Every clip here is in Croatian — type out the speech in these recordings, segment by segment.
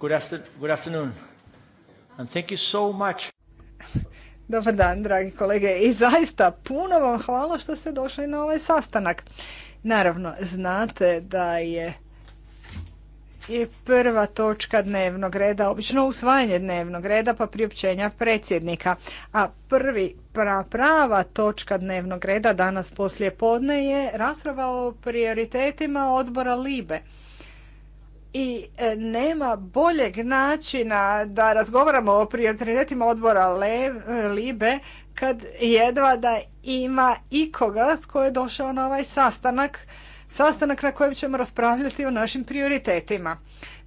Good afternoon. Dobar dan, dragi kolege. I zaista puno vam hvala što ste došli na ovaj sastanak. Naravno, znate da je je prva točka dnevnog reda, obično usvajanje dnevnog reda pa priopćenja predsjednika. A prvi prava točka dnevnog reda danas poslije podne je rasprava o prioritetima odbora LIBE i e, nema boljeg načina da razgovaramo o prioritetima odbora Libe kad jedva da ima ikoga tko je došao na ovaj sastanak sastanak na kojem ćemo raspravljati o našim prioritetima.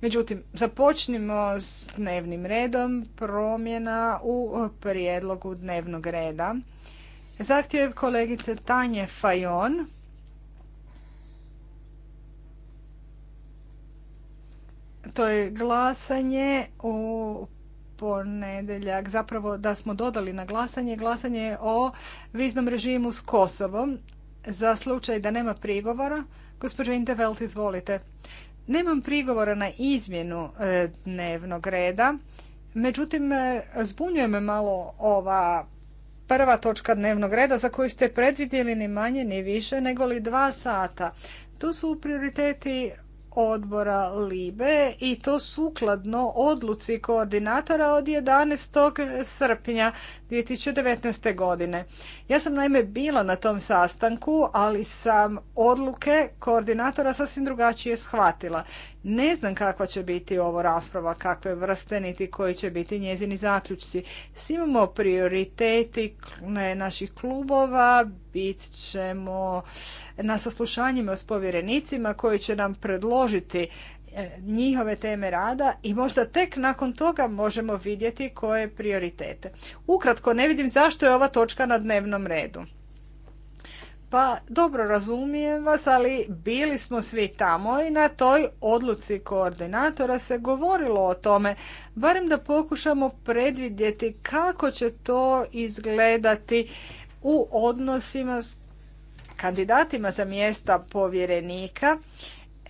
Međutim, započnimo s dnevnim redom promjena u prijedlogu dnevnog reda. Zahtjev kolegice Tanje Fajon to je glasanje u ponedeljak, zapravo da smo dodali na glasanje, glasanje o viznom režimu s Kosovom za slučaj da nema prigovora. Gospođo Intervelt, izvolite. Nemam prigovora na izmjenu e, dnevnog reda, međutim e, zbunjuje me malo ova prva točka dnevnog reda za koju ste predvidjeli ni manje ni više nego li dva sata. Tu su prioriteti odbora Libe i to sukladno odluci koordinatora od 11. srpnja 2019. godine. Ja sam naime bila na tom sastanku, ali sam odluke koordinatora sasvim drugačije shvatila ne znam kakva će biti ovo rasprava, kakve vrste, niti koji će biti njezini zaključci. Svi imamo prioriteti naših klubova, bit ćemo na saslušanjima s povjerenicima koji će nam predložiti e, njihove teme rada i možda tek nakon toga možemo vidjeti koje prioritete. Ukratko, ne vidim zašto je ova točka na dnevnom redu. Pa dobro razumijem vas, ali bili smo svi tamo i na toj odluci koordinatora se govorilo o tome, barem da pokušamo predvidjeti kako će to izgledati u odnosima s kandidatima za mjesta povjerenika.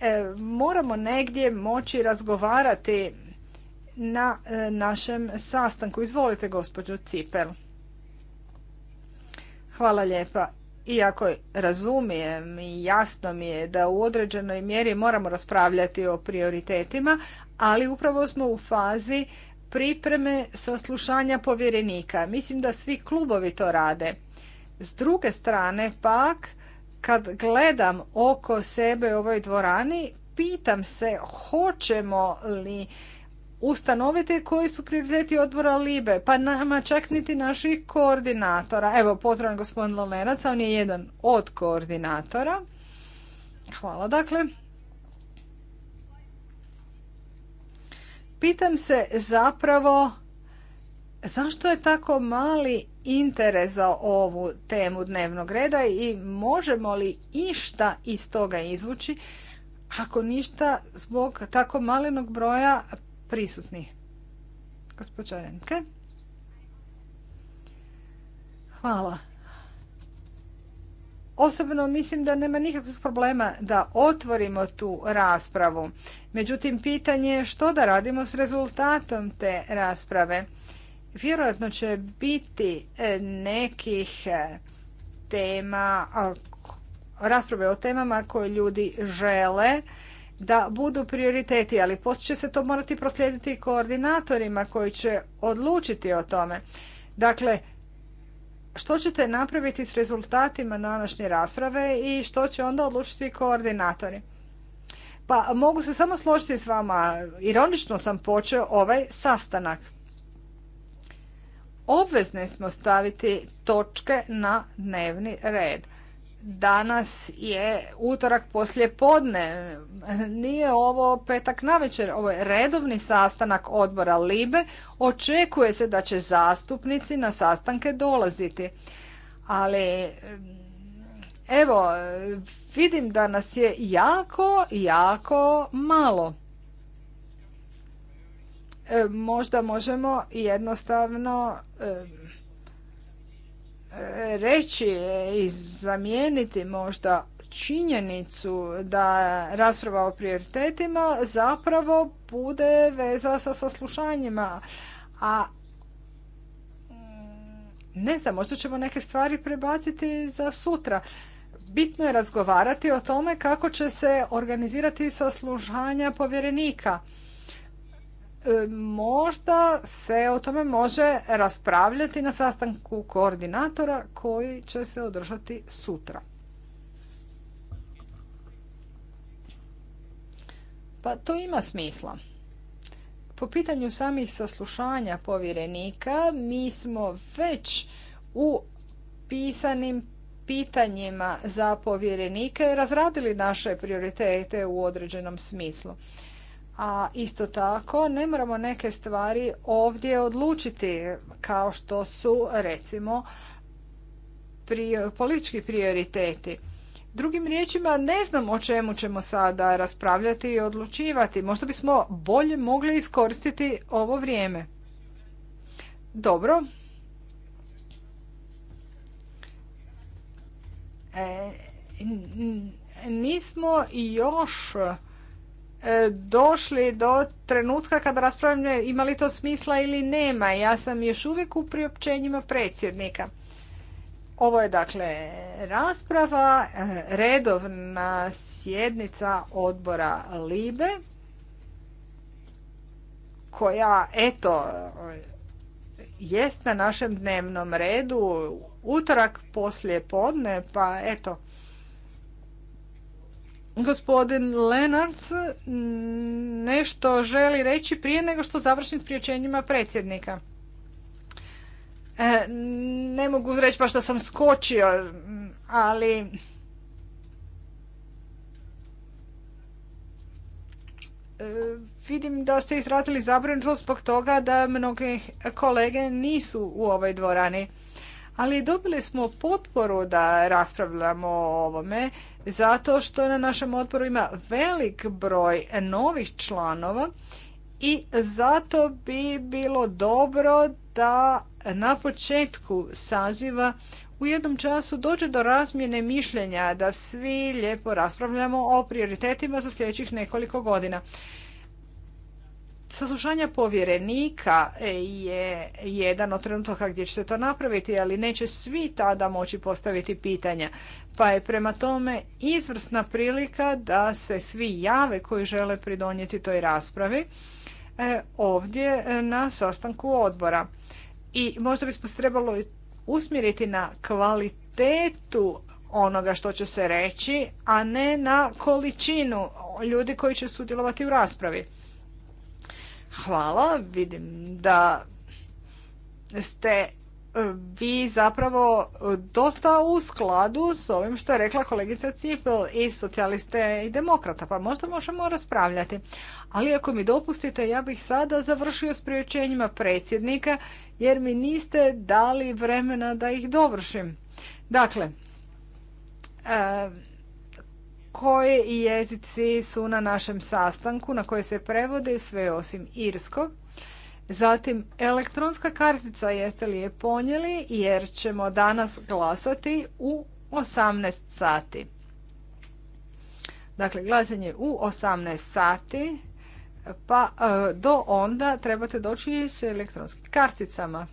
E, moramo negdje moći razgovarati na e, našem sastanku. Izvolite, gospođo Cipel. Hvala lijepa iako razumijem i jasno mi je da u određenoj mjeri moramo raspravljati o prioritetima, ali upravo smo u fazi pripreme saslušanja povjerenika. Mislim da svi klubovi to rade. S druge strane pak, kad gledam oko sebe u ovoj dvorani, pitam se hoćemo li Ustanovite koji su prioriteti odbora Libe, pa nama čak niti naših koordinatora. Evo, pozdravljam gospodin Lolenac, on je jedan od koordinatora. Hvala, dakle. Pitam se zapravo zašto je tako mali interes za ovu temu dnevnog reda i možemo li išta iz toga izvući ako ništa zbog tako malenog broja prisutni. Gospođa Renke. Hvala. Osobno mislim da nema nikakvih problema da otvorimo tu raspravu. Međutim, pitanje je što da radimo s rezultatom te rasprave. Vjerojatno će biti e, nekih e, tema, rasprave o temama koje ljudi žele da budu prioriteti, ali poslije će se to morati proslijediti koordinatorima koji će odlučiti o tome. Dakle, što ćete napraviti s rezultatima današnje rasprave i što će onda odlučiti koordinatori? Pa mogu se samo složiti s vama, ironično sam počeo ovaj sastanak. Obvezni smo staviti točke na dnevni red danas je utorak poslije podne. Nije ovo petak navečer, ovo je redovni sastanak odbora Libe. Očekuje se da će zastupnici na sastanke dolaziti. Ali evo, vidim da nas je jako, jako malo. E, možda možemo jednostavno e, reći i zamijeniti možda činjenicu da rasprava o prioritetima zapravo bude veza sa saslušanjima. A mm, ne znam, možda ćemo neke stvari prebaciti za sutra. Bitno je razgovarati o tome kako će se organizirati saslušanja povjerenika. E, možda se o tome može raspravljati na sastanku koordinatora koji će se održati sutra. Pa to ima smisla. Po pitanju samih saslušanja povjerenika mi smo već u pisanim pitanjima za povjerenike razradili naše prioritete u određenom smislu a isto tako ne moramo neke stvari ovdje odlučiti kao što su recimo politički prioriteti. Drugim riječima ne znam o čemu ćemo sada raspravljati i odlučivati. Možda bismo bolje mogli iskoristiti ovo vrijeme. Dobro. E, nismo još E, došli do trenutka kada raspravljamo ima li to smisla ili nema. Ja sam još uvijek u priopćenjima predsjednika. Ovo je dakle rasprava, e, redovna sjednica odbora Libe koja eto jest na našem dnevnom redu utorak poslije podne pa eto Gospodin Lenard, mm, nešto želi reći prije nego što završim s priječenjima predsjednika. E, ne mogu reći pa što sam skočio, ali... E, vidim da ste izrazili zabrinutost zbog toga da mnogi kolege nisu u ovoj dvorani. Ali dobili smo potporu da raspravljamo o ovome zato što na našem odboru ima velik broj novih članova i zato bi bilo dobro da na početku saziva u jednom času dođe do razmjene mišljenja da svi lijepo raspravljamo o prioritetima za sljedećih nekoliko godina. Saslušanje povjerenika e, je jedan od trenutaka gdje će se to napraviti, ali neće svi tada moći postaviti pitanja. Pa je prema tome izvrsna prilika da se svi jave koji žele pridonijeti toj raspravi e, ovdje e, na sastanku odbora. I možda bismo se trebalo usmjeriti na kvalitetu onoga što će se reći, a ne na količinu ljudi koji će sudjelovati u raspravi. Hvala, vidim da ste e, vi zapravo dosta u skladu s ovim što je rekla kolegica Cipel i socijaliste i demokrata, pa možda možemo raspravljati. Ali ako mi dopustite, ja bih sada završio s priječenjima predsjednika, jer mi niste dali vremena da ih dovršim. Dakle, e, koji jezici su na našem sastanku na koje se prevode sve osim irskog. Zatim elektronska kartica jeste li je ponijeli jer ćemo danas glasati u 18 sati. Dakle, glasanje u 18 sati, pa e, do onda trebate doći s elektronskim karticama.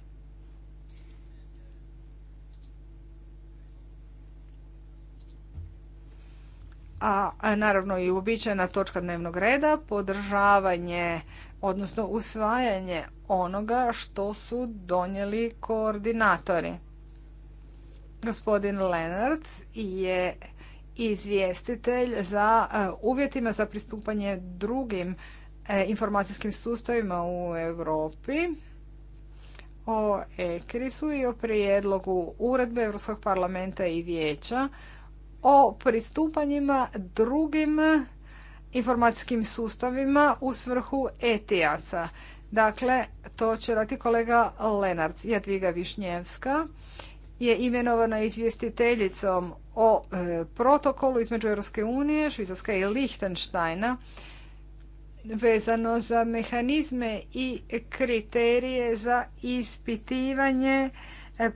a, naravno i uobičajena točka dnevnog reda, podržavanje, odnosno usvajanje onoga što su donijeli koordinatori. Gospodin Lenard je izvjestitelj za e, uvjetima za pristupanje drugim e, informacijskim sustavima u Europi o ECRIS-u i o prijedlogu uredbe Europskog parlamenta i vijeća o pristupanjima drugim informacijskim sustavima u svrhu etijaca. Dakle, to će rati kolega Lenarc. Jadviga Višnjevska je imenovana izvjestiteljicom o e, protokolu između Europske unije, Švicarska i Lichtensteina. vezano za mehanizme i kriterije za ispitivanje e,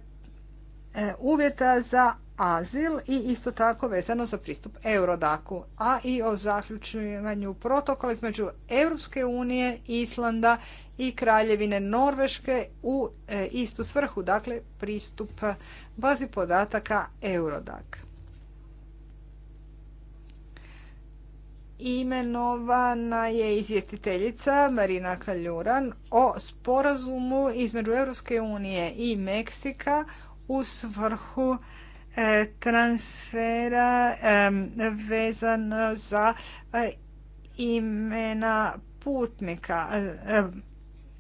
e, uvjeta za azil i isto tako vezano za pristup Eurodaku, a i o zaključivanju protokola između Europske unije, Islanda i Kraljevine Norveške u e, istu svrhu, dakle pristup bazi podataka Eurodak. Imenovana je izvjestiteljica Marina Kaljuran o sporazumu između Europske unije i Meksika u svrhu E, transfera e, vezano za e, imena putnika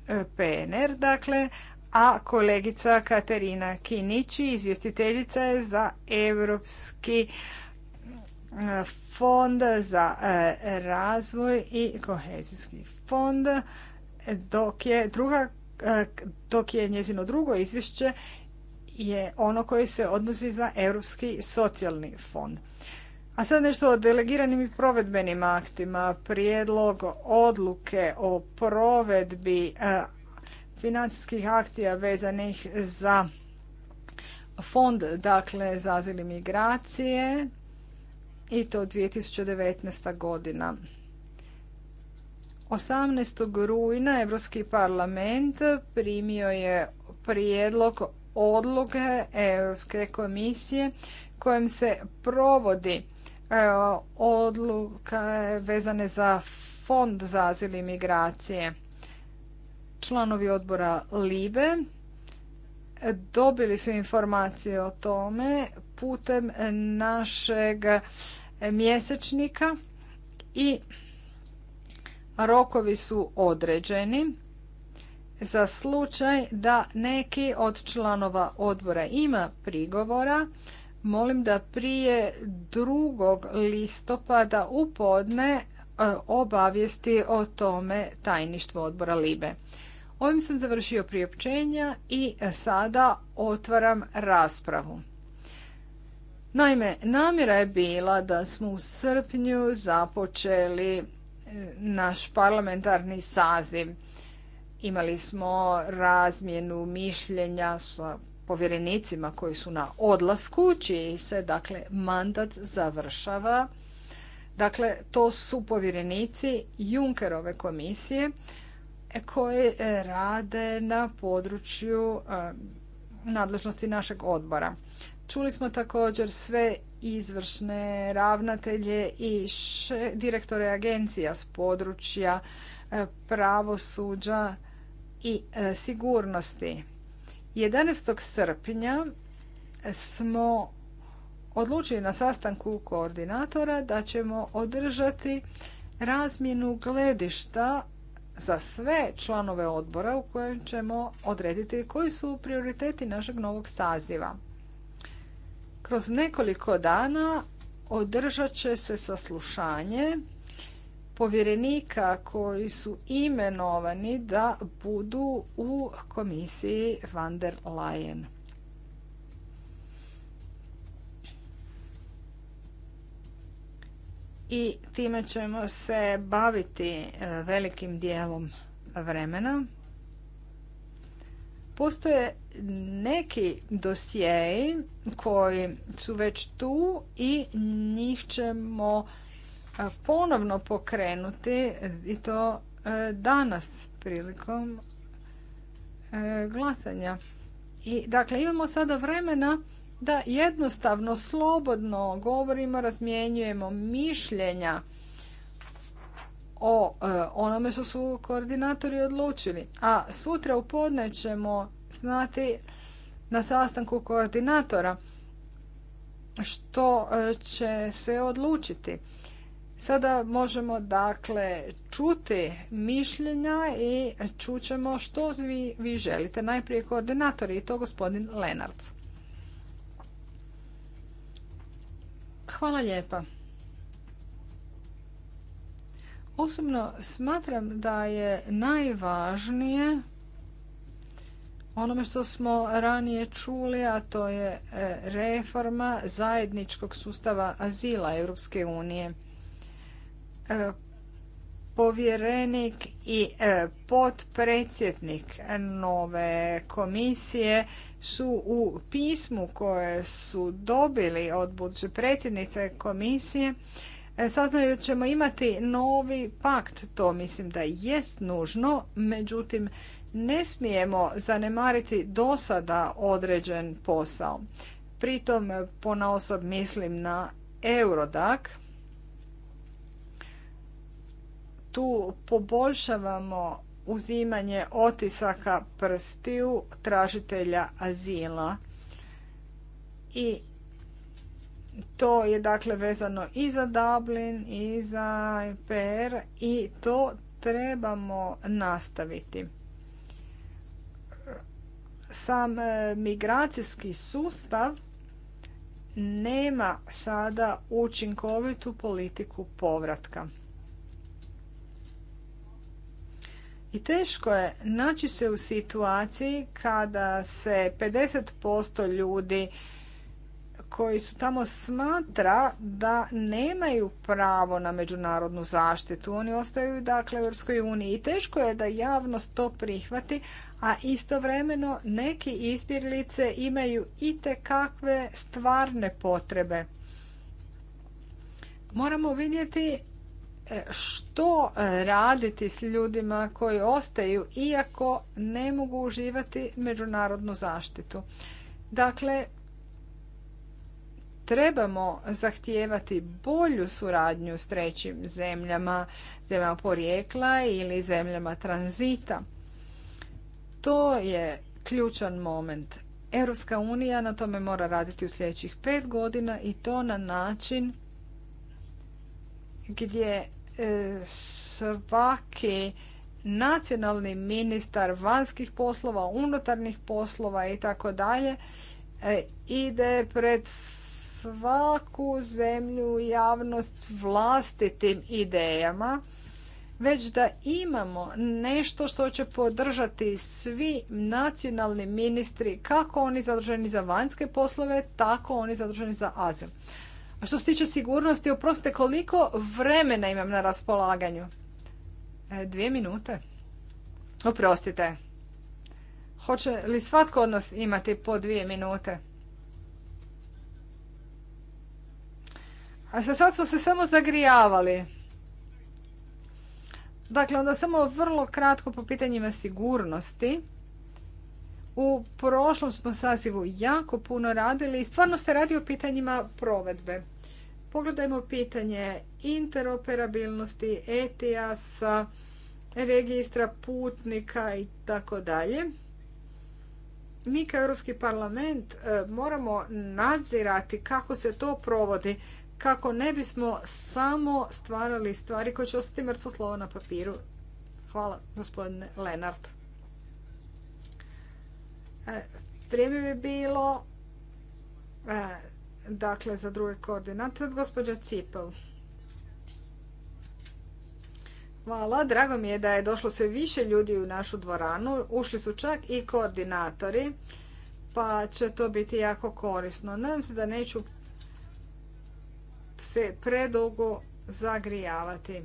PNR, dakle, a kolegica Katerina Kinići, izvjestiteljica je za Europski fond za razvoj i kohezijski fond, dok je, dok je njezino drugo izvješće je ono koje se odnosi za Europski socijalni fond. A sad nešto o delegiranim i provedbenim aktima. Prijedlog odluke o provedbi e, financijskih akcija vezanih za fond, dakle, za azil i migracije i to 2019. godina. 18. rujna Europski parlament primio je prijedlog odluke Europske komisije kojim se provodi e, odluka vezane za fond za azil i migracije. Članovi odbora LIBE dobili su informacije o tome putem našeg mjesečnika i rokovi su određeni za slučaj da neki od članova odbora ima prigovora, molim da prije 2. listopada upodne podne e, obavijesti o tome tajništvo odbora Libe. Ovim sam završio priopćenja i sada otvaram raspravu. Naime, namjera je bila da smo u srpnju započeli e, naš parlamentarni saziv. Imali smo razmjenu mišljenja sa povjerenicima koji su na odlasku, čiji se dakle mandat završava. Dakle, to su povjerenici Junkerove komisije e, koje e, rade na području e, nadležnosti našeg odbora. Čuli smo također sve izvršne ravnatelje i direktore agencija s područja pravosuđa, i e, sigurnosti. 11. srpnja smo odlučili na sastanku koordinatora da ćemo održati razmjenu gledišta za sve članove odbora u kojem ćemo odrediti koji su prioriteti našeg novog saziva. Kroz nekoliko dana održat će se saslušanje povjerenika koji su imenovani da budu u komisiji van der Leyen. I time ćemo se baviti e, velikim dijelom vremena. Postoje neki dosjeji koji su već tu i njih ćemo ponovno pokrenuti i to e, danas prilikom e, glasanja. I, dakle, imamo sada vremena da jednostavno, slobodno govorimo, razmjenjujemo mišljenja o e, onome što su koordinatori odlučili. A sutra u podne ćemo znati na sastanku koordinatora što će se odlučiti. Sada možemo dakle čuti mišljenja i čućemo što vi, vi želite. Najprije koordinator i to gospodin Lenarc. Hvala lijepa. Osobno smatram da je najvažnije onome što smo ranije čuli, a to je e, reforma zajedničkog sustava azila Europske unije. E, povjerenik i e, potpredsjednik nove komisije su u pismu koje su dobili od buduće predsjednice komisije e, saznali da ćemo imati novi pakt. To mislim da jest nužno, međutim ne smijemo zanemariti do sada određen posao. Pritom ponaosob mislim na Eurodak – tu poboljšavamo uzimanje otisaka prstiju tražitelja azila i to je dakle vezano i za Dublin i za IPR i to trebamo nastaviti. Sam e, migracijski sustav nema sada učinkovitu politiku povratka. I teško je naći se u situaciji kada se 50% ljudi koji su tamo smatra da nemaju pravo na međunarodnu zaštitu. Oni ostaju dakle u Europskoj uniji i teško je da javnost to prihvati, a istovremeno neki izbjeglice imaju i kakve stvarne potrebe. Moramo vidjeti E, što e, raditi s ljudima koji ostaju iako ne mogu uživati međunarodnu zaštitu. Dakle, trebamo zahtijevati bolju suradnju s trećim zemljama, zemljama porijekla ili zemljama tranzita. To je ključan moment. Europska unija na tome mora raditi u sljedećih pet godina i to na način gdje E, svaki nacionalni ministar vanjskih poslova, unutarnjih poslova i tako dalje e, ide pred svaku zemlju javnost vlastitim idejama, već da imamo nešto što će podržati svi nacionalni ministri, kako oni zadrženi za vanjske poslove, tako oni zadrženi za azil što se tiče sigurnosti, oprostite koliko vremena imam na raspolaganju? E, dvije minute. Oprostite. Hoće li svatko od nas imati po dvije minute? A sad smo se samo zagrijavali. Dakle, onda samo vrlo kratko po pitanjima sigurnosti. U prošlom smo sazivu jako puno radili i stvarno se radi o pitanjima provedbe. Pogledajmo pitanje interoperabilnosti, ETIAS-a, registra putnika i tako dalje. Mi kao Europski parlament e, moramo nadzirati kako se to provodi, kako ne bismo samo stvarali stvari koje će ostati mrtvo slovo na papiru. Hvala, gospodine Lenart. E, vrijeme bi bilo e, dakle, za druge koordinate. Sad gospođa Cipel. Hvala, drago mi je da je došlo sve više ljudi u našu dvoranu. Ušli su čak i koordinatori, pa će to biti jako korisno. Nadam se da neću se predugo zagrijavati.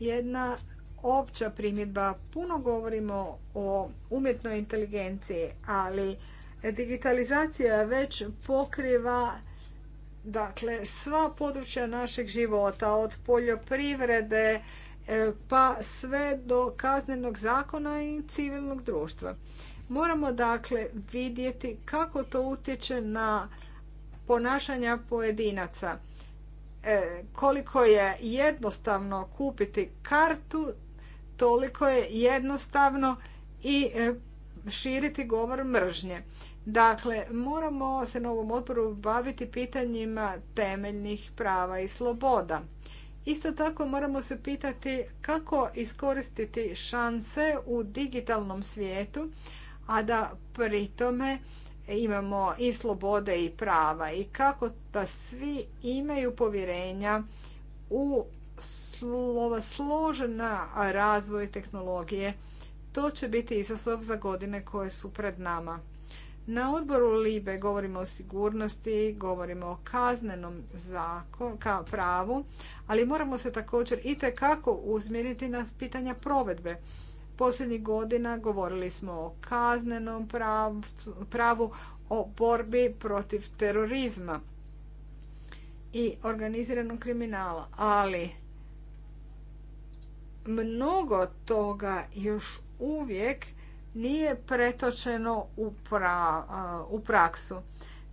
Jedna opća primjedba. Puno govorimo o umjetnoj inteligenciji, ali digitalizacija već pokriva Dakle, sva područja našeg života, od poljoprivrede e, pa sve do kaznenog zakona i civilnog društva. Moramo dakle vidjeti kako to utječe na ponašanja pojedinaca. E, koliko je jednostavno kupiti kartu, toliko je jednostavno i e, širiti govor mržnje. Dakle, moramo se na ovom odboru baviti pitanjima temeljnih prava i sloboda. Isto tako moramo se pitati kako iskoristiti šanse u digitalnom svijetu, a da pri tome imamo i slobode i prava i kako da svi imaju povjerenja u slova složena razvoj tehnologije. To će biti izazov za godine koje su pred nama. Na odboru Libe govorimo o sigurnosti, govorimo o kaznenom zakon, pravu, ali moramo se također i kako uzmjeriti na pitanja provedbe. Posljednjih godina govorili smo o kaznenom pravu, pravu o borbi protiv terorizma i organiziranog kriminala, ali mnogo toga još uvijek nije pretočeno u, u praksu.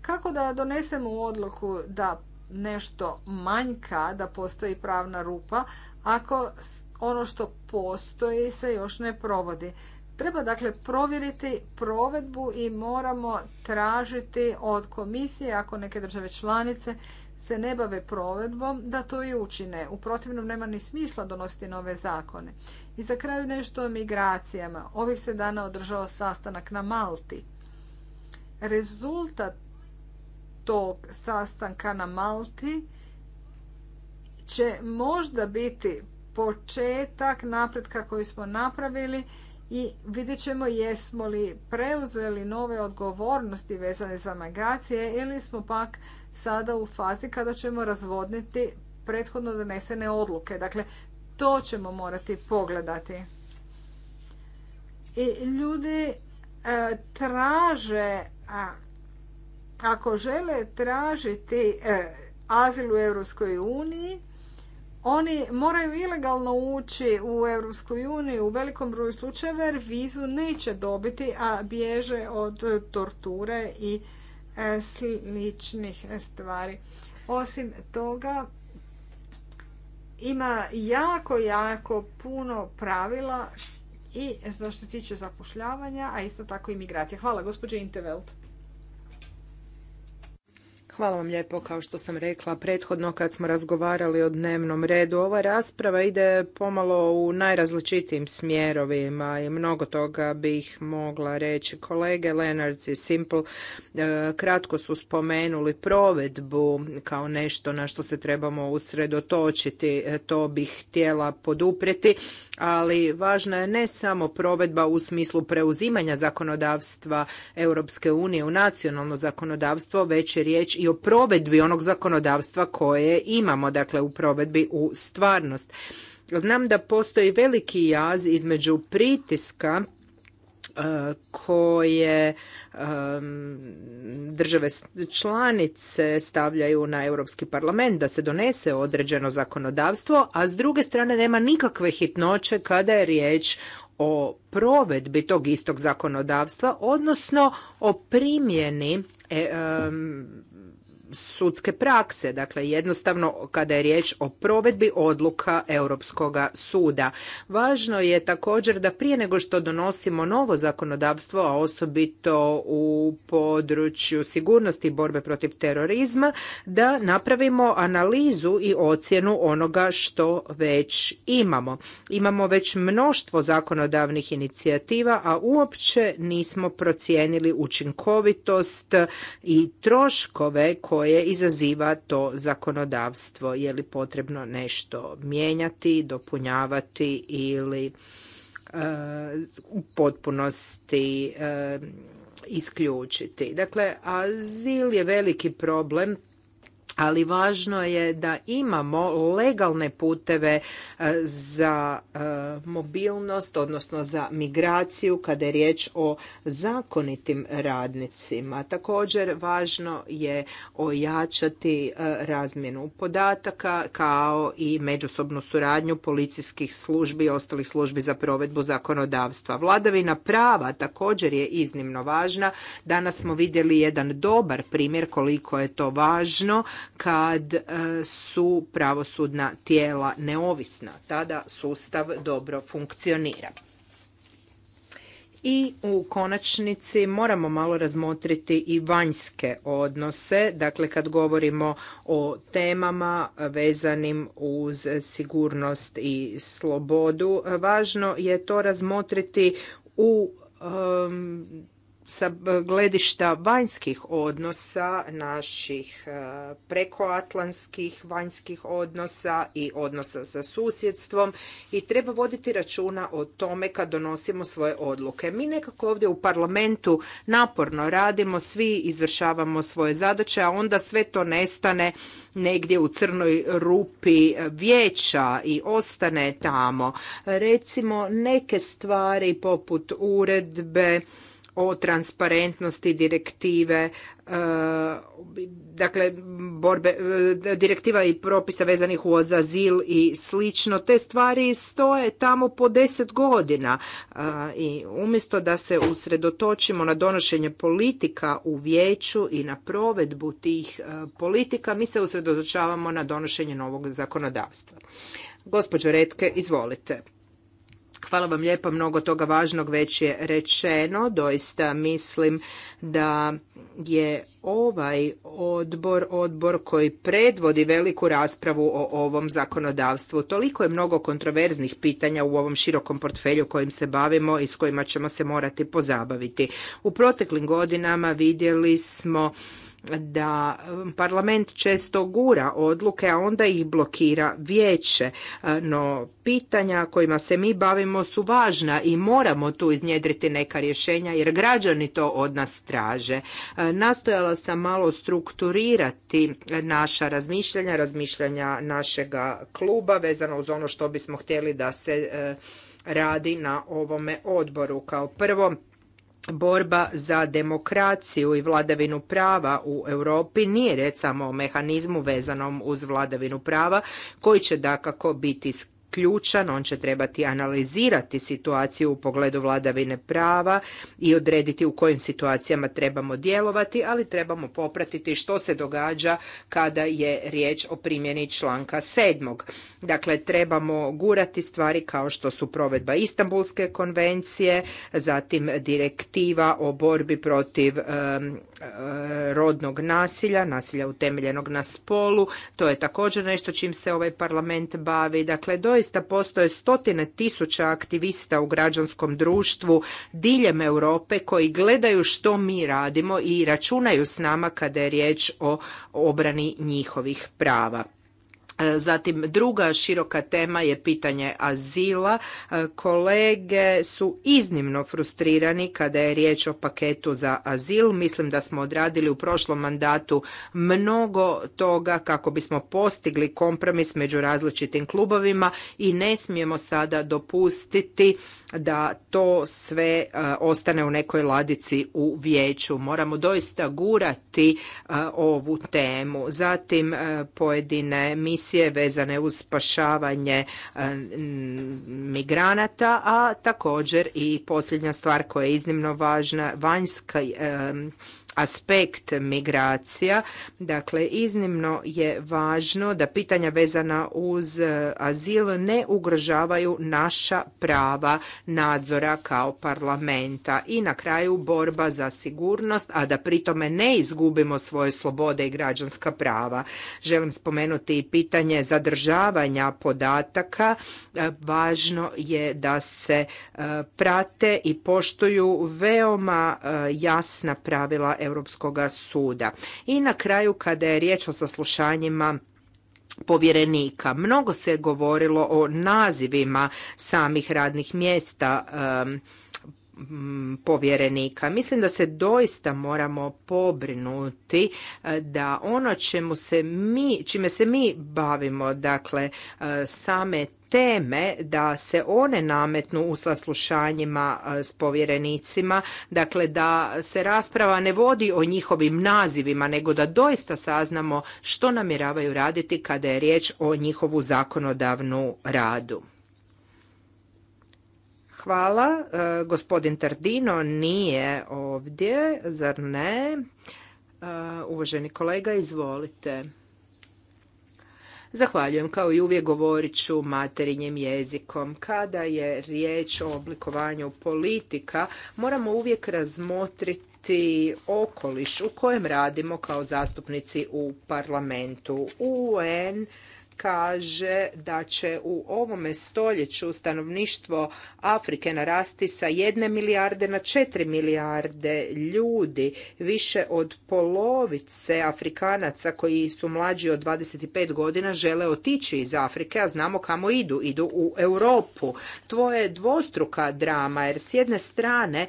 Kako da donesemo u odluku da nešto manjka, da postoji pravna rupa, ako ono što postoji se još ne provodi. Treba dakle provjeriti provedbu i moramo tražiti od komisije ako neke države članice se ne bave provedbom da to i učine. U protivnom nema ni smisla donositi nove zakone. I za kraju nešto o migracijama. Ovih se dana održao sastanak na Malti. Rezultat tog sastanka na Malti će možda biti početak napretka koji smo napravili i vidjet ćemo jesmo li preuzeli nove odgovornosti vezane za migracije ili smo pak sada u fazi kada ćemo razvodniti prethodno donesene odluke. Dakle, to ćemo morati pogledati. I ljudi e, traže, a, ako žele tražiti e, azil u Europskoj uniji, oni moraju ilegalno ući u Europsku uniju u velikom broju slučajeva jer vizu neće dobiti, a bježe od torture i e, sličnih e, stvari. Osim toga, ima jako, jako puno pravila i e, što se tiče zapošljavanja, a isto tako i migracije. Hvala, gospođe Intervelt. Hvala vam lijepo. Kao što sam rekla prethodno kad smo razgovarali o dnevnom redu, ova rasprava ide pomalo u najrazličitijim smjerovima i mnogo toga bih mogla reći. Kolege Lenards i Simple e, kratko su spomenuli provedbu kao nešto na što se trebamo usredotočiti. E, to bih htjela poduprijeti, ali važna je ne samo provedba u smislu preuzimanja zakonodavstva Europske unije u nacionalno zakonodavstvo, već je riječ i o provedbi onog zakonodavstva koje imamo, dakle u provedbi u stvarnost. Znam da postoji veliki jaz između pritiska e, koje e, države članice stavljaju na Europski parlament da se donese određeno zakonodavstvo, a s druge strane nema nikakve hitnoće kada je riječ o provedbi tog istog zakonodavstva, odnosno o primjeni e, sudske prakse, dakle jednostavno kada je riječ o provedbi odluka Europskog suda. Važno je također da prije nego što donosimo novo zakonodavstvo, a osobito u području sigurnosti i borbe protiv terorizma, da napravimo analizu i ocjenu onoga što već imamo. Imamo već mnoštvo zakonodavnih inicijativa, a uopće nismo procijenili učinkovitost i troškove koje koje izaziva to zakonodavstvo. Je li potrebno nešto mijenjati, dopunjavati ili e, u potpunosti e, isključiti. Dakle, azil je veliki problem ali važno je da imamo legalne puteve e, za e, mobilnost odnosno za migraciju kada je riječ o zakonitim radnicima. Također važno je ojačati e, razmjenu podataka kao i međusobnu suradnju policijskih službi i ostalih službi za provedbu zakonodavstva. Vladavina prava također je iznimno važna. Danas smo vidjeli jedan dobar primjer koliko je to važno kad e, su pravosudna tijela neovisna. Tada sustav dobro funkcionira. I u konačnici moramo malo razmotriti i vanjske odnose, dakle kad govorimo o temama vezanim uz sigurnost i slobodu, važno je to razmotriti u sa gledišta vanjskih odnosa, naših e, prekoatlantskih vanjskih odnosa i odnosa sa susjedstvom i treba voditi računa o tome kad donosimo svoje odluke. Mi nekako ovdje u parlamentu naporno radimo, svi izvršavamo svoje zadaće, a onda sve to nestane negdje u crnoj rupi vijeća i ostane tamo. Recimo neke stvari poput uredbe o transparentnosti direktive, e, dakle borbe, e, direktiva i propisa vezanih uz azil i slično, te stvari stoje tamo po deset godina e, i umjesto da se usredotočimo na donošenje politika u vijeću i na provedbu tih politika, mi se usredotočavamo na donošenje novog zakonodavstva. Gospođo Retke, izvolite. Hvala vam lijepa, mnogo toga važnog već je rečeno. Doista mislim da je ovaj odbor odbor koji predvodi veliku raspravu o ovom zakonodavstvu. Toliko je mnogo kontroverznih pitanja u ovom širokom portfelju kojim se bavimo i s kojima ćemo se morati pozabaviti. U proteklim godinama vidjeli smo da um, parlament često gura odluke, a onda ih blokira vijeće. E, no, pitanja kojima se mi bavimo su važna i moramo tu iznjedriti neka rješenja jer građani to od nas traže. E, nastojala sam malo strukturirati naša razmišljanja, razmišljanja našega kluba vezano uz ono što bismo htjeli da se e, radi na ovome odboru. Kao prvo, borba za demokraciju i vladavinu prava u Europi nije recamo o mehanizmu vezanom uz vladavinu prava koji će dakako biti ključan, on će trebati analizirati situaciju u pogledu vladavine prava i odrediti u kojim situacijama trebamo djelovati, ali trebamo popratiti što se događa kada je riječ o primjeni članka sedmog. Dakle, trebamo gurati stvari kao što su provedba Istanbulske konvencije, zatim direktiva o borbi protiv E, rodnog nasilja, nasilja utemeljenog na spolu. To je također nešto čim se ovaj parlament bavi. Dakle, doista postoje stotine tisuća aktivista u građanskom društvu diljem Europe koji gledaju što mi radimo i računaju s nama kada je riječ o obrani njihovih prava. Zatim druga široka tema je pitanje azila. Kolege su iznimno frustrirani kada je riječ o paketu za azil. Mislim da smo odradili u prošlom mandatu mnogo toga kako bismo postigli kompromis među različitim klubovima i ne smijemo sada dopustiti da to sve e, ostane u nekoj ladici u vijeću. Moramo doista gurati e, ovu temu. Zatim e, pojedine misije misije vezane uz spašavanje e, migranata, a također i posljednja stvar koja je iznimno važna, vanjska e, aspekt migracija. Dakle, iznimno je važno da pitanja vezana uz e, azil ne ugrožavaju naša prava nadzora kao parlamenta. I na kraju borba za sigurnost, a da pritome ne izgubimo svoje slobode i građanska prava. Želim spomenuti i pitanje zadržavanja podataka. E, važno je da se e, prate i poštuju veoma jasna pravila Europskog suda. I na kraju kada je riječ o saslušanjima povjerenika. Mnogo se je govorilo o nazivima samih radnih mjesta Mm, povjerenika. Mislim da se doista moramo pobrinuti e, da ono čemu se mi, čime se mi bavimo, dakle e, same teme da se one nametnu u saslušanjima e, s povjerenicima, dakle da se rasprava ne vodi o njihovim nazivima, nego da doista saznamo što namjeravaju raditi kada je riječ o njihovu zakonodavnu radu. Hvala. E, gospodin Tardino nije ovdje, zar ne? E, uvaženi kolega, izvolite. Zahvaljujem. Kao i uvijek govorit ću materinjem jezikom. Kada je riječ o oblikovanju politika, moramo uvijek razmotriti okoliš u kojem radimo kao zastupnici u parlamentu. UN kaže da će u ovome stoljeću stanovništvo Afrike narasti sa jedne milijarde na četiri milijarde ljudi. Više od polovice Afrikanaca koji su mlađi od 25 godina žele otići iz Afrike, a znamo kamo idu. Idu u Europu. To je dvostruka drama jer s jedne strane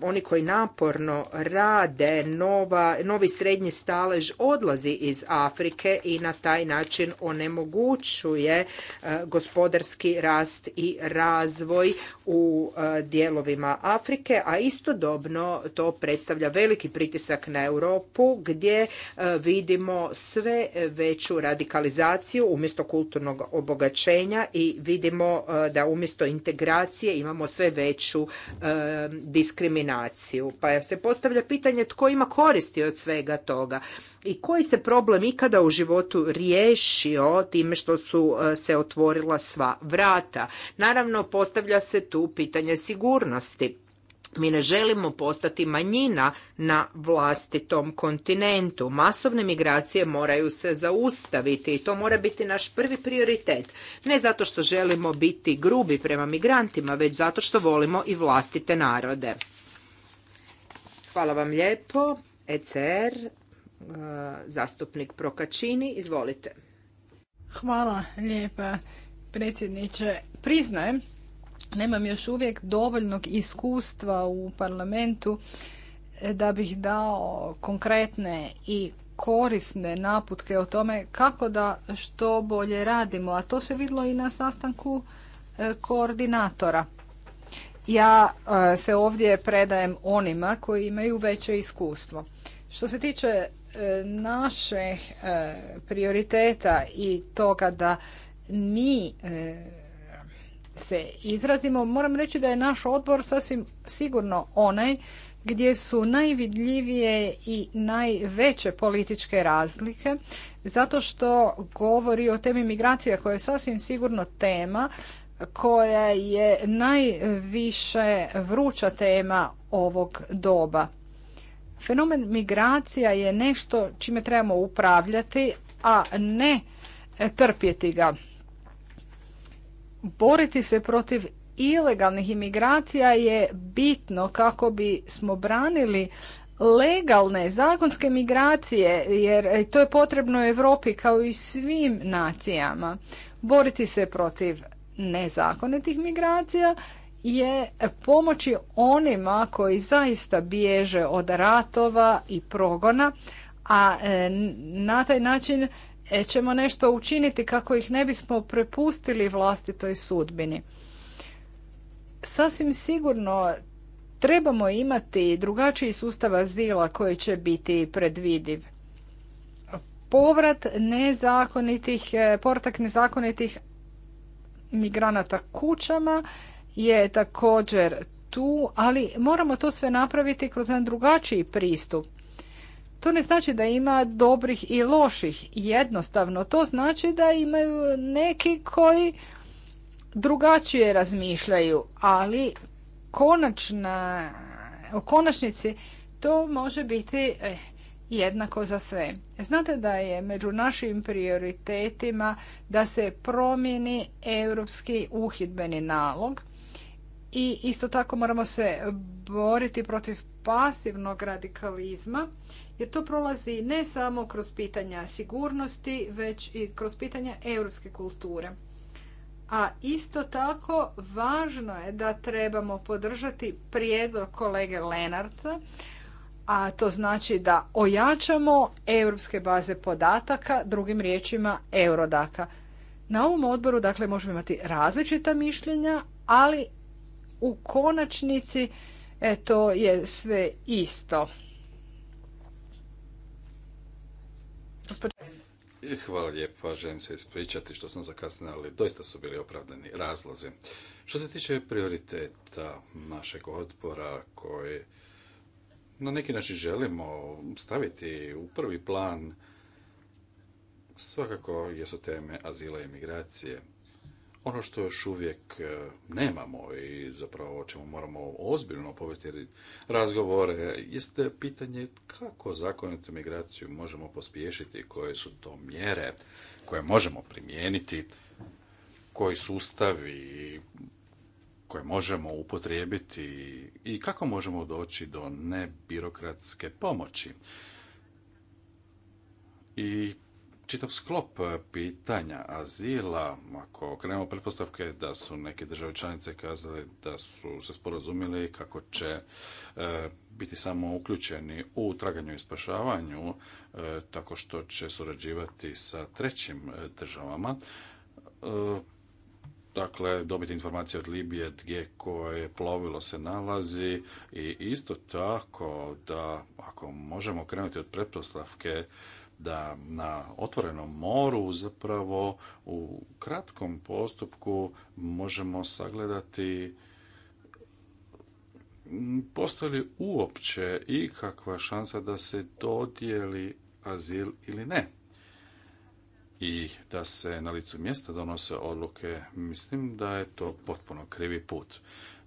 oni koji naporno rade nova, novi srednji stalež odlazi iz Afrike i na taj način onemogućuje e, gospodarski rast i razvoj u e, dijelovima Afrike, a istodobno to predstavlja veliki pritisak na Europu gdje e, vidimo sve veću radikalizaciju umjesto kulturnog obogaćenja i vidimo da umjesto integracije imamo sve veću diskriminaciju naciju Pa se postavlja pitanje tko ima koristi od svega toga i koji se problem ikada u životu riješio time što su e, se otvorila sva vrata. Naravno, postavlja se tu pitanje sigurnosti. Mi ne želimo postati manjina na vlastitom kontinentu. Masovne migracije moraju se zaustaviti i to mora biti naš prvi prioritet. Ne zato što želimo biti grubi prema migrantima, već zato što volimo i vlastite narode. Hvala vam lijepo. ECR, e, zastupnik Prokačini, izvolite. Hvala lijepa predsjedniče. Priznajem, nemam još uvijek dovoljnog iskustva u parlamentu e, da bih dao konkretne i korisne naputke o tome kako da što bolje radimo, a to se vidlo i na sastanku e, koordinatora ja e, se ovdje predajem onima koji imaju veće iskustvo. Što se tiče e, naših e, prioriteta i toga da mi se izrazimo, moram reći da je naš odbor sasvim sigurno onaj gdje su najvidljivije i najveće političke razlike, zato što govori o temi migracija koja je sasvim sigurno tema koja je najviše vruća tema ovog doba. Fenomen migracija je nešto čime trebamo upravljati, a ne trpjeti ga. Boriti se protiv ilegalnih imigracija je bitno kako bi smo branili legalne zakonske migracije jer to je potrebno Europi kao i svim nacijama. Boriti se protiv nezakonitih migracija je pomoći onima koji zaista bježe od ratova i progona, a e, na taj način e, ćemo nešto učiniti kako ih ne bismo prepustili vlastitoj sudbini. Sasvim sigurno trebamo imati drugačiji sustav azila koji će biti predvidiv. Povrat nezakonitih, e, portak nezakonitih migranata kućama je također tu, ali moramo to sve napraviti kroz jedan drugačiji pristup. To ne znači da ima dobrih i loših. Jednostavno, to znači da imaju neki koji drugačije razmišljaju, ali konačna, u konačnici to može biti eh, jednako za sve. Znate da je među našim prioritetima da se promijeni europski uhidbeni nalog i isto tako moramo se boriti protiv pasivnog radikalizma jer to prolazi ne samo kroz pitanja sigurnosti, već i kroz pitanja europske kulture. A isto tako važno je da trebamo podržati prijedlog kolege Lenarca a to znači da ojačamo europske baze podataka, drugim riječima Eurodaka. Na ovom odboru dakle možemo imati različita mišljenja, ali u konačnici to je sve isto. Hvala lijepa, želim se ispričati što sam zakasnila, ali doista su bili opravdani razlozi. Što se tiče prioriteta našeg odbora koji na neki način želimo staviti u prvi plan svakako jesu teme azila i migracije. Ono što još uvijek e, nemamo i zapravo o čemu moramo ozbiljno povesti razgovore jeste pitanje kako zakonitu migraciju možemo pospješiti, koje su to mjere koje možemo primijeniti, koji sustavi koje možemo upotrijebiti i kako možemo doći do nebirokratske pomoći. I čitav sklop pitanja azila, ako krenemo pretpostavke da su neke države članice kazale da su se sporazumili kako će e, biti samo uključeni u traganju i spašavanju, e, tako što će surađivati sa trećim e, državama, dakle dobiti informacije od Libije gdje koje plovilo se nalazi i isto tako da ako možemo krenuti od pretpostavke da na otvorenom moru zapravo u kratkom postupku možemo sagledati postoji li uopće ikakva šansa da se dodijeli azil ili ne i da se na licu mjesta donose odluke, mislim da je to potpuno krivi put.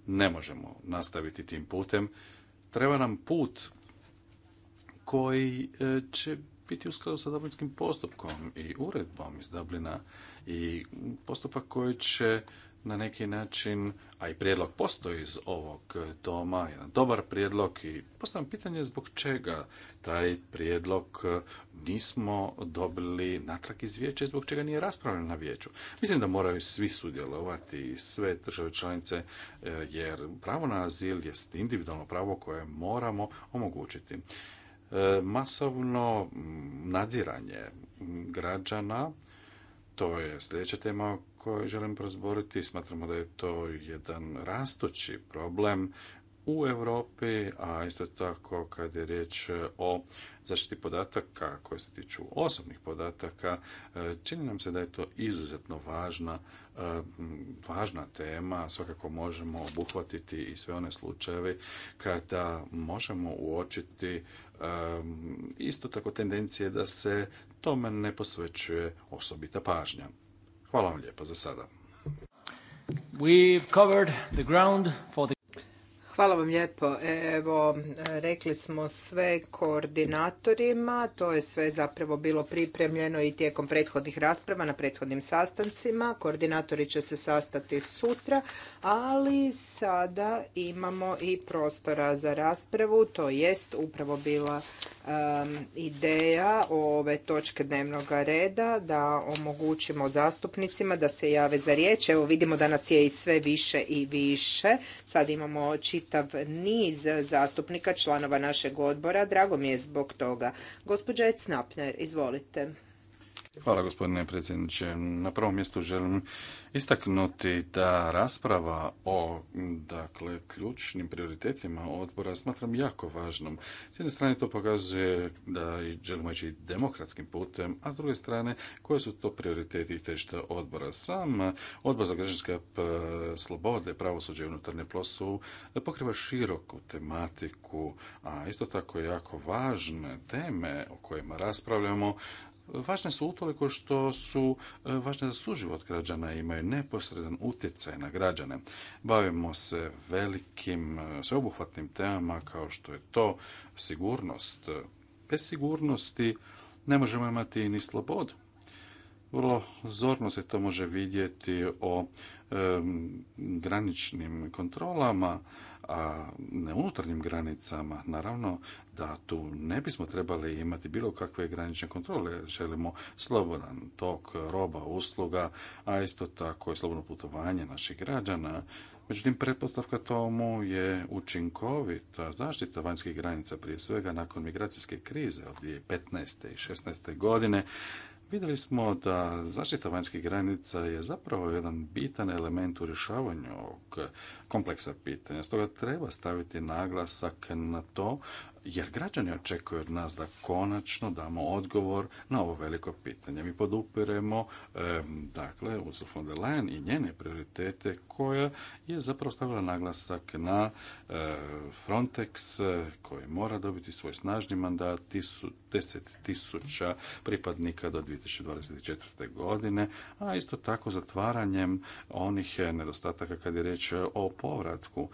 Ne možemo nastaviti tim putem. Treba nam put koji e, će biti u skladu sa dublinskim postupkom i uredbom iz Dublina i postupak koji će na neki način, a i prijedlog postoji iz ovog doma, jedan dobar prijedlog i postavljam pitanje zbog čega taj prijedlog nismo dobili natrag iz vijeća i zbog čega nije raspravljen na vijeću. Mislim da moraju svi sudjelovati, sve države članice, e, jer pravo na azil je individualno pravo koje moramo omogućiti. E, masovno nadziranje građana, to je sljedeća tema kojoj želim prozboriti. Smatramo da je to jedan rastući problem u Europi, a isto tako kad je riječ o zaštiti podataka koje se tiču osobnih podataka, e, čini nam se da je to izuzetno važna, e, važna tema. Svakako možemo obuhvatiti i sve one slučajeve kada možemo uočiti e, isto tako tendencije da se tome ne posvećuje osobita pažnja. Hvala vam lijepo za sada. We've covered the ground for the... Hvala vam lijepo. Evo, rekli smo sve koordinatorima, to je sve zapravo bilo pripremljeno i tijekom prethodnih rasprava na prethodnim sastancima. Koordinatori će se sastati sutra, ali sada imamo i prostora za raspravu, to jest upravo bila ideja ove točke dnevnog reda da omogućimo zastupnicima da se jave za riječ. Evo vidimo da nas je i sve više i više. Sad imamo čitav čitav niz zastupnika članova našeg odbora. Drago mi je zbog toga. Gospođa snapner izvolite. Hvala gospodine predsjedniče. Na prvom mjestu želim istaknuti da rasprava o dakle ključnim prioritetima odbora smatram jako važnom. S jedne strane to pokazuje da želimo ići demokratskim putem, a s druge strane koje su to prioriteti i što odbora. Sam odbor za građanske slobode, pravosuđe i unutarnje plosu pokriva široku tematiku, a isto tako jako važne teme o kojima raspravljamo važne su utoliko što su e, važne za suživot građana i imaju neposredan utjecaj na građane. Bavimo se velikim, e, sveobuhvatnim temama kao što je to sigurnost. Bez sigurnosti ne možemo imati ni slobodu. Vrlo zorno se to može vidjeti o e, graničnim kontrolama a na unutarnjim granicama naravno da tu ne bismo trebali imati bilo kakve granične kontrole. Želimo slobodan tok roba, usluga, a isto tako i slobodno putovanje naših građana. Međutim, pretpostavka tomu je učinkovita zaštita vanjskih granica, prije svega nakon migracijske krize od 2015. i 16. godine. Vidjeli smo da zaštita vanjskih granica je zapravo jedan bitan element u rješavanju ovog kompleksa pitanja. Stoga treba staviti naglasak na to jer građani očekuju od nas da konačno damo odgovor na ovo veliko pitanje. Mi podupiremo dakle Ursula von der Leyen i njene prioritete koja je zapravo stavila naglasak na eh, Frontex koji mora dobiti svoj snažni mandat 10 tisuća pripadnika do 2024. godine, a isto tako zatvaranjem onih nedostataka kad je riječ o povratku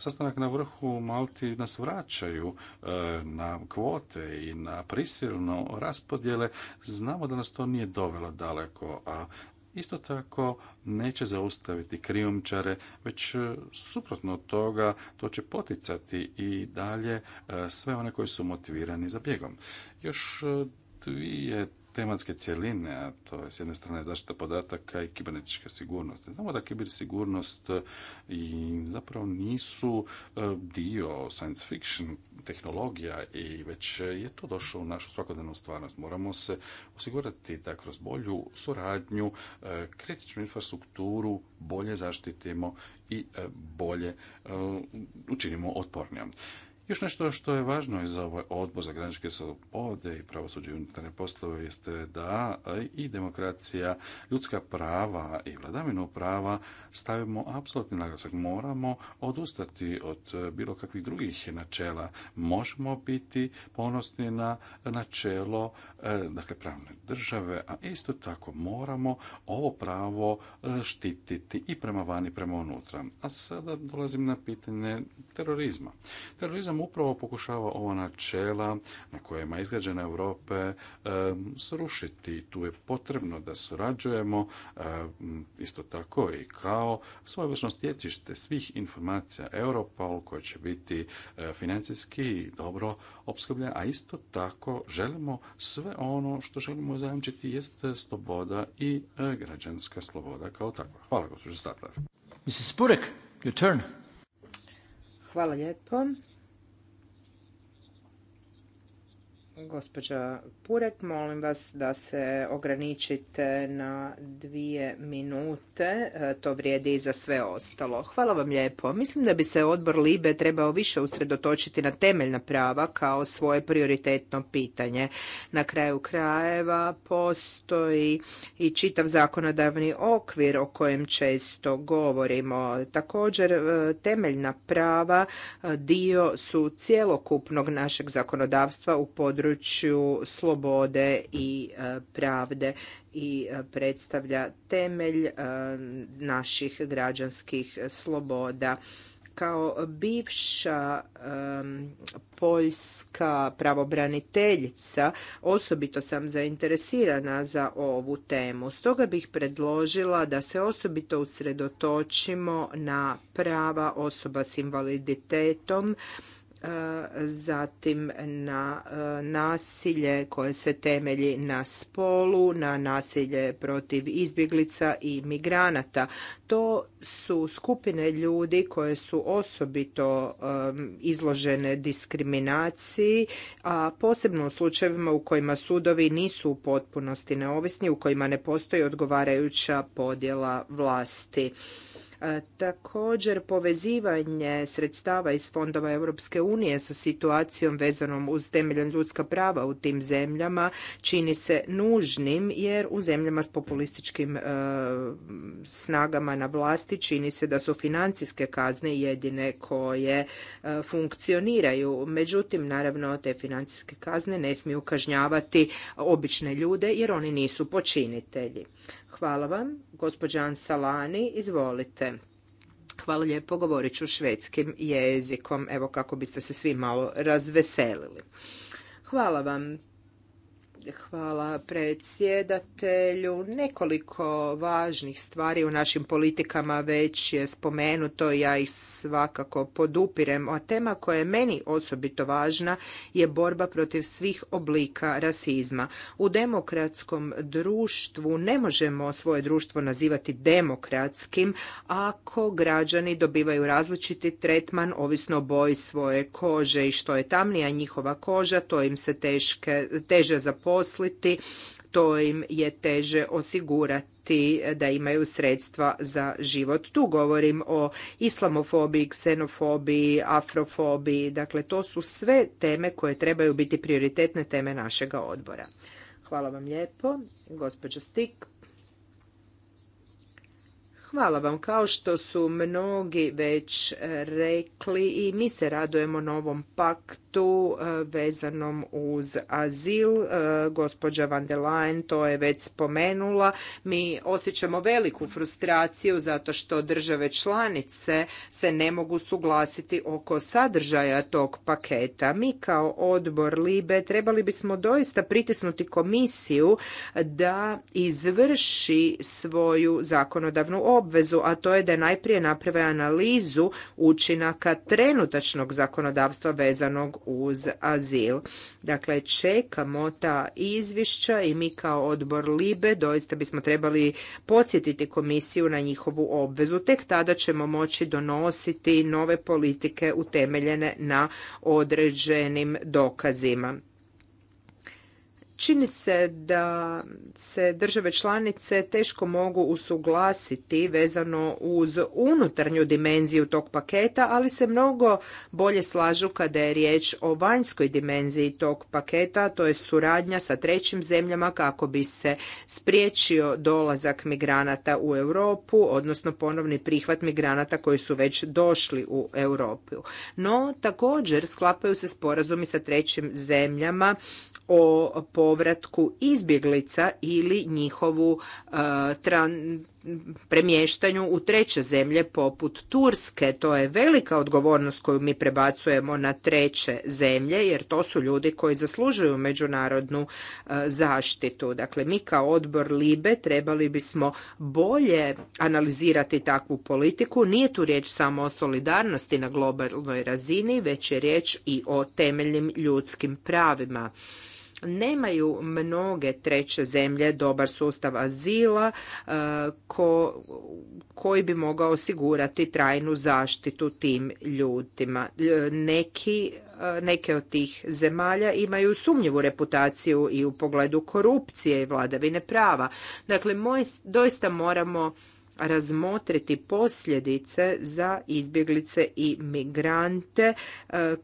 sastanak na vrhu Malti nas vraćaju e, na kvote i na prisilno raspodjele. Znamo da nas to nije dovelo daleko, a isto tako neće zaustaviti krijumčare, već e, suprotno od toga to će poticati i dalje e, sve one koji su motivirani za bjegom. Još dvije tematske cjeline, a to je s jedne strane zaštita podataka i kibernetička sigurnost. Znamo da sigurnost e, i zapravo nisu e, dio science fiction tehnologija i već je to došlo u našu svakodnevnu stvarnost. Moramo se osigurati da kroz bolju suradnju, e, kritičnu infrastrukturu bolje zaštitimo i bolje učinimo otpornijom. Još nešto što je važno i za ovaj odbor za graničke slobode i pravosuđe i unutarnje poslove jeste da i demokracija, ljudska prava i vladavinu prava stavimo apsolutni naglasak. Moramo odustati od e, bilo kakvih drugih načela. Možemo biti ponosni na načelo e, dakle, pravne države, a isto tako moramo ovo pravo e, štititi i prema vani, prema unutra. A sada dolazim na pitanje terorizma. Terorizam upravo pokušava ova načela na kojima je izgrađena Europe e, srušiti. Tu je potrebno da surađujemo e, isto tako i kao svojevrsno stjecište svih informacija Europol koje će biti e, financijski dobro opskrbljena, a isto tako želimo sve ono što želimo zajamčiti jest sloboda i građanska sloboda kao takva. Hvala gospođo Statler. Spurek, your turn. Hvala lijepo. Gospođa Purek, molim vas da se ograničite na dvije minute. E, to vrijedi i za sve ostalo. Hvala vam lijepo. Mislim da bi se odbor Libe trebao više usredotočiti na temeljna prava kao svoje prioritetno pitanje. Na kraju krajeva postoji i čitav zakonodavni okvir o kojem često govorimo. Također, e, temeljna prava e, dio su cjelokupnog našeg zakonodavstva u području području slobode i e, pravde i e, predstavlja temelj e, naših građanskih sloboda kao bivša poljska pravobraniteljica osobito sam zainteresirana za ovu temu. Stoga bih predložila da se osobito usredotočimo na prava osoba s invaliditetom zatim na e, nasilje koje se temelji na spolu, na nasilje protiv izbjeglica i migranata. To su skupine ljudi koje su osobito izložene diskriminaciji, a posebno u slučajevima u kojima sudovi nisu u potpunosti neovisni, u kojima ne postoji odgovarajuća podjela vlasti. E, također povezivanje sredstava iz fondova Europske unije sa situacijom vezanom uz temeljen ljudska prava u tim zemljama čini se nužnim jer u zemljama s populističkim e, snagama na vlasti čini se da su financijske kazne jedine koje e, funkcioniraju. Međutim, naravno te financijske kazne ne smiju kažnjavati obične ljude jer oni nisu počinitelji. Hvala vam. Gospođa Ansalani, izvolite. Hvala lijepo, govorit ću švedskim jezikom, evo kako biste se svi malo razveselili. Hvala vam. Hvala predsjedatelju. Nekoliko važnih stvari u našim politikama već je spomenuto, ja ih svakako podupirem. A tema koja je meni osobito važna je borba protiv svih oblika rasizma. U demokratskom društvu ne možemo svoje društvo nazivati demokratskim ako građani dobivaju različiti tretman ovisno o boji svoje kože i što je tamnija njihova koža, to im se teške, teže zaposliti zaposliti, to im je teže osigurati da imaju sredstva za život. Tu govorim o islamofobiji, ksenofobiji, afrofobiji, dakle to su sve teme koje trebaju biti prioritetne teme našega odbora. Hvala vam lijepo, gospođo Stik. Hvala vam. Kao što su mnogi već rekli i mi se radujemo novom paktu tu e, vezanom uz azil. E, gospođa van der Leyen to je već spomenula. Mi osjećamo veliku frustraciju zato što države članice se ne mogu suglasiti oko sadržaja tog paketa. Mi kao odbor LIBE trebali bismo doista pritisnuti komisiju da izvrši svoju zakonodavnu obvezu, a to je da najprije naprave analizu učinaka trenutačnog zakonodavstva vezanog uz azil. Dakle, čekamo ta izvišća i mi kao odbor LIBE doista bismo trebali podsjetiti komisiju na njihovu obvezu. Tek tada ćemo moći donositi nove politike utemeljene na određenim dokazima. Čini se da se države članice teško mogu usuglasiti vezano uz unutarnju dimenziju tog paketa, ali se mnogo bolje slažu kada je riječ o vanjskoj dimenziji tog paketa, to je suradnja sa trećim zemljama kako bi se spriječio dolazak migranata u Europu, odnosno ponovni prihvat migranata koji su već došli u Europu. No, također sklapaju se sporazumi sa trećim zemljama o po povratku izbjeglica ili njihovu e, tran premještanju u treće zemlje poput Turske. To je velika odgovornost koju mi prebacujemo na treće zemlje jer to su ljudi koji zaslužuju međunarodnu e, zaštitu. Dakle, mi kao odbor Libe trebali bismo bolje analizirati takvu politiku. Nije tu riječ samo o solidarnosti na globalnoj razini, već je riječ i o temeljnim ljudskim pravima nemaju mnoge treće zemlje dobar sustav azila e, koji bi mogao osigurati trajnu zaštitu tim ljudima. E, neki e, neke od tih zemalja imaju sumnjivu reputaciju i u pogledu korupcije i vladavine prava. Dakle, moj, doista moramo razmotriti posljedice za izbjeglice i migrante e,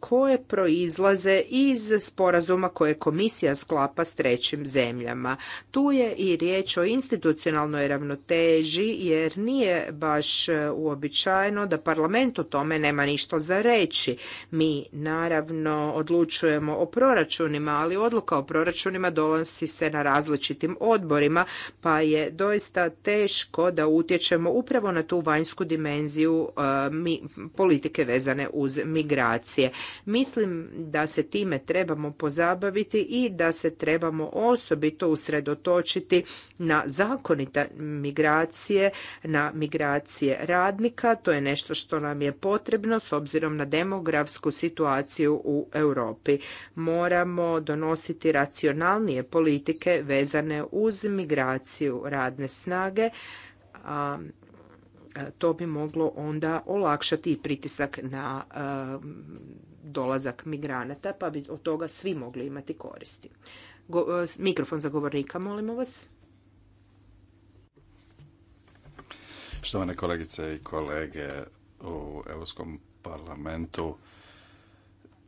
koje proizlaze iz sporazuma koje komisija sklapa s trećim zemljama. Tu je i riječ o institucionalnoj ravnoteži jer nije baš e, uobičajeno da parlament o tome nema ništa za reći. Mi naravno odlučujemo o proračunima, ali odluka o proračunima donosi se na različitim odborima, pa je doista teško da utječe utječemo upravo na tu vanjsku dimenziju e, politike vezane uz migracije. Mislim da se time trebamo pozabaviti i da se trebamo osobito usredotočiti na zakonite migracije, na migracije radnika. To je nešto što nam je potrebno s obzirom na demografsku situaciju u Europi. Moramo donositi racionalnije politike vezane uz migraciju radne snage a to bi moglo onda olakšati i pritisak na dolazak migranata, pa bi od toga svi mogli imati koristi. Mikrofon za govornika, molimo vas. Štovane kolegice i kolege u Europskom parlamentu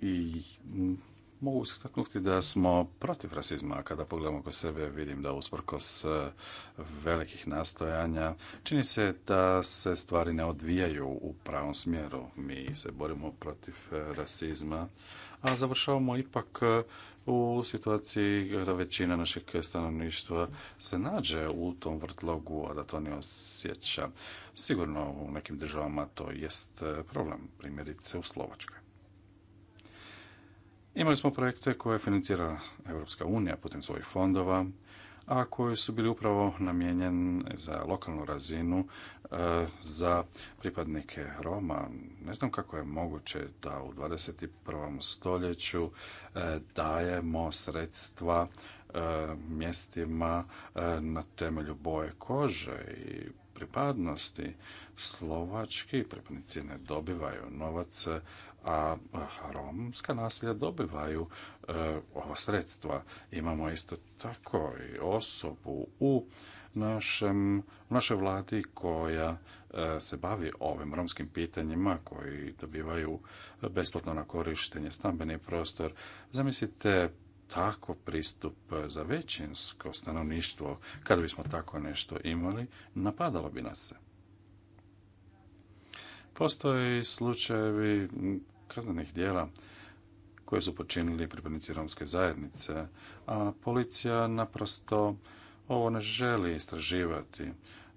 i Mogu istaknuti da smo protiv rasizma, a kada pogledamo kod sebe vidim da usprkos e, velikih nastojanja čini se da se stvari ne odvijaju u pravom smjeru. Mi se borimo protiv e, rasizma, a završavamo ipak e, u situaciji da većina našeg stanovništva se nađe u tom vrtlogu, a da to ne osjeća. Sigurno u nekim državama to jest problem, primjerice u Slovačkoj. Imali smo projekte koje financira Europska unija putem svojih fondova, a koji su bili upravo namijenjen za lokalnu razinu e, za pripadnike Roma. Ne znam kako je moguće da u 21. stoljeću e, dajemo sredstva e, mjestima na temelju boje kože i pripadnosti. Slovački pripadnici ne dobivaju novac a romska naselja dobivaju e, ova sredstva. Imamo isto tako i osobu u našoj vladi koja e, se bavi ovim romskim pitanjima koji dobivaju besplatno na korištenje stambeni prostor. Zamislite tako pristup za većinsko stanovništvo, kada bismo tako nešto imali, napadalo bi nas se. Postoje slučajevi kaznenih dijela koje su počinili pripadnici romske zajednice, a policija naprosto ovo ne želi istraživati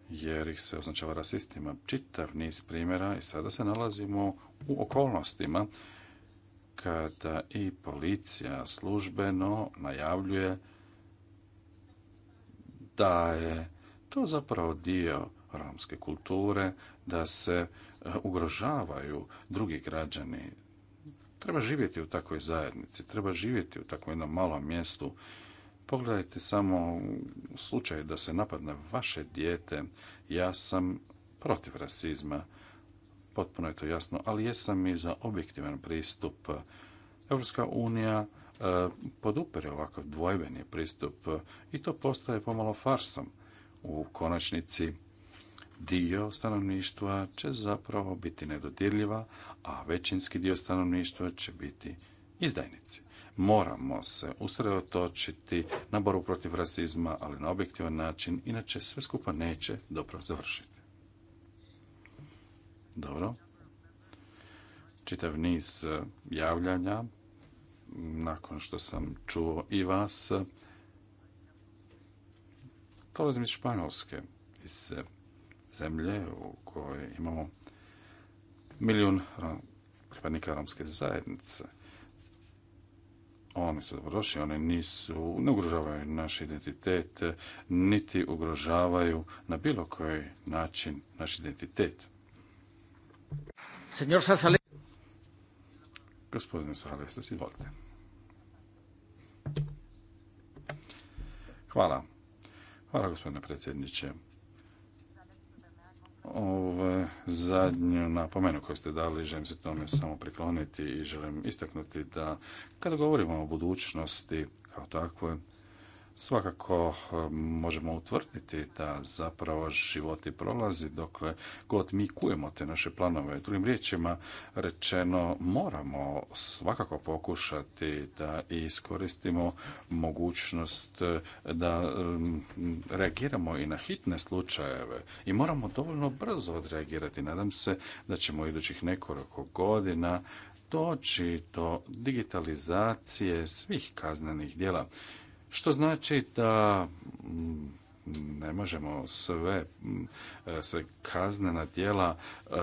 jer ih se označava rasistima. Čitav niz primjera i sada se nalazimo u okolnostima kada i policija službeno najavljuje da je to zapravo dio romske kulture, da se e, ugrožavaju drugi građani Treba živjeti u takvoj zajednici, treba živjeti u takvom jednom malom mjestu. Pogledajte samo u slučaju da se napadne vaše dijete, ja sam protiv rasizma, potpuno je to jasno, ali jesam i za objektivan pristup. Europska unija e, podupere ovakav dvojbeni pristup i to postaje pomalo farsom. U konačnici dio stanovništva će zapravo biti nedodirljiva, a većinski dio stanovništva će biti izdajnici. Moramo se usredotočiti na boru protiv rasizma, ali na objektivan način, inače sve skupa neće dobro završiti. Dobro. Čitav niz e, javljanja, nakon što sam čuo i vas, e, dolazim iz Španjolske, iz e, zemlje u kojoj imamo milijun pripadnika romske zajednice. Oni su dobrodošli, oni nisu, ne ugrožavaju naš identitet, niti ugrožavaju na bilo koji način naš identitet. Senjor Sasale... Gospodine Sales, izvolite. Hvala. Hvala, gospodine predsjedniče. Ove zadnju napomenu koju ste dali, želim se tome samo prikloniti i želim istaknuti da kada govorimo o budućnosti kao takvoj, Svakako e, možemo utvrditi da zapravo životi prolazi dokle god mi kujemo te naše planove. Drugim riječima rečeno moramo svakako pokušati da iskoristimo mogućnost e, da e, reagiramo i na hitne slučajeve i moramo dovoljno brzo odreagirati. Nadam se da ćemo idućih nekoliko godina doći do digitalizacije svih kaznenih djela što znači da mm, ne možemo sve, mm, sve kaznena djela e,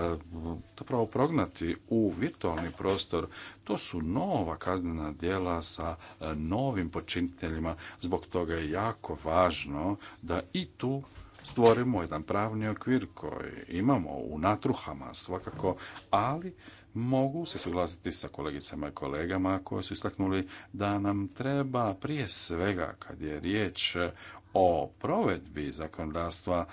zapravo prognati u virtualni prostor. To su nova kaznena djela sa e, novim počiniteljima. Zbog toga je jako važno da i tu stvorimo jedan pravni okvir koji imamo u natruhama svakako, ali mogu se suglasiti sa kolegicama i kolegama koji su istaknuli da nam treba prije svega kad je riječ o provedbi zakonodavstva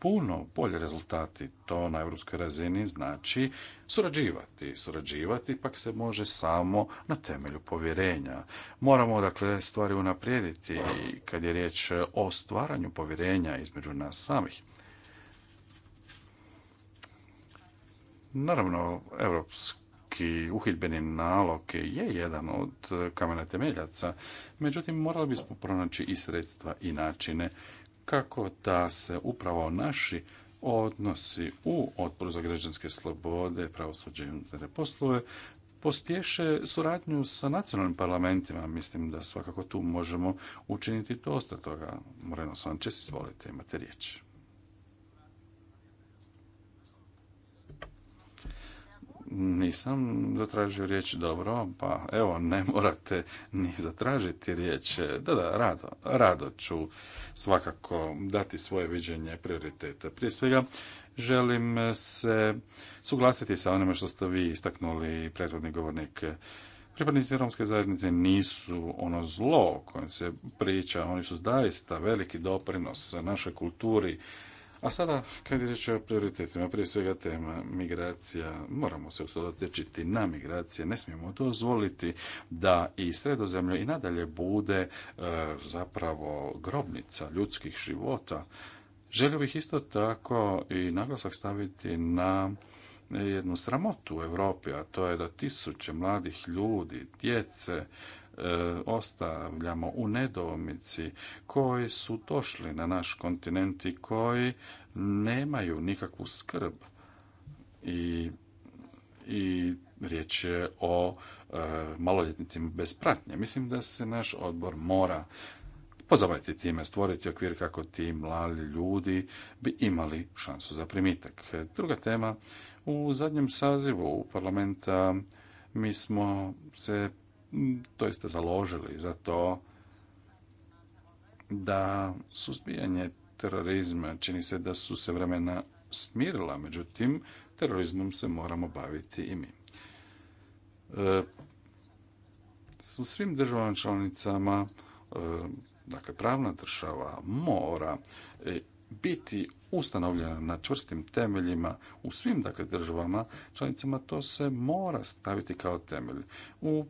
puno bolji rezultati to na europskoj razini znači surađivati. Surađivati pak se može samo na temelju povjerenja. Moramo dakle stvari unaprijediti kad je riječ o stvaranju povjerenja između nas samih. Naravno, europski uhidbeni nalog je jedan od kamena temeljaca, međutim morali bismo pronaći i sredstva i načine kako da se upravo naši odnosi u Otporu za građanske slobode, pravosuđe i unutarnje poslove pospješe suradnju sa nacionalnim parlamentima. Mislim da svakako tu možemo učiniti dosta toga. Moreno Sanchez, izvolite, imate riječ. Nisam zatražio riječ dobro, pa evo, ne morate ni zatražiti riječ. Da, da, rado, rado ću svakako dati svoje viđenje prioriteta. Prije svega, želim se suglasiti sa onime što ste vi istaknuli, prethodni govornik Pripadnici romske zajednice nisu ono zlo o kojem se priča, oni su zaista veliki doprinos našoj kulturi, a sada, kad je riječ o prioritetima, prije svega tema migracija, moramo se usodotečiti na migracije, ne smijemo dozvoliti da i sredozemlje i nadalje bude e, zapravo grobnica ljudskih života. Želio bih isto tako i naglasak staviti na jednu sramotu u Europi, a to je da tisuće mladih ljudi, djece, E, ostavljamo u nedoumici koji su došli na naš kontinent i koji nemaju nikakvu skrb i, i riječ je o e, maloljetnicima bez pratnje. Mislim da se naš odbor mora pozabaviti time, stvoriti okvir kako ti mladi ljudi bi imali šansu za primitak. Druga tema, u zadnjem sazivu parlamenta mi smo se to jeste založili za to da suzbijanje terorizma čini se da su se vremena smirila, međutim terorizmom se moramo baviti i mi. E, u svim državama članicama, e, dakle pravna država mora e, biti ustanovljena na čvrstim temeljima u svim dakle državama članicama to se mora staviti kao temelj. U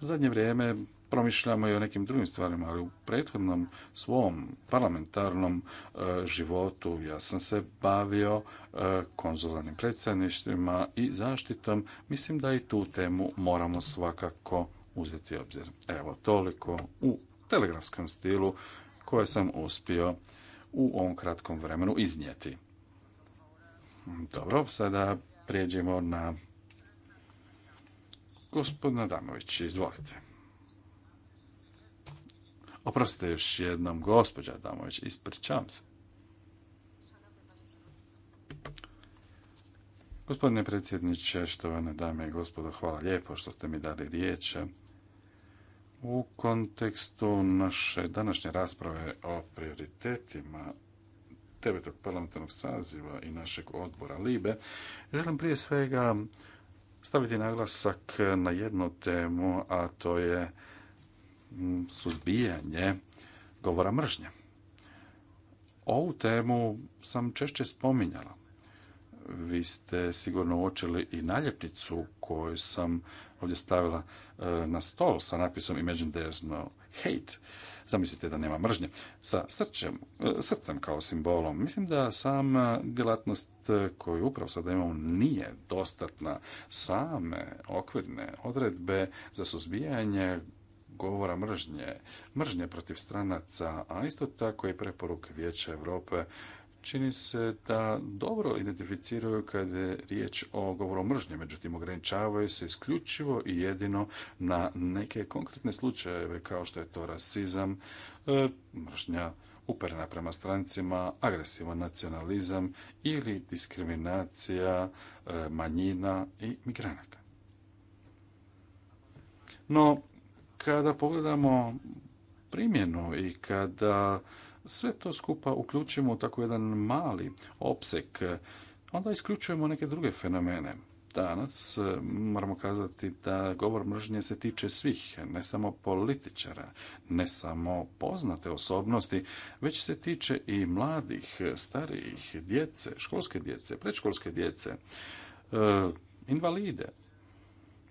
zadnje vrijeme promišljamo i o nekim drugim stvarima, ali u prethodnom svom parlamentarnom e, životu ja sam se bavio e, konzularnim predsjedništvima i zaštitom. Mislim da i tu temu moramo svakako uzeti u obzir. Evo, toliko u telegrafskom stilu koje sam uspio u ovom kratkom vremenu iznijeti. Dobro, sada prijeđemo na Gospodin Adamović, izvolite. Oprostite još jednom, gospođa Adamović, ispričavam se. Gospodine predsjedniče, štovane dame i gospodo, hvala lijepo što ste mi dali riječ. U kontekstu naše današnje rasprave o prioritetima devetog parlamentarnog saziva i našeg odbora LIBE, želim prije svega staviti naglasak na jednu temu, a to je mm, suzbijanje govora mržnje. Ovu temu sam češće spominjala. Vi ste sigurno uočili i naljepnicu koju sam ovdje stavila e, na stol sa napisom Imagine there's no hate. Zamislite da nema mržnje. Sa e, srcem kao simbolom. Mislim da sama e, djelatnost e, koju upravo sada imamo nije dostatna same okvirne odredbe za suzbijanje govora mržnje, mržnje protiv stranaca, a isto tako i preporuke Vijeća Europe čini se da dobro identificiraju kada je riječ o govoru mržnje, međutim ograničavaju se isključivo i jedino na neke konkretne slučajeve kao što je to rasizam, e, mržnja uperena prema strancima, agresivan nacionalizam ili diskriminacija e, manjina i migranaka. No, kada pogledamo primjenu i kada sve to skupa uključimo u tako jedan mali opsek, onda isključujemo neke druge fenomene. Danas e, moramo kazati da govor mržnje se tiče svih, ne samo političara, ne samo poznate osobnosti, već se tiče i mladih, starijih, djece, školske djece, predškolske djece, e, invalide,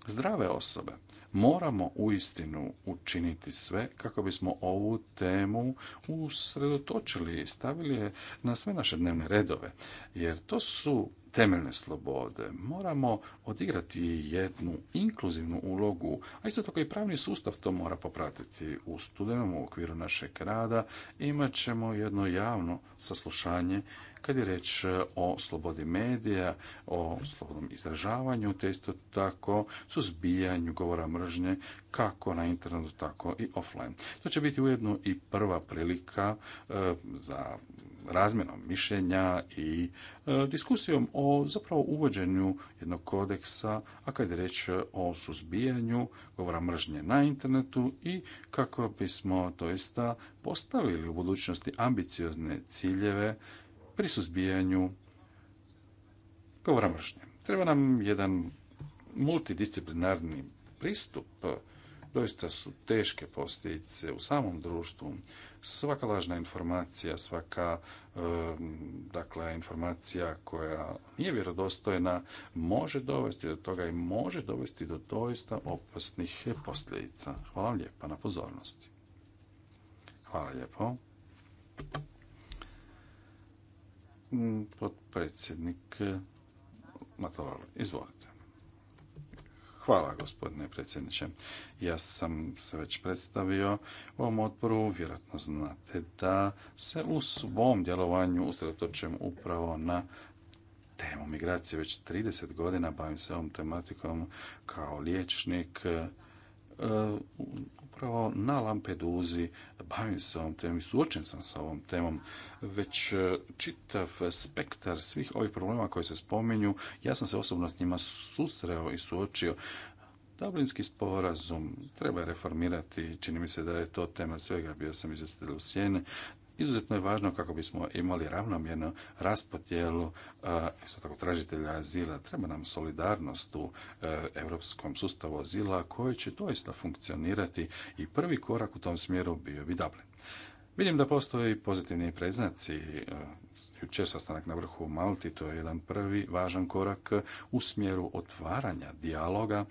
zdrave osobe moramo uistinu učiniti sve kako bismo ovu temu usredotočili i stavili je na sve naše dnevne redove. Jer to su temeljne slobode. Moramo odigrati jednu inkluzivnu ulogu, a isto tako i pravni sustav to mora popratiti. U studenom u okviru našeg rada imat ćemo jedno javno saslušanje kad je reč e, o slobodi medija, o slobodnom izražavanju, te isto tako suzbijanju govora mržnje kako na internetu, tako i offline. To će biti ujedno i prva prilika e, za razmjenom mišljenja i e, diskusijom o zapravo uvođenju jednog kodeksa, a kad je reč o suzbijanju govora mržnje na internetu i kako bismo toista postavili u budućnosti ambiciozne ciljeve pri suzbijanju govora mržnje. Treba nam jedan multidisciplinarni pristup doista su teške posljedice u samom društvu. Svaka lažna informacija, svaka dakle, informacija koja nije vjerodostojna može dovesti do toga i može dovesti do doista opasnih posljedica. Hvala vam lijepa na pozornosti. Hvala lijepo. Mm, potpredsjednik eh, Matovali. Izvolite. Hvala gospodine predsjedniče. Ja sam se već predstavio ovom odboru. Vjerojatno znate da se u svom djelovanju usredotočujem upravo na temu migracije. Već 30 godina bavim se ovom tematikom kao liječnik eh, upravo na Lampeduzi bavim se ovom temom i suočen sam sa ovom temom. Već e, čitav spektar svih ovih problema koji se spominju, ja sam se osobno s njima susreo i suočio. Dublinski sporazum treba reformirati, čini mi se da je to tema svega, bio sam izvjestitelj u Sjene, Izuzetno je važno kako bismo imali ravnomjerno raspodjelu e, isto tako tražitelja azila. Treba nam solidarnost u e, europskom sustavu azila koji će doista funkcionirati i prvi korak u tom smjeru bio bi Dublin. Vidim da postoje pozitivni preznaci. E, jučer sastanak na vrhu u Malti, to je jedan prvi važan korak u smjeru otvaranja dijaloga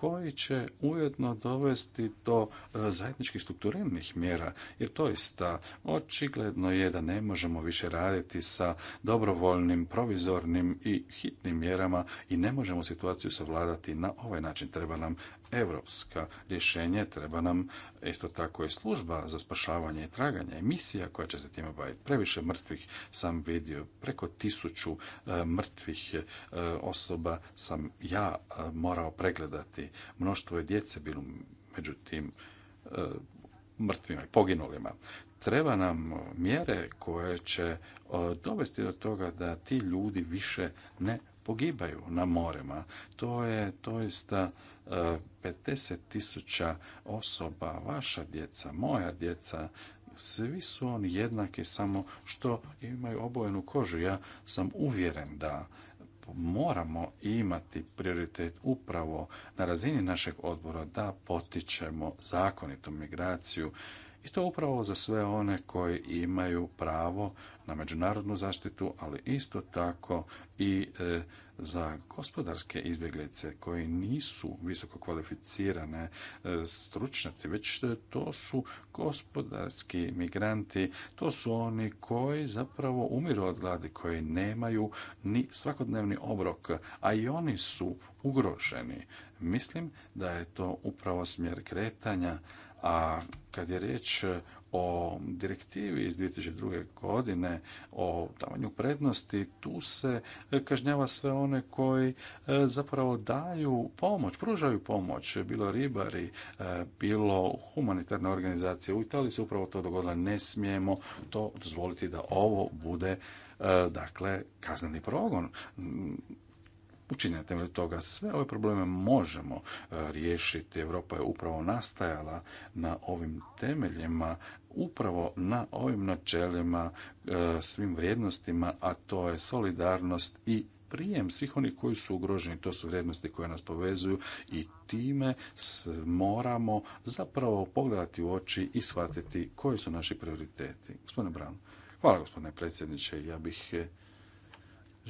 koji će ujedno dovesti do e, zajedničkih strukturalnih mjera. Jer doista očigledno je da ne možemo više raditi sa dobrovoljnim, provizornim i hitnim mjerama i ne možemo situaciju savladati na ovaj način. Treba nam evropska rješenja, treba nam isto tako i služba za spašavanje i traganje, emisija koja će se time baviti. Previše mrtvih sam vidio, preko tisuću e, mrtvih e, osoba sam ja e, morao pregledati. Mnoštvo je djece bilo među tim mrtvima i poginulima. Treba nam mjere koje će dovesti do toga da ti ljudi više ne pogibaju na morema. To je doista 50 tisuća osoba, vaša djeca, moja djeca, svi su oni jednaki, samo što imaju obojenu kožu. Ja sam uvjeren da moramo imati prioritet upravo na razini našeg odbora da potičemo zakonitu migraciju i to upravo za sve one koji imaju pravo na međunarodnu zaštitu, ali isto tako i e, za gospodarske izbjeglice koji nisu visoko kvalificirane e, stručnjaci, već to su gospodarski migranti, to su oni koji zapravo umiru od gladi, koji nemaju ni svakodnevni obrok, a i oni su ugroženi Mislim da je to upravo smjer kretanja, a kad je riječ e, o direktivi iz 2002. godine o davanju prednosti, tu se e, kažnjava sve one koji e, zapravo daju pomoć, pružaju pomoć, bilo ribari, bilo humanitarne organizacije. U Italiji se upravo to dogodilo. Ne smijemo to dozvoliti da ovo bude dakle kazneni progon učinjena temelju toga. Sve ove probleme možemo e, riješiti. Europa je upravo nastajala na ovim temeljima upravo na ovim načelima, e, svim vrijednostima, a to je solidarnost i prijem svih onih koji su ugroženi. To su vrijednosti koje nas povezuju i time moramo zapravo pogledati u oči i shvatiti koji su naši prioriteti. Gospodine Brano, hvala gospodine predsjedniče. Ja bih e,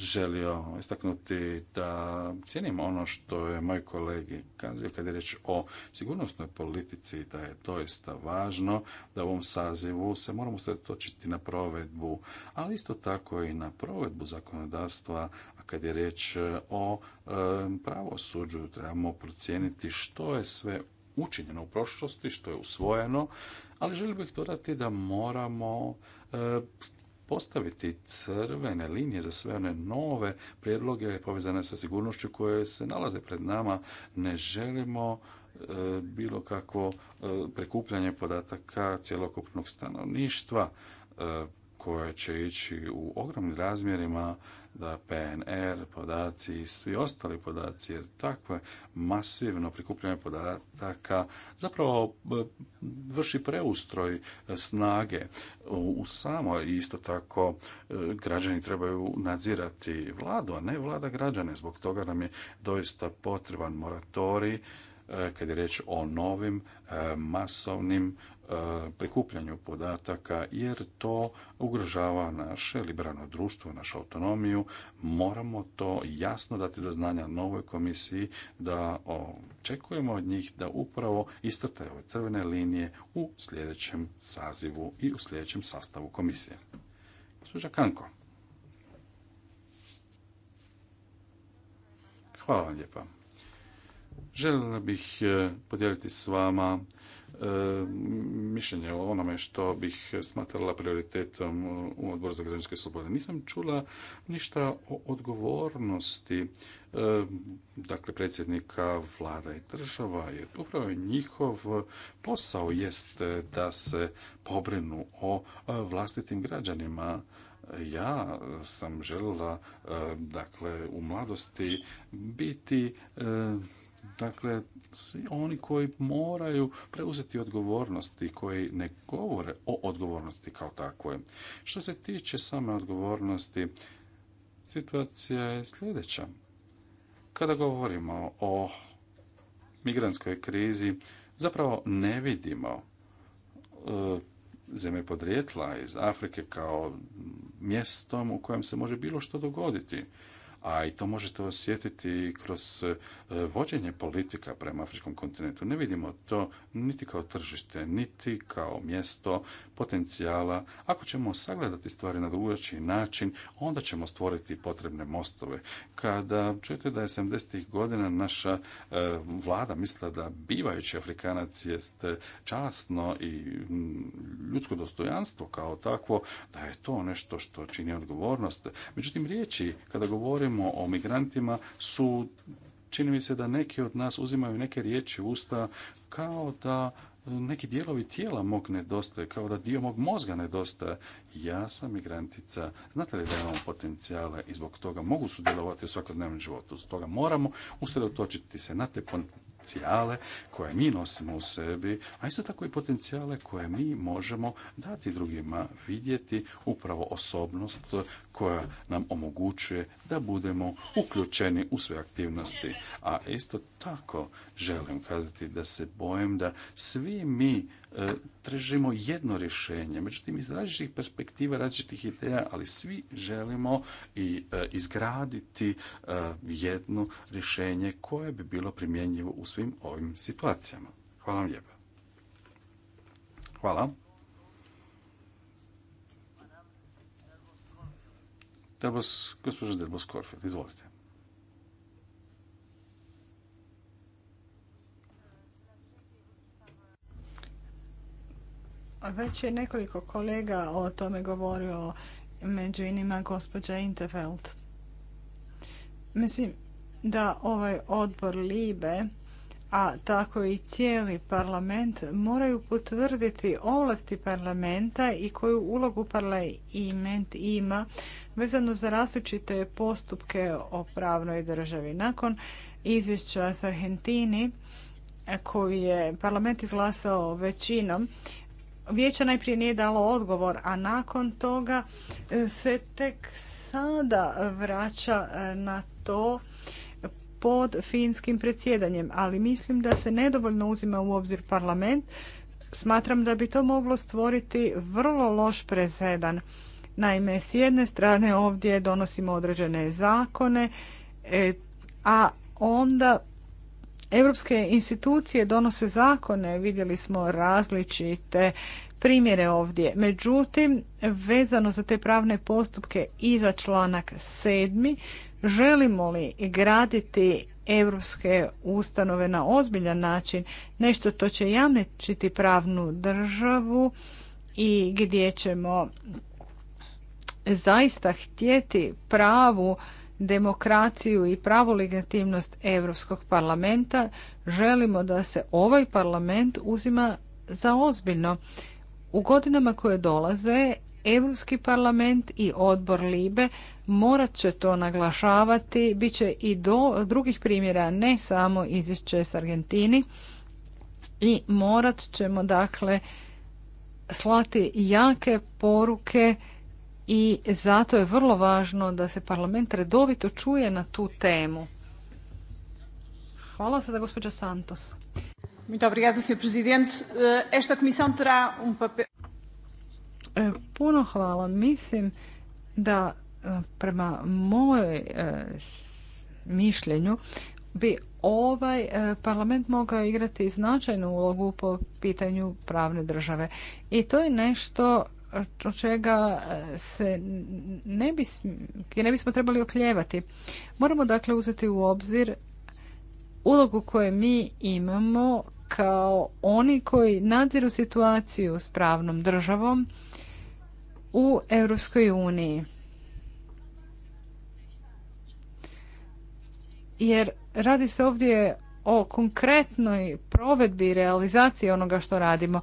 želio istaknuti da cijenim ono što je moj kolegi kazio kada je riječ o sigurnosnoj politici, da je doista važno da u ovom sazivu se moramo sredotočiti na provedbu, ali isto tako i na provedbu zakonodavstva, a kad je riječ e, o e, pravosuđu, trebamo procijeniti što je sve učinjeno u prošlosti, što je usvojeno, ali želio bih dodati da moramo e, postaviti crvene linije za sve one nove prijedloge povezane sa sigurnošću koje se nalaze pred nama. Ne želimo e, bilo kakvo e, prikupljanje podataka cjelokupnog stanovništva e, koje će ići u ogromnim razmjerima da PNR podaci i svi ostali podaci, jer takve masivno prikupljanje podataka zapravo e, vrši preustroj e, snage. U samo isto tako e, građani trebaju nadzirati vladu, a ne vlada građane. Zbog toga nam je doista potreban moratorij kad je riječ o novim masovnim E, prikupljanju podataka jer to ugrožava naše liberalno društvo, našu autonomiju. Moramo to jasno dati do znanja novoj komisiji da očekujemo od njih da upravo istrtaju ove crvene linije u sljedećem sazivu i u sljedećem sastavu komisije. Gospođa Kanko. Hvala vam lijepa. Željela bih e, podijeliti s vama E, mišljenje o onome što bih smatrala prioritetom u odboru za građanske slobode. Nisam čula ništa o odgovornosti e, dakle predsjednika vlada i država, jer upravo njihov posao jest da se pobrinu o e, vlastitim građanima. Ja sam željela dakle u mladosti biti Dakle, svi oni koji moraju preuzeti odgovornosti, koji ne govore o odgovornosti kao takvoj. Što se tiče same odgovornosti, situacija je sljedeća. Kada govorimo o migrantskoj krizi, zapravo ne vidimo e, zemlje podrijetla iz Afrike kao mjestom u kojem se može bilo što dogoditi a i to možete osjetiti kroz e, vođenje politika prema afričkom kontinentu. Ne vidimo to niti kao tržište, niti kao mjesto potencijala. Ako ćemo sagledati stvari na drugačiji način, onda ćemo stvoriti potrebne mostove. Kada čujete da je 70. godina naša e, vlada misla da bivajući Afrikanac jest časno i ljudsko dostojanstvo kao takvo, da je to nešto što čini odgovornost. Međutim, riječi, kada govori o migrantima su, čini mi se da neki od nas uzimaju neke riječi usta kao da e, neki dijelovi tijela mog nedostaje, kao da dio mog mozga nedostaje. Ja sam migrantica, znate li da imamo potencijale i zbog toga mogu sudjelovati u svakodnevnom životu. Stoga moramo usredotočiti se na te potencijale koje mi nosimo u sebi, a isto tako i potencijale koje mi možemo dati drugima vidjeti upravo osobnost koja nam omogućuje da budemo uključeni u sve aktivnosti. A isto tako želim kazati da se bojem da svi mi E, tražimo jedno rješenje. Međutim, iz različitih perspektiva, različitih ideja, ali svi želimo i e, izgraditi e, jedno rješenje koje bi bilo primjenjivo u svim ovim situacijama. Hvala vam lijepa. Hvala. Delbos, Delbos izvolite. Već je nekoliko kolega o tome govorio, među inima gospođa Interveld. Mislim da ovaj odbor Libe, a tako i cijeli parlament, moraju potvrditi ovlasti parlamenta i koju ulogu parlament ima vezano za različite postupke o pravnoj državi. Nakon izvješća s Argentini, koji je parlament izglasao većinom, vijeće najprije nije dalo odgovor, a nakon toga e, se tek sada vraća e, na to pod finskim predsjedanjem, ali mislim da se nedovoljno uzima u obzir parlament. Smatram da bi to moglo stvoriti vrlo loš prezedan. Naime, s jedne strane ovdje donosimo određene zakone, e, a onda Europske institucije donose zakone, vidjeli smo različite primjere ovdje. Međutim, vezano za te pravne postupke i za članak sedmi, želimo li graditi europske ustanove na ozbiljan način, nešto to će jamčiti pravnu državu i gdje ćemo zaista htjeti pravu demokraciju i pravu legitimnost Europskog parlamenta, želimo da se ovaj parlament uzima za ozbiljno. U godinama koje dolaze, Europski parlament i odbor Libe morat će to naglašavati, bit će i do drugih primjera, ne samo izvješće s Argentini i morat ćemo dakle slati jake poruke i zato je vrlo važno da se parlament redovito čuje na tu temu. Hvala sada gospođa Santos. Muito Puno hvala. Mislim da eh, prema mojoj eh, mišljenju bi ovaj eh, parlament mogao igrati značajnu ulogu po pitanju pravne države. I to je nešto od čega e, se ne, bi, ne bismo trebali okljevati. Moramo dakle uzeti u obzir ulogu koju mi imamo kao oni koji nadziru situaciju s pravnom državom u Europskoj uniji. Jer radi se ovdje o konkretnoj provedbi i realizaciji onoga što radimo.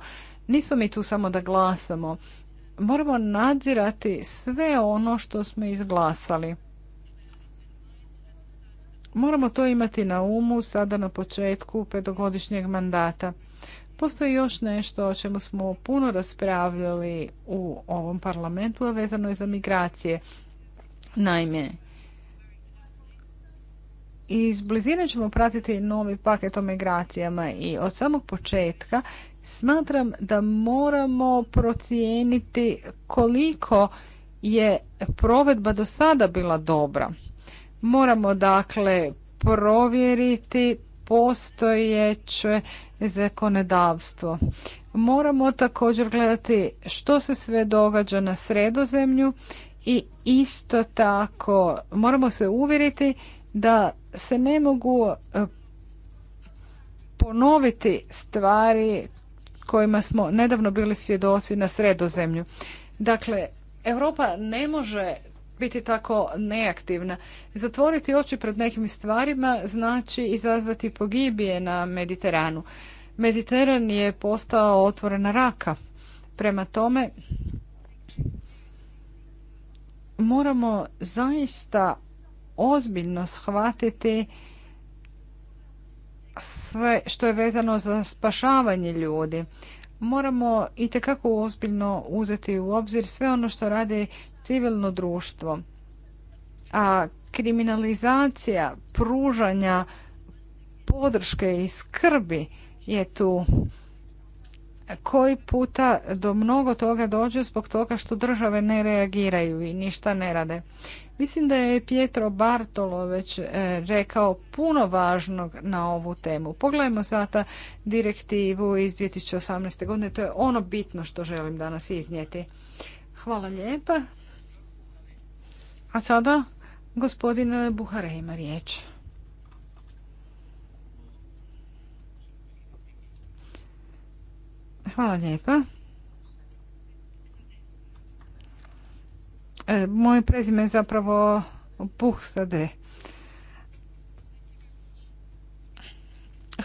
Nismo mi tu samo da glasamo moramo nadzirati sve ono što smo izglasali. Moramo to imati na umu sada na početku petogodišnjeg mandata. Postoji još nešto o čemu smo puno raspravljali u ovom parlamentu, a vezano je za migracije. Naime, iz blizine ćemo pratiti novi paket o migracijama i od samog početka smatram da moramo procijeniti koliko je provedba do sada bila dobra. Moramo dakle provjeriti postojeće zakonodavstvo. Moramo također gledati što se sve događa na sredozemlju i isto tako moramo se uvjeriti da se ne mogu e, ponoviti stvari kojima smo nedavno bili svjedoci na sredozemlju. Dakle, Europa ne može biti tako neaktivna. Zatvoriti oči pred nekim stvarima znači izazvati pogibije na Mediteranu. Mediteran je postao otvorena raka. Prema tome, moramo zaista ozbiljno shvatiti sve što je vezano za spašavanje ljudi. Moramo i tekako ozbiljno uzeti u obzir sve ono što radi civilno društvo. A kriminalizacija pružanja podrške i skrbi je tu koji puta do mnogo toga dođe zbog toga što države ne reagiraju i ništa ne rade. Mislim da je Pietro Bartolo već e, rekao puno važnog na ovu temu. Pogledajmo sada direktivu iz 2018. godine. To je ono bitno što želim danas iznijeti. Hvala lijepa. A sada gospodin Buhare ima riječ. Hvala lijepa. E, moje prezime je zapravo Buhstade.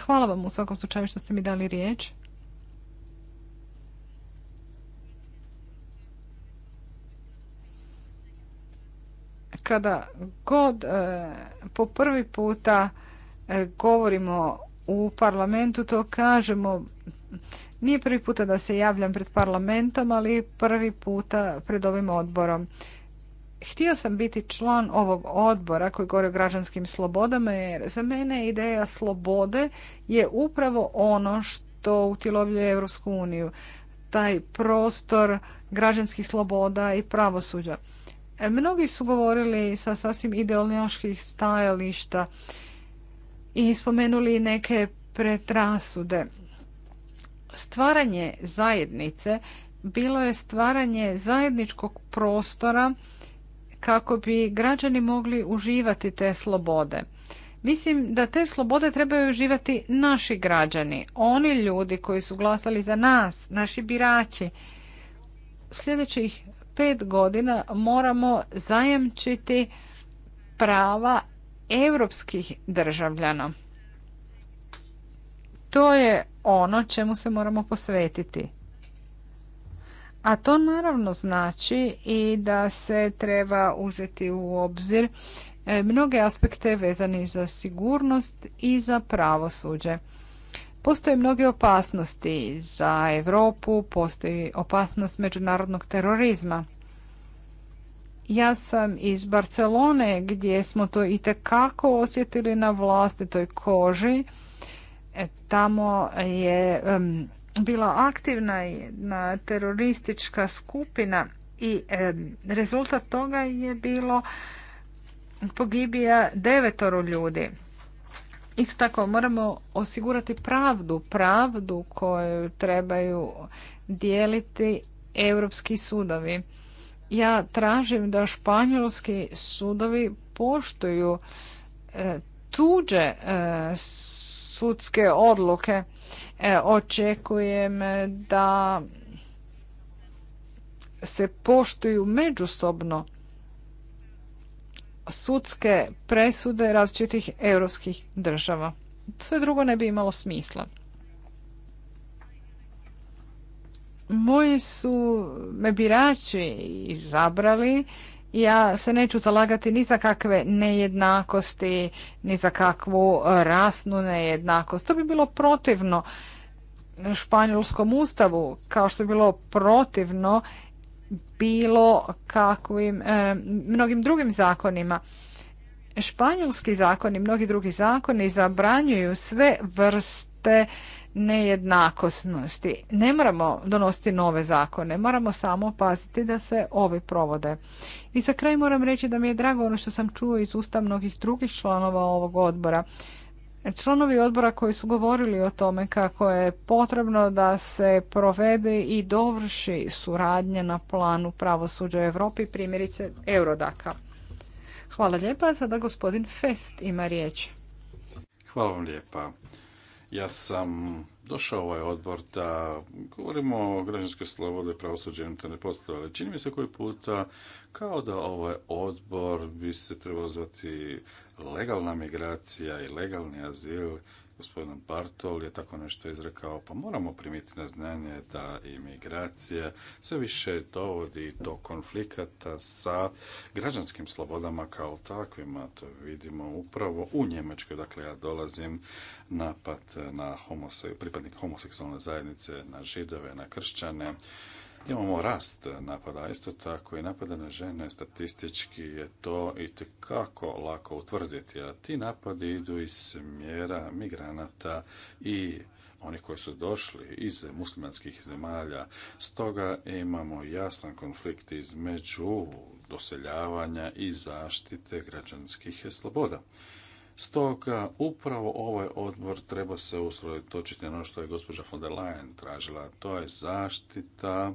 Hvala vam u svakom slučaju što ste mi dali riječ. Kada god e, po prvi puta e, govorimo u parlamentu, to kažemo nije prvi puta da se javljam pred parlamentom, ali prvi puta pred ovim odborom. Htio sam biti član ovog odbora koji govori o građanskim slobodama jer za mene ideja slobode je upravo ono što utjelovljuje Europsku uniju. Taj prostor građanskih sloboda i pravosuđa. E, mnogi su govorili sa sasvim ideoloških stajališta i spomenuli neke pretrasude stvaranje zajednice bilo je stvaranje zajedničkog prostora kako bi građani mogli uživati te slobode. Mislim da te slobode trebaju uživati naši građani, oni ljudi koji su glasali za nas, naši birači. Sljedećih pet godina moramo zajamčiti prava europskih državljana. To je ono čemu se moramo posvetiti. A to naravno znači i da se treba uzeti u obzir e, mnoge aspekte vezane za sigurnost i za pravosuđe. Postoje mnoge opasnosti za Europu, postoji opasnost međunarodnog terorizma. Ja sam iz Barcelone gdje smo to itekako osjetili na vlastitoj koži E, tamo je bila aktivna jedna teroristička skupina i rezultat toga je bilo pogibija devetoro ljudi. Isto tako moramo osigurati pravdu, pravdu koju trebaju dijeliti europski sudovi. Ja tražim da španjolski sudovi poštuju e, tuđe e, sudske odluke. E, očekujem e, da se poštuju međusobno sudske presude različitih europskih država. Sve drugo ne bi imalo smisla. Moji su me birači izabrali ja se neću zalagati ni za kakve nejednakosti, ni za kakvu e, rasnu nejednakost. To bi bilo protivno španjolskom ustavu, kao što bi bilo protivno bilo kakvim e, mnogim drugim zakonima. Španjolski i mnogi drugi zakoni zabranjuju sve vrste nejednakosnosti. Ne moramo donositi nove zakone, moramo samo paziti da se ovi provode. I za kraj moram reći da mi je drago ono što sam čuo iz usta mnogih drugih članova ovog odbora. Članovi odbora koji su govorili o tome kako je potrebno da se provede i dovrši suradnja na planu pravosuđa u Europi, primjerice Eurodaka. Hvala lijepa, sada gospodin Fest ima riječ. Hvala vam lijepa. Ja sam došao u ovaj odbor da govorimo o građanskoj slobodi, pravosuđe unutarnje poslove, ali čini mi se koji puta kao da ovaj odbor bi se trebao zvati legalna migracija i legalni azil gospodin Bartol je tako nešto izrekao, pa moramo primiti na znanje da imigracija sve više dovodi do konflikata sa građanskim slobodama kao takvima. To vidimo upravo u Njemačkoj, dakle ja dolazim napad na pripadnik homoseksualne zajednice, na židove, na kršćane. Imamo rast napada, isto tako i napada na žene, statistički je to i kako lako utvrditi, a ti napadi idu iz smjera migranata i oni koji su došli iz muslimanskih zemalja. Stoga imamo jasan konflikt između doseljavanja i zaštite građanskih sloboda. Stoga upravo ovaj odbor treba se usredotočiti na ono što je gospođa von der Leyen tražila, to je zaštita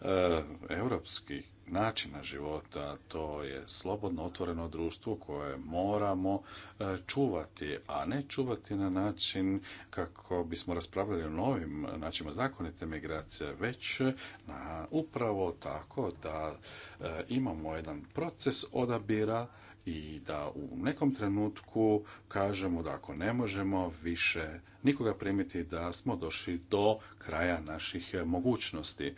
e, europskih načina života, to je slobodno otvoreno društvo koje moramo e, čuvati, a ne čuvati na način kako bismo raspravljali o novim načinima zakonite migracije, već e, upravo tako da imamo jedan proces odabira i da u nekom trenutku kažemo da ako ne možemo više nikoga primiti da smo došli do kraja naših mogućnosti.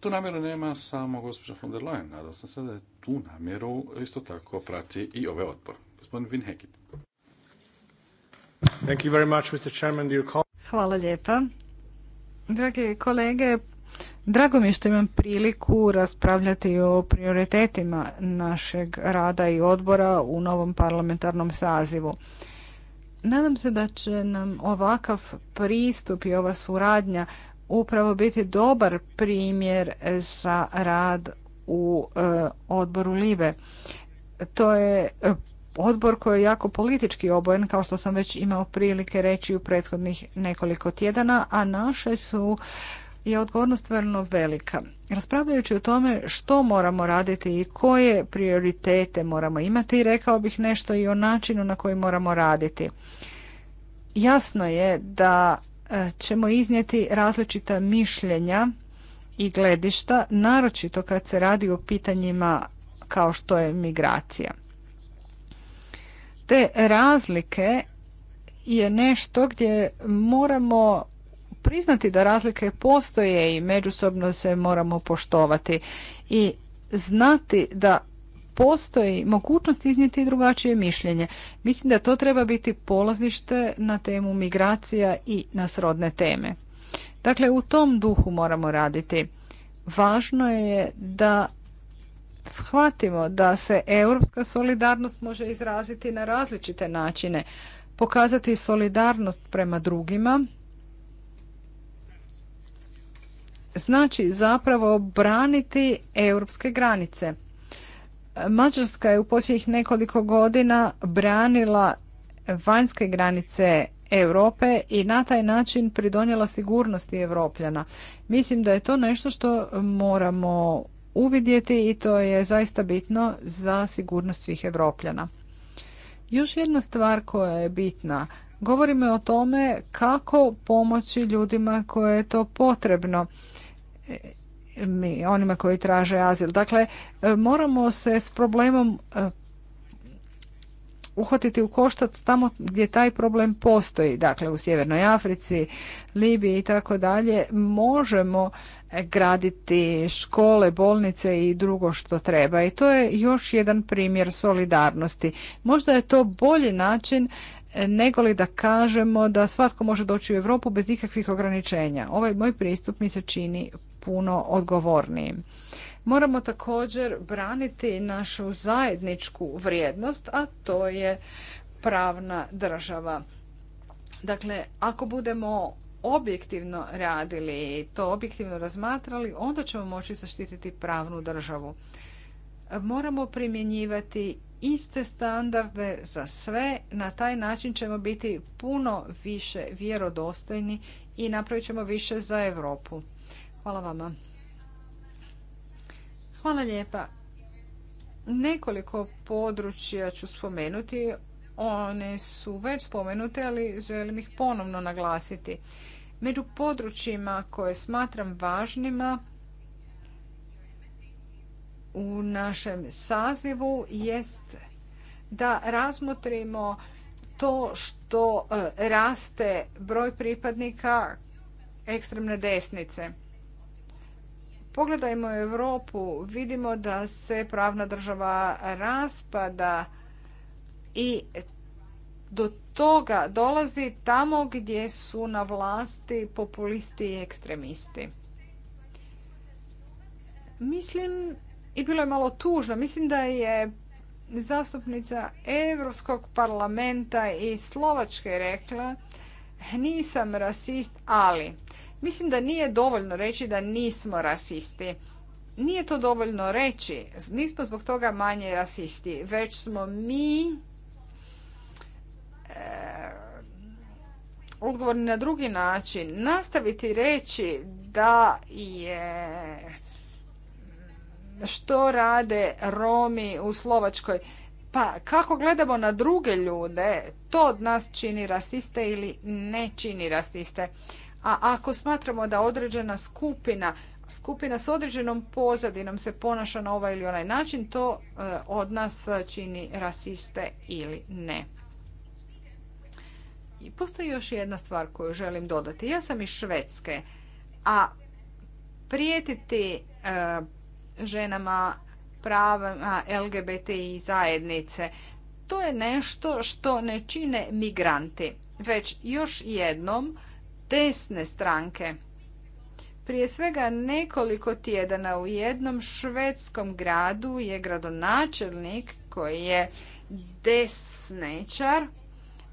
Tu namjeru nema samo gospođa von der Leyen, sam se da je tu namjeru isto tako prati i ovaj odbor. Gospodin Vin Hvala lijepa. Dragi kolege, Drago mi je što imam priliku raspravljati o prioritetima našeg rada i odbora u novom parlamentarnom sazivu. Nadam se da će nam ovakav pristup i ova suradnja upravo biti dobar primjer za rad u e, odboru Libe. To je e, odbor koji je jako politički obojen, kao što sam već imao prilike reći u prethodnih nekoliko tjedana, a naše su je odgovornost vrlo velika. Raspravljajući o tome što moramo raditi i koje prioritete moramo imati, rekao bih nešto i o načinu na koji moramo raditi. Jasno je da e, ćemo iznijeti različita mišljenja i gledišta, naročito kad se radi o pitanjima kao što je migracija. Te razlike je nešto gdje moramo priznati da razlike postoje i međusobno se moramo poštovati i znati da postoji mogućnost iznijeti drugačije mišljenje. Mislim da to treba biti polazište na temu migracija i na srodne teme. Dakle, u tom duhu moramo raditi. Važno je da shvatimo da se europska solidarnost može izraziti na različite načine. Pokazati solidarnost prema drugima, znači zapravo braniti europske granice. Mađarska je u posljednjih nekoliko godina branila vanjske granice Europe i na taj način pridonijela sigurnosti Europljana. Mislim da je to nešto što moramo uvidjeti i to je zaista bitno za sigurnost svih Europljana. Još jedna stvar koja je bitna. Govorimo o tome kako pomoći ljudima koje je to potrebno mi, onima koji traže azil. Dakle, e, moramo se s problemom e, uhvatiti u koštac tamo gdje taj problem postoji, dakle u Sjevernoj Africi, Libiji i tako dalje, možemo graditi škole, bolnice i drugo što treba. I to je još jedan primjer solidarnosti. Možda je to bolji način e, nego li da kažemo da svatko može doći u Europu bez ikakvih ograničenja. Ovaj moj pristup mi se čini puno odgovorniji. Moramo također braniti našu zajedničku vrijednost, a to je pravna država. Dakle, ako budemo objektivno radili i to objektivno razmatrali, onda ćemo moći zaštititi pravnu državu. Moramo primjenjivati iste standarde za sve. Na taj način ćemo biti puno više vjerodostojni i napravit ćemo više za Europu. Hvala vama. Hvala lijepa. Nekoliko područja ću spomenuti. One su već spomenute, ali želim ih ponovno naglasiti. Među područjima koje smatram važnima u našem sazivu jest da razmotrimo to što e, raste broj pripadnika ekstremne desnice. Pogledajmo Europu, vidimo da se pravna država raspada i do toga dolazi tamo gdje su na vlasti populisti i ekstremisti. Mislim, i bilo je malo tužno, mislim da je zastupnica Europskog parlamenta i Slovačke rekla nisam rasist, ali Mislim da nije dovoljno reći da nismo rasisti. Nije to dovoljno reći. Nismo zbog toga manje rasisti. Već smo mi eh, odgovorni na drugi način. Nastaviti reći da je što rade Romi u Slovačkoj. Pa kako gledamo na druge ljude, to od nas čini rasiste ili ne čini rasiste. A ako smatramo da određena skupina, skupina s određenom pozadinom se ponaša na ovaj ili onaj način, to e, od nas čini rasiste ili ne. I postoji još jedna stvar koju želim dodati. Ja sam iz Švedske, a prijetiti e, ženama pravama LGBTI zajednice, to je nešto što ne čine migranti. Već još jednom desne stranke. Prije svega nekoliko tjedana u jednom švedskom gradu je gradonačelnik koji je desnečar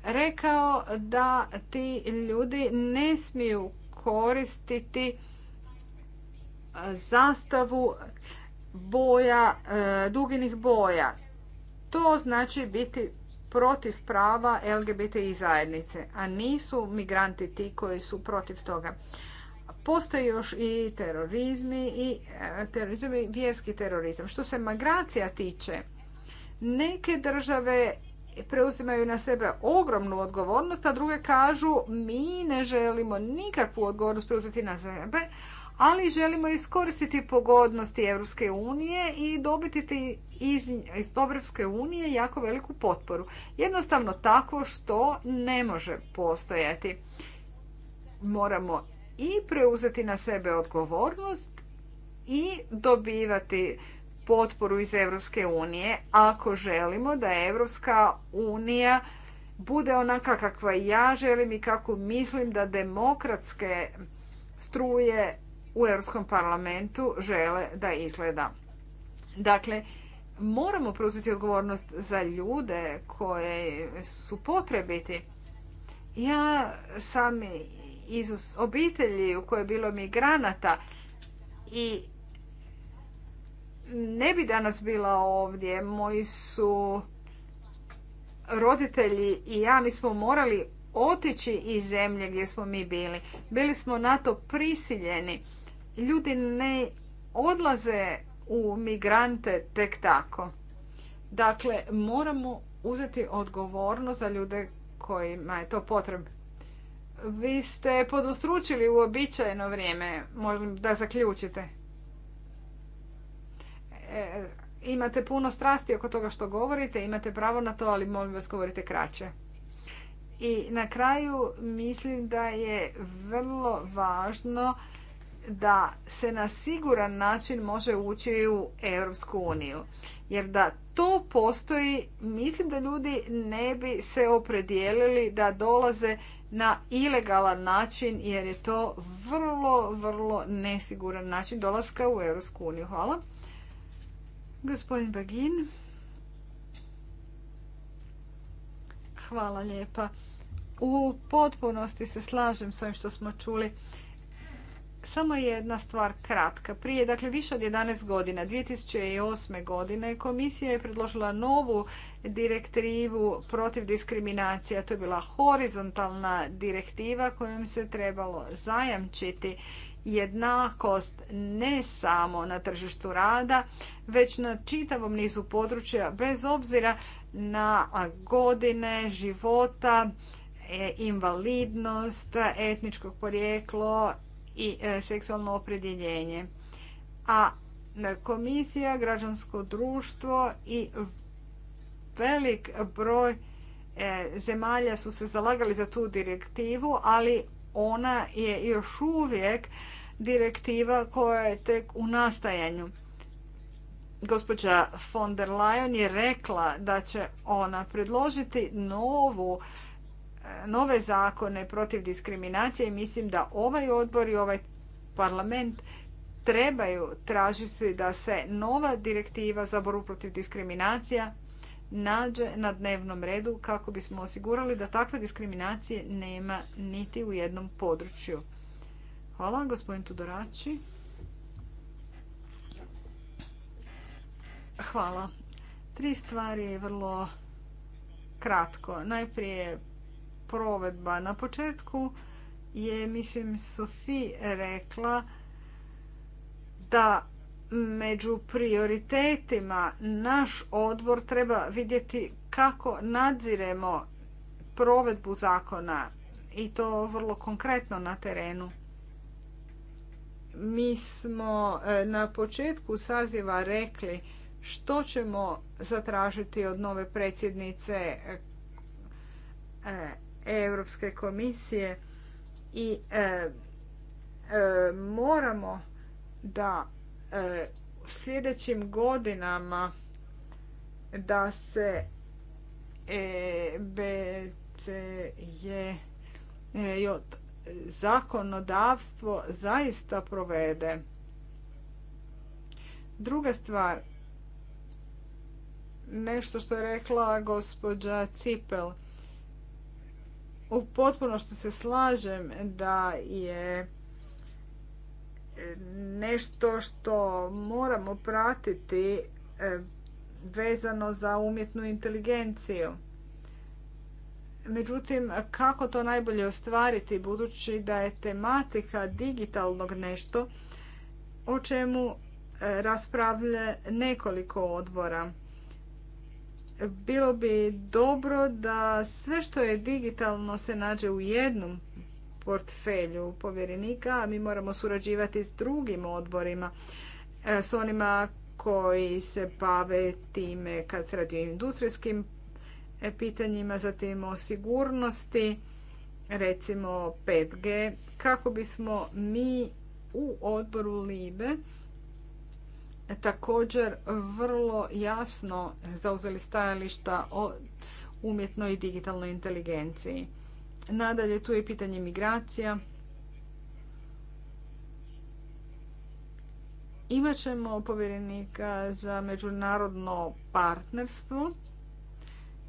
rekao da ti ljudi ne smiju koristiti e, zastavu boja, e, duginih boja. To znači biti protiv prava LGBTI zajednice, a nisu migranti ti koji su protiv toga. Postoji još i terorizmi i e, terorizmi vjerski terorizam. Što se migracija tiče, neke države preuzimaju na sebe ogromnu odgovornost, a druge kažu mi ne želimo nikakvu odgovornost preuzeti na sebe, ali želimo iskoristiti pogodnosti Europske unije i dobiti iz, iz Dobrovske unije jako veliku potporu. Jednostavno tako što ne može postojati. Moramo i preuzeti na sebe odgovornost i dobivati potporu iz Europske unije ako želimo da Europska unija bude onaka kakva ja želim i kako mislim da demokratske struje u Europskom parlamentu žele da izgleda. Dakle, moramo preuzeti odgovornost za ljude koje su potrebiti. Ja sam iz obitelji u kojoj je bilo migranata i ne bi danas bila ovdje. Moji su roditelji i ja, mi smo morali otići iz zemlje gdje smo mi bili. Bili smo na to prisiljeni. Ljudi ne odlaze u migrante tek tako. Dakle, moramo uzeti odgovornost za ljude kojima je to potrebno. Vi ste podostručili uobičajeno vrijeme, možda da zaključite. E, imate puno strasti oko toga što govorite, imate pravo na to, ali molim vas govorite kraće. I na kraju mislim da je vrlo važno da se na siguran način može ući u Europsku uniju. Jer da to postoji, mislim da ljudi ne bi se opredijelili da dolaze na ilegalan način jer je to vrlo, vrlo nesiguran način dolaska u Europsku uniju. Hvala. Gospodin Bagin. Hvala lijepa. U potpunosti se slažem s ovim što smo čuli samo jedna stvar kratka. Prije, dakle, više od 11 godina, 2008. godine, komisija je predložila novu direktivu protiv diskriminacije. To je bila horizontalna direktiva kojom se trebalo zajamčiti jednakost ne samo na tržištu rada, već na čitavom nizu područja, bez obzira na godine života, e, invalidnost, etničko porijeklo i e, seksualno opredjeljenje. A e, komisija, građansko društvo i velik broj e, zemalja su se zalagali za tu direktivu, ali ona je još uvijek direktiva koja je tek u nastajanju. Gospođa von der Leyen je rekla da će ona predložiti novu nove zakone protiv diskriminacije i mislim da ovaj odbor i ovaj parlament trebaju tražiti da se nova direktiva za borbu protiv diskriminacija nađe na dnevnom redu kako bismo osigurali da takve diskriminacije nema niti u jednom području. Hvala, gospodin Tudorači. Hvala. Tri stvari vrlo kratko. Najprije provedba. Na početku je, mislim, Sofi rekla da među prioritetima naš odbor treba vidjeti kako nadziremo provedbu zakona i to vrlo konkretno na terenu. Mi smo e, na početku saziva rekli što ćemo zatražiti od nove predsjednice e, Europske komisije i e, e moramo da e, sljedećim godinama da se je e, zakonodavstvo zaista provede. Druga stvar, nešto što je rekla gospođa Cipel – u potpuno što se slažem da je e, nešto što moramo pratiti e, vezano za umjetnu inteligenciju. Međutim, kako to najbolje ostvariti budući da je tematika digitalnog nešto o čemu e, raspravlja nekoliko odbora bilo bi dobro da sve što je digitalno se nađe u jednom portfelju povjerenika, a mi moramo surađivati s drugim odborima, e, s onima koji se bave time kad se radi o industrijskim e, pitanjima, zatim o sigurnosti, recimo 5G, kako bismo mi u odboru LIBE također vrlo jasno zauzeli stajališta o umjetnoj i digitalnoj inteligenciji. Nadalje, tu je pitanje migracija. Imaćemo ćemo povjerenika za međunarodno partnerstvo.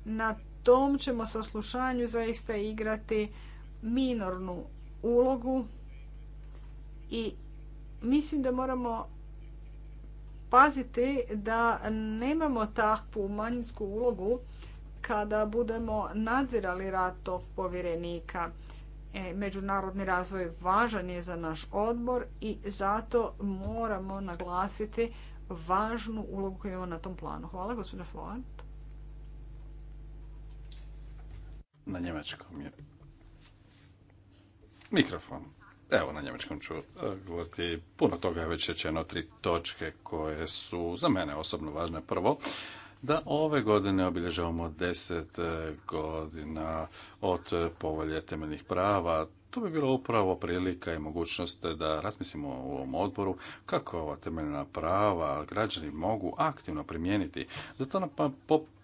Na tom ćemo saslušanju zaista igrati minornu ulogu i mislim da moramo paziti da nemamo takvu manjinsku ulogu kada budemo nadzirali rad tog povjerenika. E, međunarodni razvoj važan je za naš odbor i zato moramo naglasiti važnu ulogu koju imamo na tom planu. Hvala, gospodine Floland. Na njemačkom je. Mikrofon. Evo, na njemačkom ću e, govoriti puno toga je već rečeno, tri točke koje su za mene osobno važne. Prvo, da ove godine obilježavamo 10 e, godina od povolje temeljnih prava. To bi bilo upravo prilika i mogućnost da razmislimo u ovom odboru kako ova temeljna prava građani mogu aktivno primijeniti. Zato nam pa-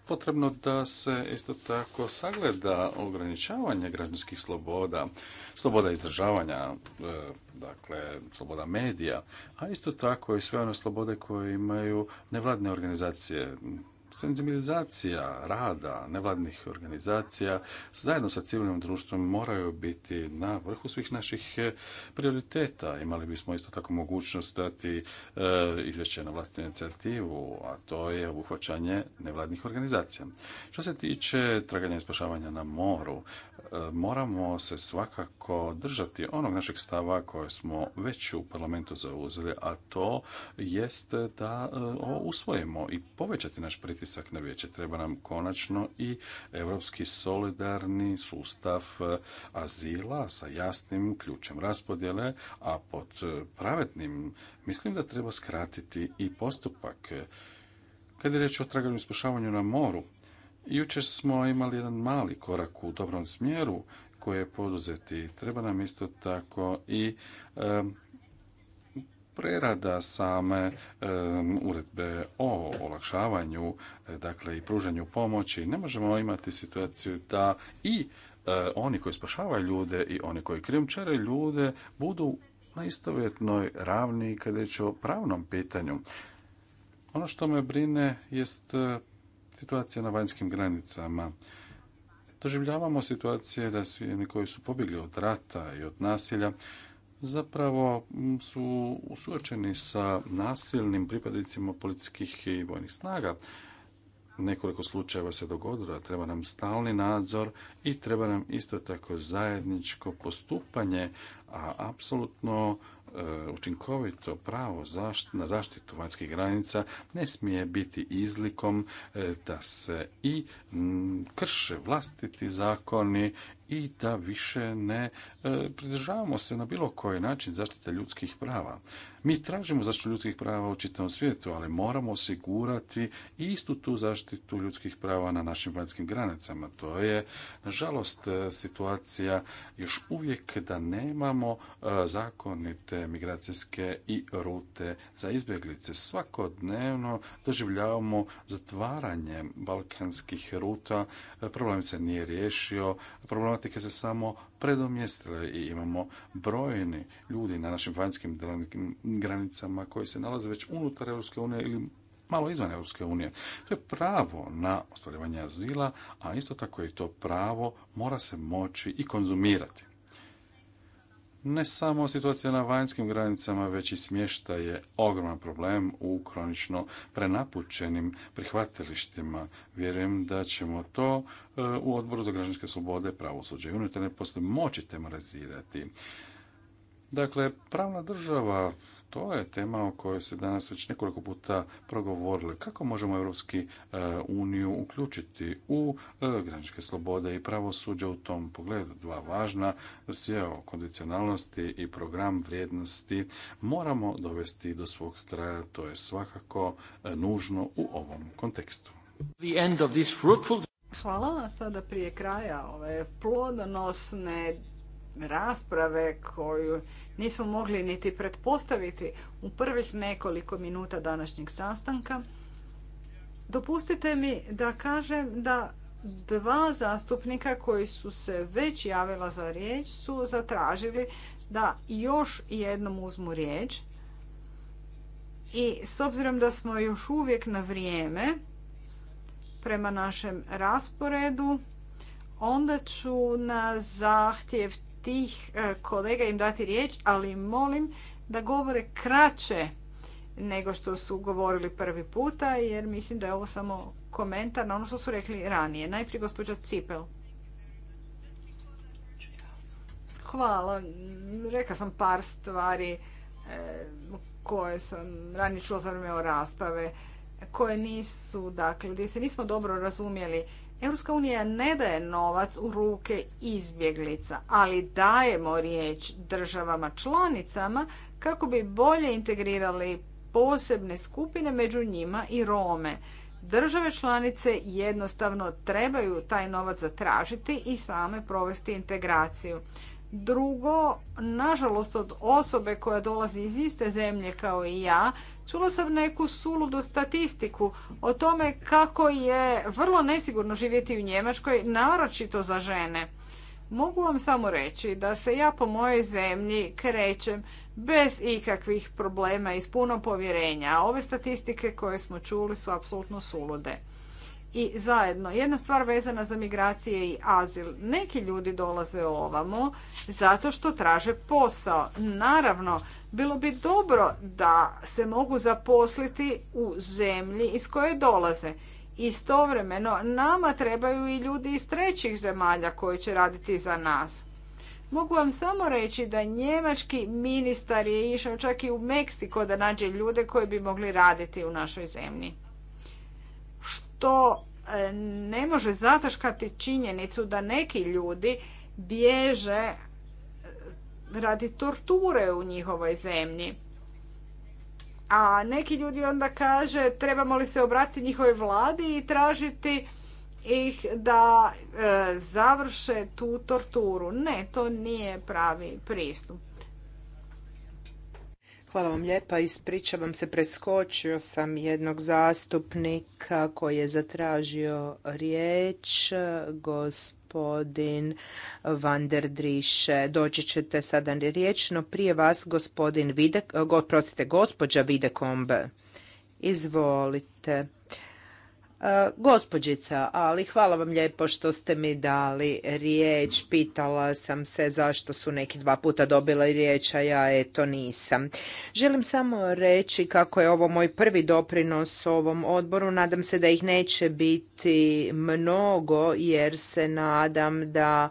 potrebno da se isto tako sagleda ograničavanje građanskih sloboda, sloboda izražavanja, e, dakle, sloboda medija, a isto tako i sve one slobode koje imaju nevladne organizacije, senzibilizacija rada nevladnih organizacija zajedno sa civilnim društvom moraju biti na vrhu svih naših e, prioriteta. Imali bismo isto tako mogućnost dati e, izvješće na vlastnu inicijativu, a to je obuhvaćanje nevladnih organizacija. Što se tiče traganja i spašavanja na moru, moramo se svakako držati onog našeg stava koje smo već u parlamentu zauzeli, a to jest da e, usvojimo i povećati naš pritisak na vijeće. Treba nam konačno i europski solidarni sustav e, azila sa jasnim ključem raspodjele, a pod e, pravednim mislim da treba skratiti i postupak. Kad je reč o traganju i spašavanju na moru, Jučer smo imali jedan mali korak u dobrom smjeru koji je poduzeti. Treba nam isto tako i prerada same uredbe o olakšavanju e, dakle i pružanju pomoći ne možemo imati situaciju da i e, oni koji spašavaju ljude i oni koji krijumčare ljude budu na istovjetnoj ravni kada je o pravnom pitanju ono što me brine jest situacija na vanjskim granicama. Doživljavamo situacije da svi oni koji su pobjegli od rata i od nasilja zapravo su suočeni sa nasilnim pripadnicima policijskih i vojnih snaga. Nekoliko slučajeva se dogodilo, treba nam stalni nadzor i treba nam isto tako zajedničko postupanje, a apsolutno E, učinkovito pravo na zaštitu vanjskih granica ne smije biti izlikom e, da se i krše vlastiti zakoni i da više ne e, pridržavamo se na bilo koji način zaštite ljudskih prava. Mi tražimo zaštitu ljudskih prava u čitavom svijetu, ali moramo osigurati istu tu zaštitu ljudskih prava na našim vanjskim granicama. To je, nažalost, situacija još uvijek da nemamo zakonite migracijske i rute za izbjeglice. Svakodnevno doživljavamo zatvaranje balkanskih ruta, problem se nije riješio, problematike se samo predomjestile i imamo brojni ljudi na našim vanjskim granicama koji se nalaze već unutar EU ili malo izvan Europske unije. To je pravo na ostvarivanje azila, a isto tako i to pravo mora se moći i konzumirati ne samo situacija na vanjskim granicama, već i smješta je ogroman problem u kronično prenapučenim prihvatilištima. Vjerujem da ćemo to e, u odboru za građanske slobode, pravosuđe i unutarnje posle moći temorizirati. Dakle, pravna država to je tema o kojoj se danas već nekoliko puta progovorili. Kako možemo Europski e, uniju uključiti u e, graničke slobode i pravosuđe u tom pogledu? Dva važna sje o kondicionalnosti i program vrijednosti moramo dovesti do svog kraja. To je svakako e, nužno u ovom kontekstu. Hvala vam sada prije kraja ove plodonosne rasprave koju nismo mogli niti pretpostaviti u prvih nekoliko minuta današnjeg sastanka, dopustite mi da kažem da dva zastupnika koji su se već javila za riječ su zatražili da još jednom uzmu riječ. I s obzirom da smo još uvijek na vrijeme prema našem rasporedu, onda ću na zahtjev tih e, kolega im dati riječ, ali molim da govore kraće nego što su govorili prvi puta, jer mislim da je ovo samo komentar na ono što su rekli ranije. Najprije gospođa Cipel. Hvala. Rekla sam par stvari e, koje sam ranije čula za vrijeme rasprave koje nisu, dakle, gdje se nismo dobro razumjeli. Europska unija ne daje novac u ruke izbjeglica, ali dajemo riječ državama članicama kako bi bolje integrirali posebne skupine, među njima i Rome. Države članice jednostavno trebaju taj novac zatražiti i same provesti integraciju. Drugo, nažalost od osobe koja dolazi iz iste zemlje kao i ja, čula sam neku suludu statistiku o tome kako je vrlo nesigurno živjeti u Njemačkoj, naročito za žene. Mogu vam samo reći da se ja po mojoj zemlji krećem bez ikakvih problema i s puno povjerenja. ove statistike koje smo čuli su apsolutno sulude i zajedno. Jedna stvar vezana za migracije i azil. Neki ljudi dolaze ovamo zato što traže posao. Naravno, bilo bi dobro da se mogu zaposliti u zemlji iz koje dolaze. Istovremeno, nama trebaju i ljudi iz trećih zemalja koji će raditi za nas. Mogu vam samo reći da njemački ministar je išao čak i u Meksiko da nađe ljude koji bi mogli raditi u našoj zemlji to e, ne može zataškati činjenicu da neki ljudi bježe e, radi torture u njihovoj zemlji. A neki ljudi onda kaže trebamo li se obratiti njihovoj vladi i tražiti ih da e, završe tu torturu. Ne, to nije pravi pristup. Hvala vam lijepa. Ispričavam se, preskočio sam jednog zastupnika koji je zatražio riječ. Gospodin Van der Driše. Doći ćete sada riječ, no Prije vas gospodin Videk, eh, prostite, gospođa Videkombe. Izvolite. Gospođica, ali hvala vam lijepo što ste mi dali riječ. Pitala sam se zašto su neki dva puta dobila riječ, a ja eto nisam. Želim samo reći kako je ovo moj prvi doprinos ovom odboru. Nadam se da ih neće biti mnogo jer se nadam da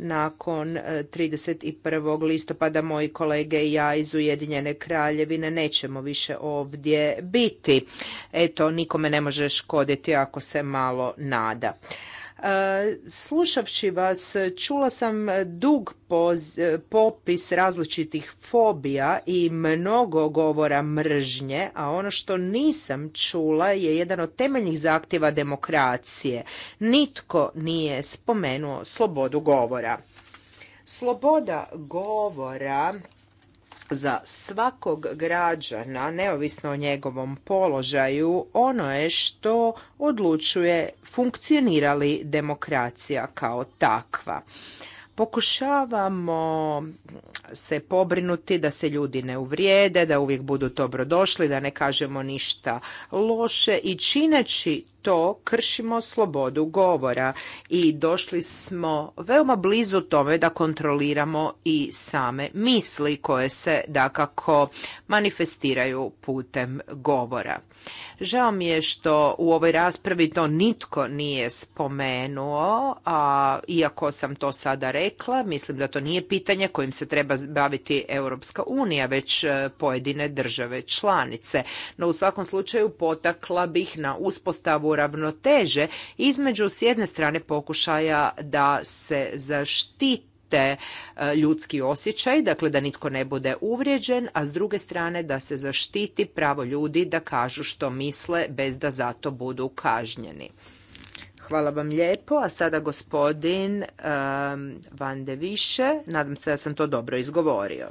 nakon 31. E, listopada moji kolege i ja iz Ujedinjene kraljevine nećemo više ovdje biti. Eto, nikome ne može škoditi ako se malo nada. Slušavši vas, čula sam dug popis različitih fobija i mnogo govora mržnje, a ono što nisam čula je jedan od temeljnih zahtjeva demokracije. Nitko nije spomenuo slobodu govora. Sloboda govora za svakog građana, neovisno o njegovom položaju, ono je što odlučuje funkcionira li demokracija kao takva. Pokušavamo se pobrinuti da se ljudi ne uvrijede, da uvijek budu dobrodošli, da ne kažemo ništa loše i čineći to kršimo slobodu govora i došli smo veoma blizu tome da kontroliramo i same misli koje se dakako manifestiraju putem govora. Žao mi je što u ovoj raspravi to nitko nije spomenuo, a iako sam to sada rekla, mislim da to nije pitanje kojim se treba baviti Europska unija, već e, pojedine države članice. No u svakom slučaju potakla bih na uspostavu ravnoteže između s jedne strane pokušaja da se zaštite e, ljudski osjećaj, dakle da nitko ne bude uvrijeđen, a s druge strane da se zaštiti pravo ljudi da kažu što misle bez da zato budu kažnjeni. Hvala vam lijepo. A sada gospodin e, Van de Više, nadam se da sam to dobro izgovorio.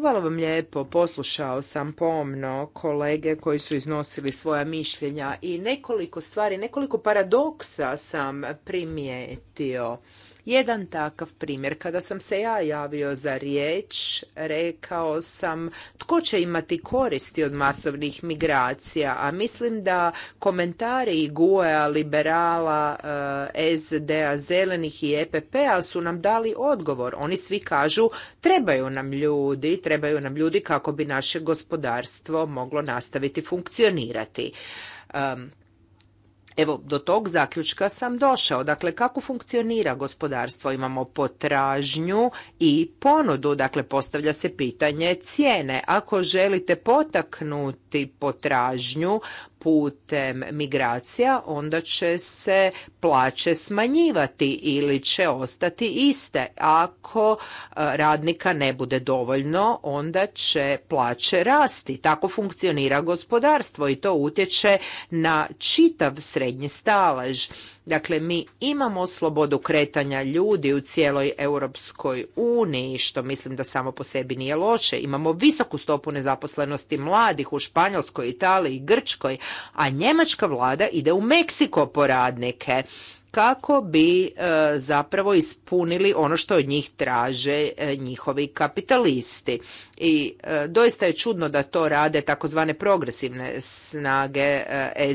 Hvala vam lijepo. Poslušao sam pomno kolege koji su iznosili svoja mišljenja i nekoliko stvari, nekoliko paradoksa sam primijetio. Jedan takav primjer, kada sam se ja javio za riječ, rekao sam tko će imati koristi od masovnih migracija, a mislim da komentari GUE-a, liberala, eh, SD-a, zelenih i EPP-a su nam dali odgovor. Oni svi kažu trebaju nam ljudi, trebaju nam ljudi kako bi naše gospodarstvo moglo nastaviti funkcionirati. Evo, do tog zaključka sam došao. Dakle, kako funkcionira gospodarstvo? Imamo potražnju i ponudu, dakle, postavlja se pitanje cijene. Ako želite potaknuti potražnju, putem migracija, onda će se plaće smanjivati ili će ostati iste. Ako e, radnika ne bude dovoljno, onda će plaće rasti. Tako funkcionira gospodarstvo i to utječe na čitav srednji stalež. Dakle, mi imamo slobodu kretanja ljudi u cijeloj Europskoj uniji, što mislim da samo po sebi nije loše. Imamo visoku stopu nezaposlenosti mladih u Španjolskoj, Italiji, Grčkoj, a njemačka vlada ide u Meksiko po radnike kako bi e, zapravo ispunili ono što od njih traže e, njihovi kapitalisti. I e, doista je čudno da to rade takozvane progresivne snage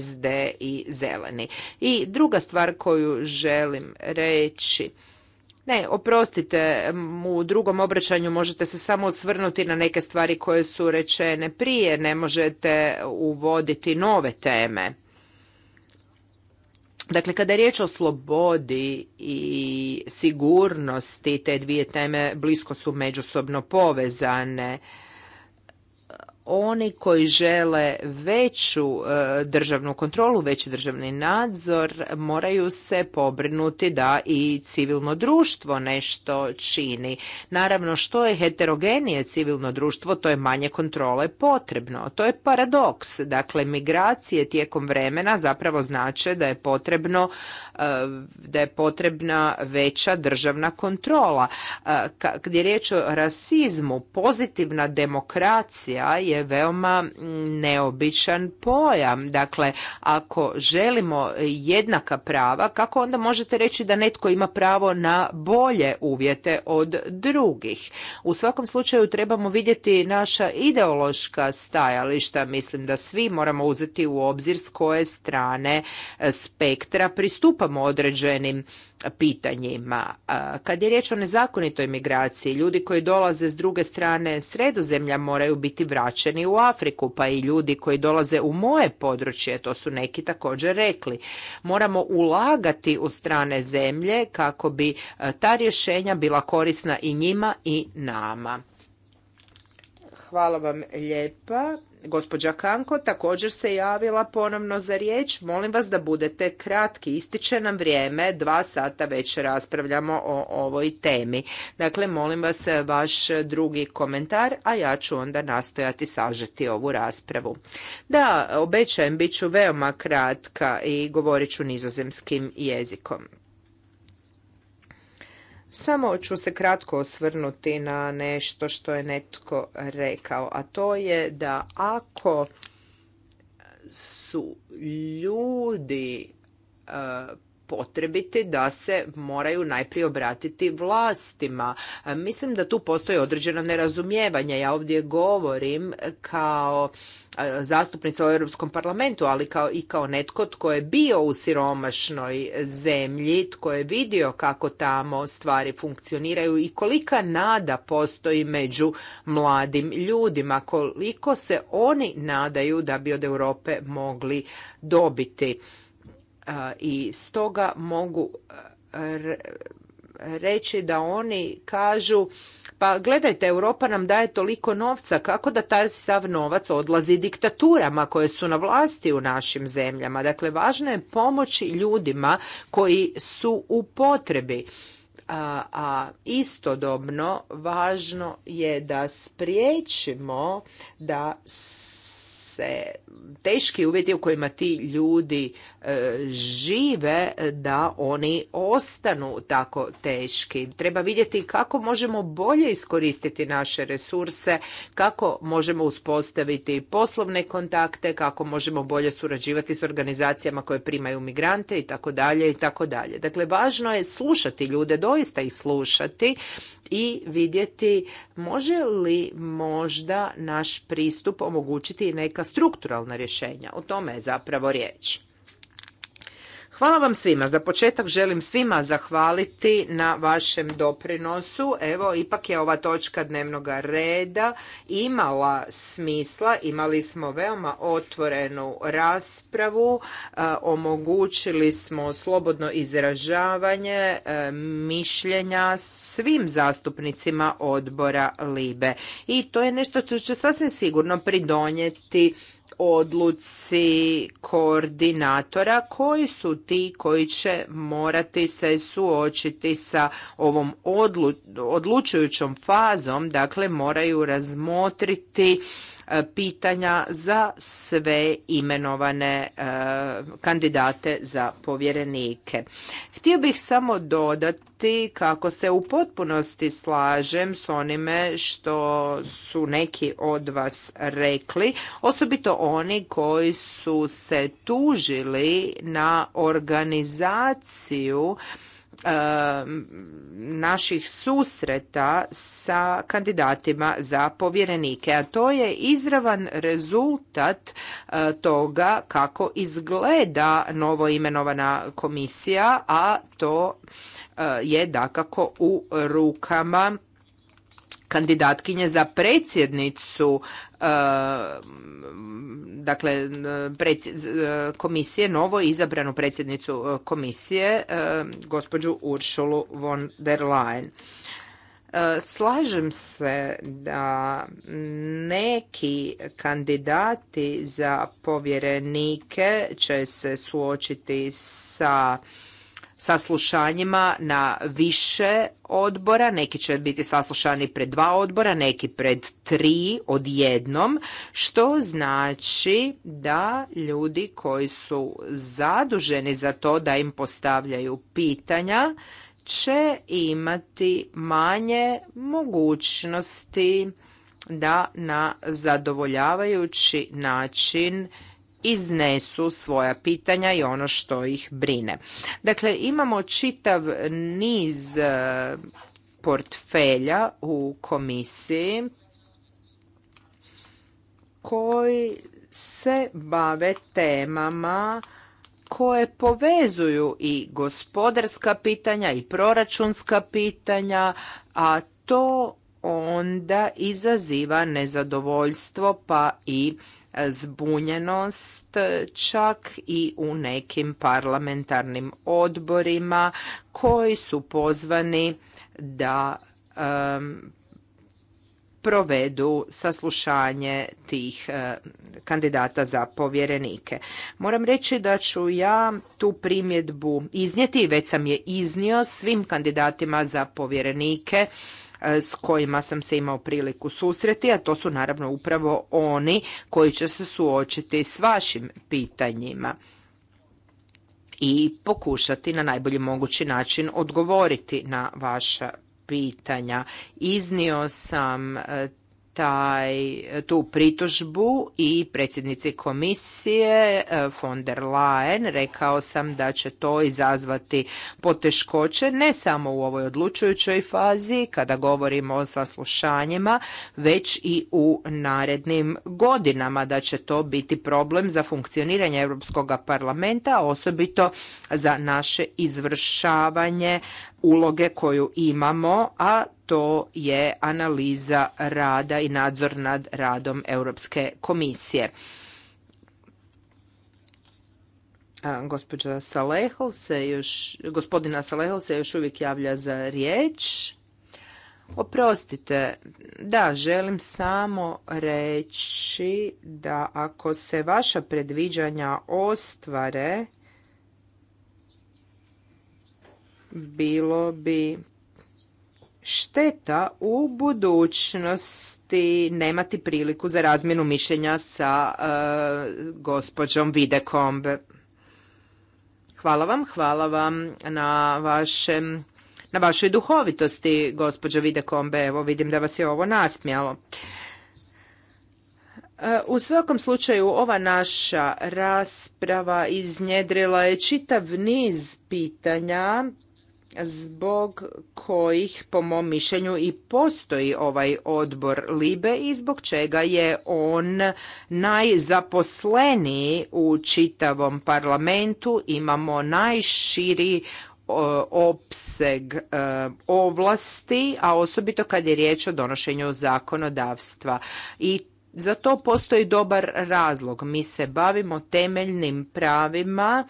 SD i zeleni. I druga stvar koju želim reći ne, oprostite, u drugom obraćanju možete se samo osvrnuti na neke stvari koje su rečene prije, ne možete uvoditi nove teme. Dakle, kada je riječ o slobodi i sigurnosti, te dvije teme blisko su međusobno povezane oni koji žele veću e, državnu kontrolu, veći državni nadzor, moraju se pobrinuti da i civilno društvo nešto čini. Naravno, što je heterogenije civilno društvo, to je manje kontrole potrebno. To je paradoks. Dakle, migracije tijekom vremena zapravo znače da je potrebno e, da je potrebna veća državna kontrola. E, kad je riječ o rasizmu, pozitivna demokracija je je veoma neobičan pojam. Dakle, ako želimo jednaka prava, kako onda možete reći da netko ima pravo na bolje uvjete od drugih? U svakom slučaju trebamo vidjeti naša ideološka stajališta. Mislim da svi moramo uzeti u obzir s koje strane spektra pristupamo određenim pitanjima. Kad je riječ o nezakonitoj migraciji, ljudi koji dolaze s druge strane sredozemlja moraju biti vraćeni u Afriku, pa i ljudi koji dolaze u moje područje, to su neki također rekli. Moramo ulagati u strane zemlje kako bi e, ta rješenja bila korisna i njima i nama. Hvala vam lijepa. Gospođa Kanko također se javila ponovno za riječ. Molim vas da budete kratki. Ističe nam vrijeme, dva sata već raspravljamo o ovoj temi. Dakle, molim vas vaš drugi komentar, a ja ću onda nastojati sažeti ovu raspravu. Da, obećajem, bit ću veoma kratka i govorit ću nizozemskim jezikom. Samo ću se kratko osvrnuti na nešto što je netko rekao, a to je da ako su ljudi e, potrebiti da se moraju najprije obratiti vlastima. E, mislim da tu postoji određeno nerazumijevanje. Ja ovdje govorim kao e, zastupnica u Europskom parlamentu, ali kao i kao netko tko je bio u siromašnoj zemlji, tko je vidio kako tamo stvari funkcioniraju i kolika nada postoji među mladim ljudima, koliko se oni nadaju da bi od Europe mogli dobiti. I stoga mogu e, reći da oni kažu pa gledajte, Europa nam daje toliko novca, kako da taj sav novac odlazi diktaturama koje su na vlasti u našim zemljama. Dakle, važno je pomoći ljudima koji su u potrebi. A, a istodobno važno je da spriječimo da se teški uvjeti u kojima ti ljudi žive da oni ostanu tako teški. Treba vidjeti kako možemo bolje iskoristiti naše resurse, kako možemo uspostaviti poslovne kontakte, kako možemo bolje surađivati s organizacijama koje primaju migrante i tako dalje i tako dalje. Dakle važno je slušati ljude, doista ih slušati i vidjeti može li možda naš pristup omogućiti neka strukturalna rješenja. O tome je zapravo riječ. Hvala vam svima. Za početak želim svima zahvaliti na vašem doprinosu. Evo, ipak je ova točka dnevnog reda imala smisla. Imali smo veoma otvorenu raspravu. E, omogućili smo slobodno izražavanje e, mišljenja svim zastupnicima odbora LIBE. I to je nešto što će sasvim sigurno pridonijeti odluci koordinatora koji su ti koji će morati se suočiti sa ovom odlučujućom fazom, dakle moraju razmotriti E, pitanja za sve imenovane e, kandidate za povjerenike. Htio bih samo dodati kako se u potpunosti slažem s onime što su neki od vas rekli, osobito oni koji su se tužili na organizaciju naših susreta sa kandidatima za povjerenike, a to je izravan rezultat e, toga kako izgleda novo imenovana komisija, a to e, je dakako u rukama kandidatkinje za predsjednicu e, dakle e, komisije, novo izabranu predsjednicu e, komisije, gospođu Uršulu von der Leyen. Slažem se da neki kandidati za povjerenike će se suočiti sa saslušanjima na više odbora, neki će biti saslušani pred dva odbora, neki pred tri od jednom, što znači da ljudi koji su zaduženi za to da im postavljaju pitanja će imati manje mogućnosti da na zadovoljavajući način iznesu svoja pitanja i ono što ih brine. Dakle, imamo čitav niz e, portfelja u komisiji koji se bave temama koje povezuju i gospodarska pitanja i proračunska pitanja, a to onda izaziva nezadovoljstvo pa i zbunjenost čak i u nekim parlamentarnim odborima koji su pozvani da provedu saslušanje tih eh, kandidata za povjerenike. Moram reći da ću ja tu primjedbu iznijeti, već sam je iznio svim kandidatima za povjerenike s kojima sam se imao priliku susreti, a to su naravno upravo oni koji će se suočiti s vašim pitanjima i pokušati na najbolji mogući način odgovoriti na vaša pitanja. Iznio sam eh, taj, tu pritužbu i predsjednici komisije e, von der Leyen. Rekao sam da će to izazvati poteškoće ne samo u ovoj odlučujućoj fazi kada govorimo o saslušanjima, već i u narednim godinama da će to biti problem za funkcioniranje Europskog parlamenta, osobito za naše izvršavanje uloge koju imamo, a to je analiza rada i nadzor nad radom Europske komisije. Salehov se još, gospodina Salehov se još uvijek javlja za riječ. Oprostite, da, želim samo reći da ako se vaša predviđanja ostvare, bilo bi šteta u budućnosti nemati priliku za razmjenu mišljenja sa e, gospođom Videkombe. Hvala vam, hvala vam na vašem na vašoj duhovitosti, gospođo Videkombe. Evo, vidim da vas je ovo nasmijalo. E, u svakom slučaju ova naša rasprava iznjedrila je čitav niz pitanja zbog kojih po mom mišljenju i postoji ovaj odbor Libe i zbog čega je on najzaposleniji u čitavom parlamentu, imamo najširi opseg e, ovlasti, a osobito kad je riječ o donošenju zakonodavstva. I za to postoji dobar razlog. Mi se bavimo temeljnim pravima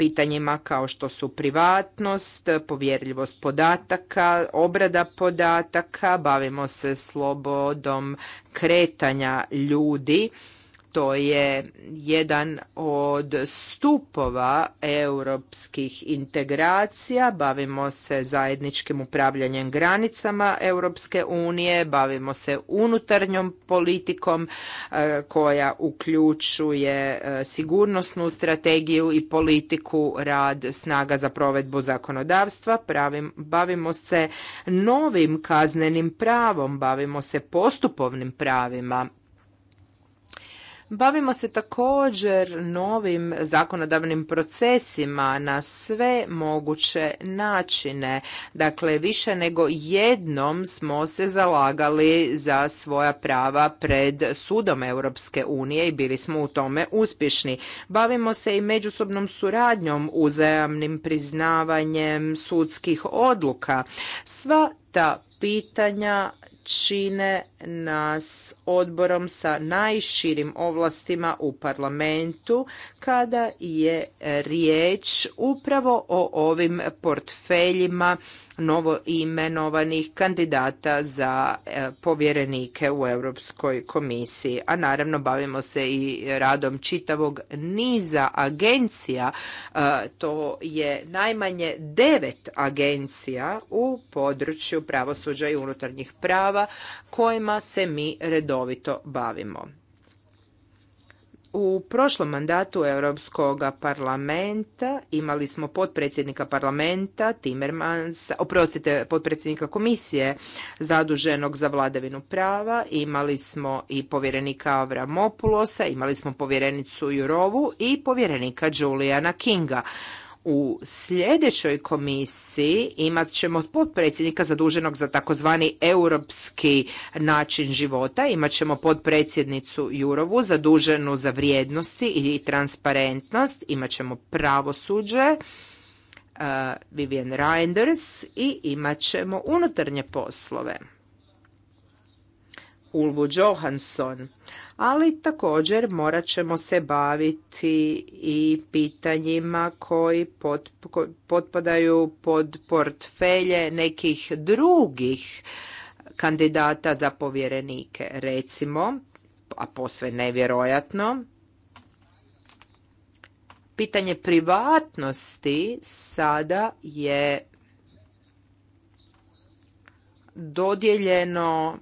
pitanjima kao što su privatnost, povjerljivost podataka, obrada podataka, bavimo se slobodom kretanja ljudi to je jedan od stupova europskih integracija, bavimo se zajedničkim upravljanjem granicama Europske unije, bavimo se unutarnjom politikom e, koja uključuje e, sigurnosnu strategiju i politiku rad snaga za provedbu zakonodavstva, bavimo se novim kaznenim pravom, bavimo se postupovnim pravima Bavimo se također novim zakonodavnim procesima na sve moguće načine. Dakle, više nego jednom smo se zalagali za svoja prava pred sudom Europske unije i bili smo u tome uspješni. Bavimo se i međusobnom suradnjom, uzajamnim priznavanjem sudskih odluka. Sva ta pitanja čine nas odborom sa najširim ovlastima u parlamentu kada je riječ upravo o ovim portfeljima novo imenovanih kandidata za e, povjerenike u Europskoj komisiji. A naravno bavimo se i radom čitavog niza agencija. E, to je najmanje devet agencija u području pravosuđa i unutarnjih prava kojima se mi redovito bavimo. U prošlom mandatu Europskog parlamenta imali smo potpredsjednika parlamenta Timmermansa, oprostite, potpredsjednika komisije zaduženog za vladavinu prava, imali smo i povjerenika Avramopulosa, imali smo povjerenicu Jurovu i povjerenika Julijana Kinga. U sljedećoj komisiji imat ćemo potpredsjednika zaduženog za takozvani europski način života, imat ćemo potpredsjednicu Jurovu zaduženu za vrijednosti i transparentnost, imat ćemo pravosuđe, uh, Vivian Reinders i imat ćemo unutarnje poslove. Ulvu Johansson. Ali također morat ćemo se baviti i pitanjima koji potpadaju pod portfelje nekih drugih kandidata za povjerenike. Recimo, a posve nevjerojatno, pitanje privatnosti sada je dodijeljeno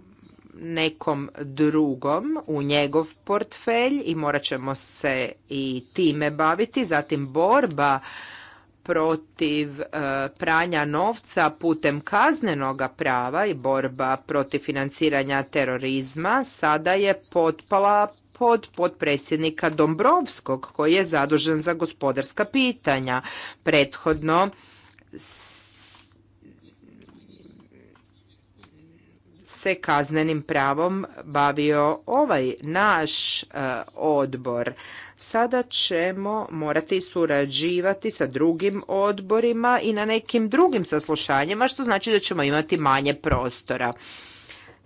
nekom drugom u njegov portfelj i morat ćemo se i time baviti. Zatim borba protiv e, pranja novca putem kaznenoga prava i borba protiv financiranja terorizma sada je potpala pod potpredsjednika Dombrovskog koji je zadužen za gospodarska pitanja. Prethodno se kaznenim pravom bavio ovaj naš e, odbor. Sada ćemo morati surađivati sa drugim odborima i na nekim drugim saslušanjima, što znači da ćemo imati manje prostora.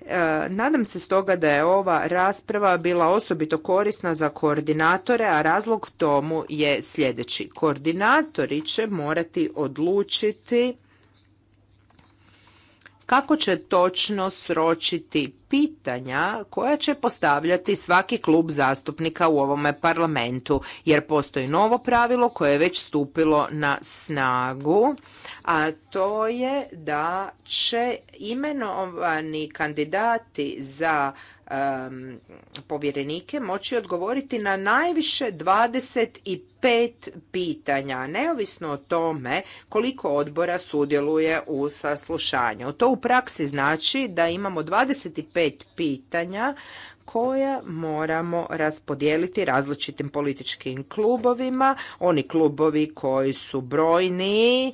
E, nadam se stoga da je ova rasprava bila osobito korisna za koordinatore, a razlog tomu je sljedeći. Koordinatori će morati odlučiti kako će točno sročiti pitanja koja će postavljati svaki klub zastupnika u ovome parlamentu, jer postoji novo pravilo koje je već stupilo na snagu, a to je da će imenovani kandidati za povjerenike moći odgovoriti na najviše 25 pet pitanja, neovisno o tome koliko odbora sudjeluje u saslušanju. To u praksi znači da imamo 25 pitanja koja moramo raspodijeliti različitim političkim klubovima. Oni klubovi koji su brojni e,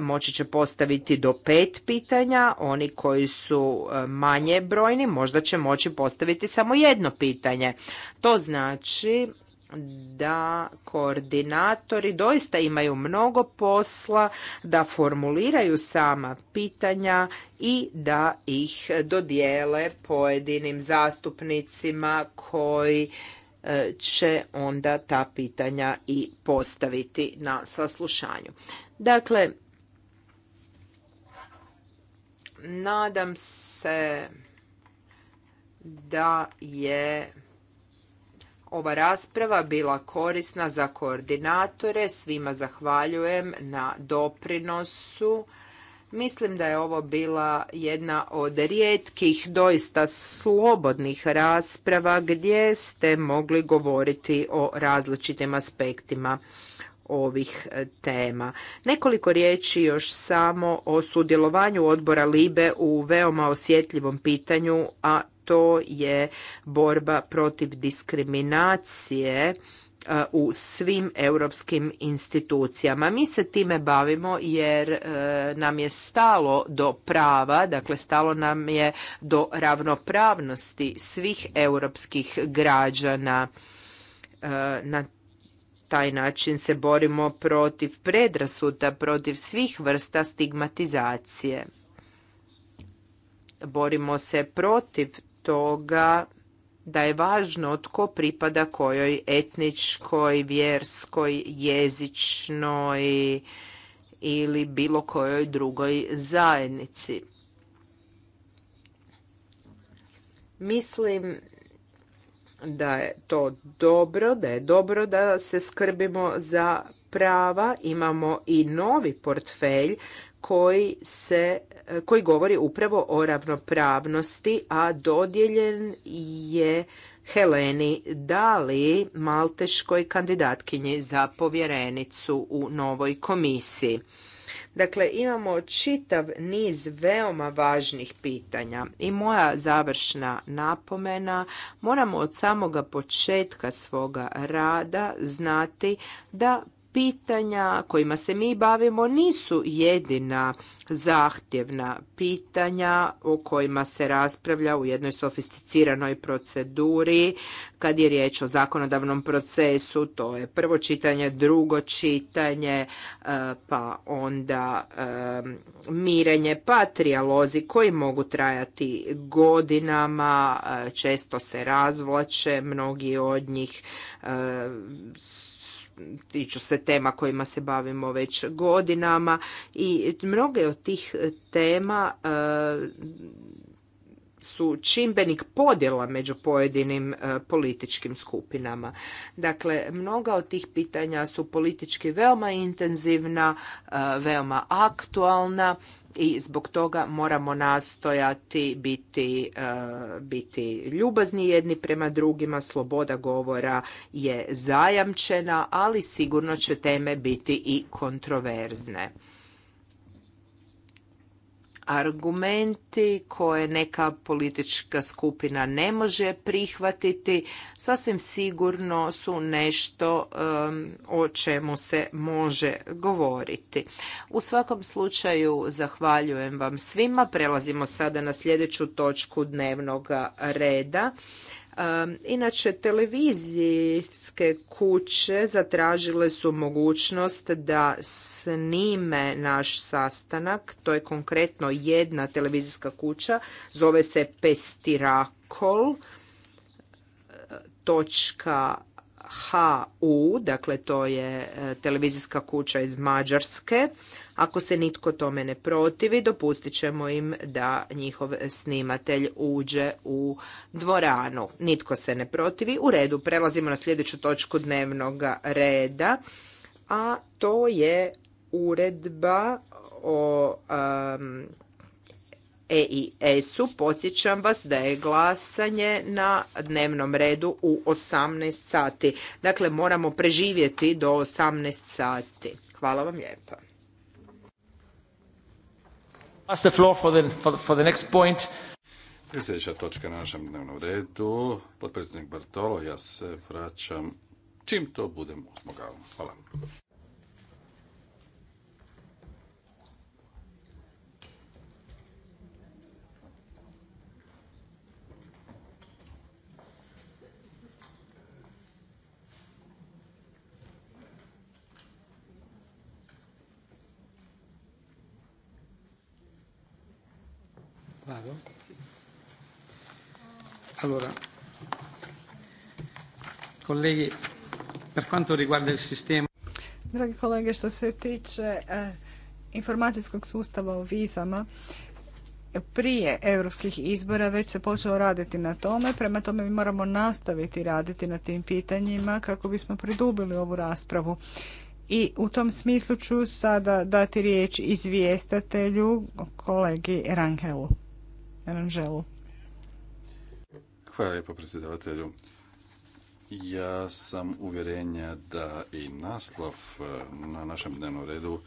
moći će postaviti do pet pitanja, oni koji su e, manje brojni možda će moći postaviti samo jedno pitanje. To znači da koordinatori doista imaju mnogo posla da formuliraju sama pitanja i da ih dodijele pojedinim zastupnicima koji e, će onda ta pitanja i postaviti na saslušanju. Dakle, nadam se da je ova rasprava bila korisna za koordinatore. Svima zahvaljujem na doprinosu. Mislim da je ovo bila jedna od rijetkih, doista slobodnih rasprava gdje ste mogli govoriti o različitim aspektima ovih e, tema. Nekoliko riječi još samo o sudjelovanju odbora Libe u veoma osjetljivom pitanju, a to je borba protiv diskriminacije e, u svim europskim institucijama. Mi se time bavimo jer e, nam je stalo do prava, dakle stalo nam je do ravnopravnosti svih europskih građana. E, na taj način se borimo protiv predrasuda, protiv svih vrsta stigmatizacije. Borimo se protiv toga da je važno ko pripada kojoj etničkoj, vjerskoj, jezičnoj ili bilo kojoj drugoj zajednici. Mislim da je to dobro, da je dobro da se skrbimo za prava. Imamo i novi portfelj koji se koji govori upravo o ravnopravnosti, a dodijeljen je Heleni Dali, malteškoj kandidatkinji za povjerenicu u novoj komisiji. Dakle, imamo čitav niz veoma važnih pitanja i moja završna napomena, moramo od samoga početka svoga rada znati da pitanja kojima se mi bavimo nisu jedina zahtjevna pitanja o kojima se raspravlja u jednoj sofisticiranoj proceduri kad je riječ o zakonodavnom procesu, to je prvo čitanje, drugo čitanje, e, pa onda e, mirenje, pa trijalozi koji mogu trajati godinama, e, često se razvlače, mnogi od njih tiču se tema kojima se bavimo već godinama i mnoge od tih tema e, su čimbenik podjela među pojedinim e, političkim skupinama. Dakle, mnoga od tih pitanja su politički veoma intenzivna, e, veoma aktualna i zbog toga moramo nastojati biti, e, biti ljubazni jedni prema drugima, sloboda govora je zajamčena, ali sigurno će teme biti i kontroverzne argumenti koje neka politička skupina ne može prihvatiti sasvim sigurno su nešto o čemu se može govoriti. U svakom slučaju zahvaljujem vam svima. Prelazimo sada na sljedeću točku dnevnog reda. Inače, televizijske kuće zatražile su mogućnost da snime naš sastanak. To je konkretno jedna televizijska kuća, zove se Pestirakol e, hu, dakle to je e, televizijska kuća iz Mađarske. Ako se nitko tome ne protivi, dopustit ćemo im da njihov snimatelj uđe u dvoranu. Nitko se ne protivi. U redu, prelazimo na sljedeću točku dnevnog reda, a to je uredba o um, EIS-u. Podsjećam vas da je glasanje na dnevnom redu u 18 sati. Dakle, moramo preživjeti do 18 sati. Hvala vam lijepa pass the floor for the, Sljedeća točka na našem dnevnom redu, potpredsjednik Bartolo, ja se vraćam čim to budem mogao. Hvala. Vado? Allora, colleghi, per quanto riguarda il sistema... Dragi kolege, što se tiče eh, informacijskog sustava o vizama, prije europskih izbora već se počeo raditi na tome, prema tome mi moramo nastaviti raditi na tim pitanjima kako bismo pridubili ovu raspravu. I u tom smislu ću sada dati riječ izvijestatelju, kolegi Rangelu. Aranželu. Hvala lijepo predsjedavatelju. Ja sam uvjerenja da i naslov e, na našem dnevnom redu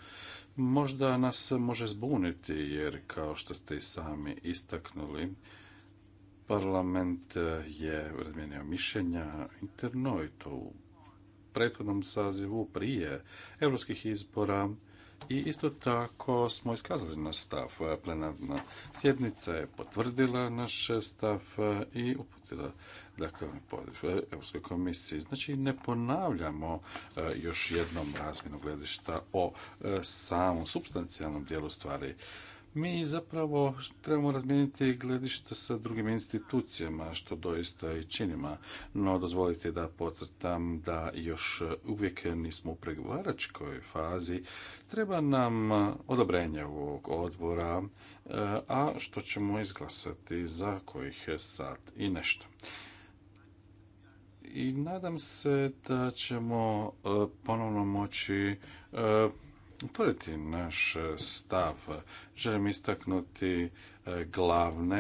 možda nas može zbuniti, jer kao što ste i sami istaknuli, parlament je razmijenio mišljenja interno i to u prethodnom sazivu prije europskih izbora i isto tako smo iskazali naš stav. Plenarna sjednica je potvrdila naš stav i uputila dakle, Europskoj komisiji. Znači, ne ponavljamo e, još jednom razmjenu gledišta o e, samom substancijalnom dijelu stvari mi zapravo trebamo razmijeniti gledišta sa drugim institucijama, što doista i činima, No, dozvolite da pocrtam da još uvijek nismo u pregovaračkoj fazi. Treba nam odobrenje ovog odbora, e, a što ćemo izglasati za kojih sad i nešto i nadam se da ćemo e, ponovno moći e, utvrditi naš stav. Želim istaknuti e, glavne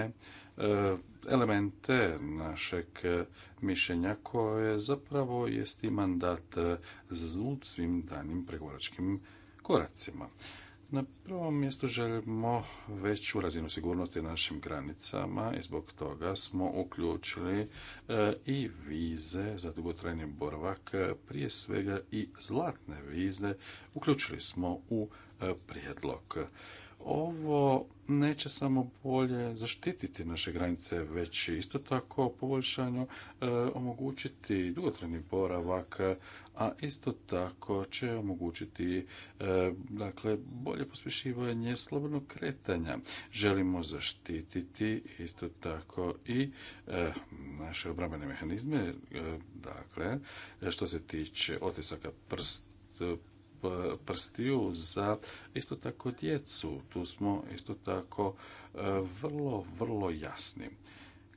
e, elemente našeg e, mišljenja koje zapravo jest i mandat u svim danim pregovaračkim koracima. Na prvom mjestu želimo veću razinu sigurnosti na našim granicama i zbog toga smo uključili e, i vize za dugotrajni boravak, e, prije svega i zlatne vize, uključili smo u e, prijedlog. Ovo neće samo bolje zaštititi naše granice, već isto tako poboljšanju e, omogućiti dugotrajni boravak, a isto tako će omogućiti e, dakle, bolje pospješivanje slobodnog kretanja. Želimo zaštititi isto tako i e, naše obrambene mehanizme, dakle, što se tiče otisaka prst prstiju za isto tako djecu. Tu smo isto tako e, vrlo, vrlo jasni.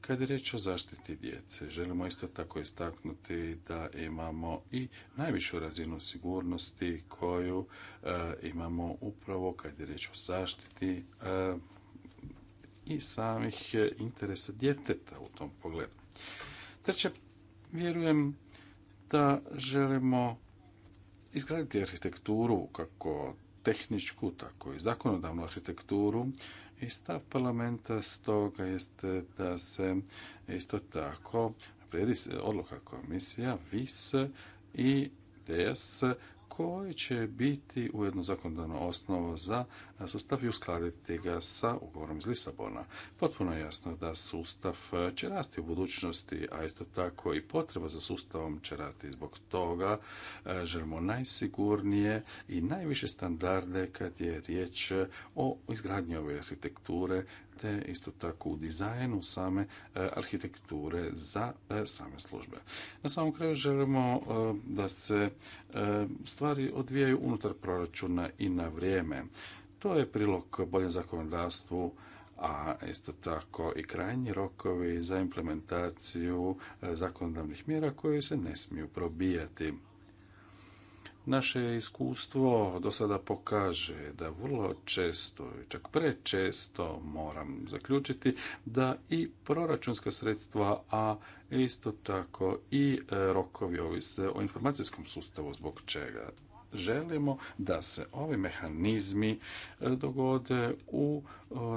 Kad je reč o zaštiti djece, želimo isto tako istaknuti da imamo i najvišu razinu sigurnosti koju e, imamo upravo kad je riječ o zaštiti e, i samih interesa djeteta u tom pogledu. Treće, vjerujem da želimo izgraditi arhitekturu kako tehničku, tako i zakonodavnu arhitekturu i stav parlamenta stoga jeste da se isto tako se odluka komisija, vis i TS koji će biti ujedno zakonodavna osnova za sustav i uskladiti ga sa ugovorom iz Lisabona. Potpuno je jasno da sustav će rasti u budućnosti, a isto tako i potreba za sustavom će rasti zbog toga. E, želimo najsigurnije i najviše standarde kad je riječ o izgradnji ove arhitekture te isto tako u dizajnu same e, arhitekture za e, same službe. Na samom kraju želimo e, da se stvari odvijaju unutar proračuna i na vrijeme. To je prilog boljem zakonodavstvu, a isto tako i krajnji rokovi za implementaciju zakonodavnih mjera koje se ne smiju probijati. Naše iskustvo do sada pokaže da vrlo često, čak prečesto moram zaključiti, da i proračunska sredstva, a isto tako i e, rokovi ovise o informacijskom sustavu zbog čega želimo da se ovi mehanizmi e, dogode u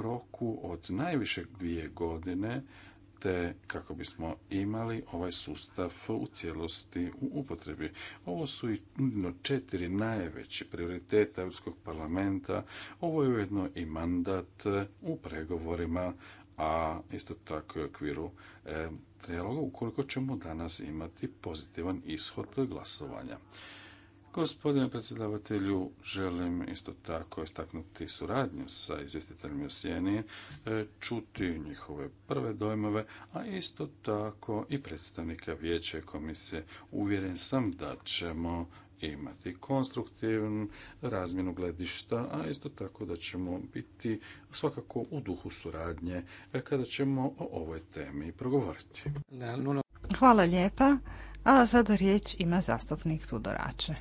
roku od najviše dvije godine te kako bismo imali ovaj sustav u cijelosti u upotrebi. Ovo su i četiri najveće prioriteta Europskog parlamenta. Ovo je ujedno i mandat u pregovorima, a isto tako i u okviru eh, trijaloga, ukoliko ćemo danas imati pozitivan ishod glasovanja. Gospodine predsjedavatelju, želim isto tako istaknuti suradnju sa izvjestiteljima u Sjeni, e, čuti njihove prve dojmove, a isto tako i predstavnika vijeća komisije. Uvjeren sam da ćemo imati konstruktivnu razmjenu gledišta, a isto tako da ćemo biti svakako u duhu suradnje e, kada ćemo o ovoj temi progovoriti. Hvala lijepa. A sada riječ ima zastupnik Tudorače.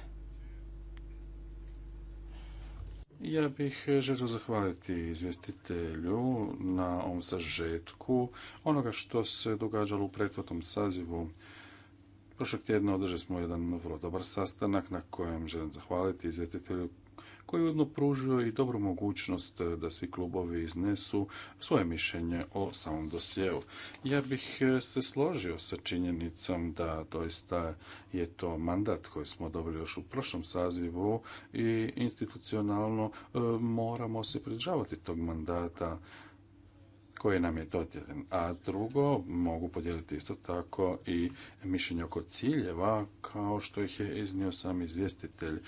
Ja bih želio zahvaliti izvjestitelju na ovom sažetku onoga što se događalo u prethodnom sazivu. Prošlog tjedna održali smo jedan vrlo dobar sastanak na kojem želim zahvaliti izvjestitelju koji ujedno pružio i dobru mogućnost eh, da svi klubovi iznesu svoje mišljenje o samom dosjeu. Ja bih eh, se složio sa činjenicom da doista je to mandat koji smo dobili još u prošlom sazivu i institucionalno eh, moramo se pridržavati tog mandata koji nam je dodjeljen. A drugo, mogu podijeliti isto tako i mišljenje oko ciljeva, kao što ih je iznio sam izvjestitelj.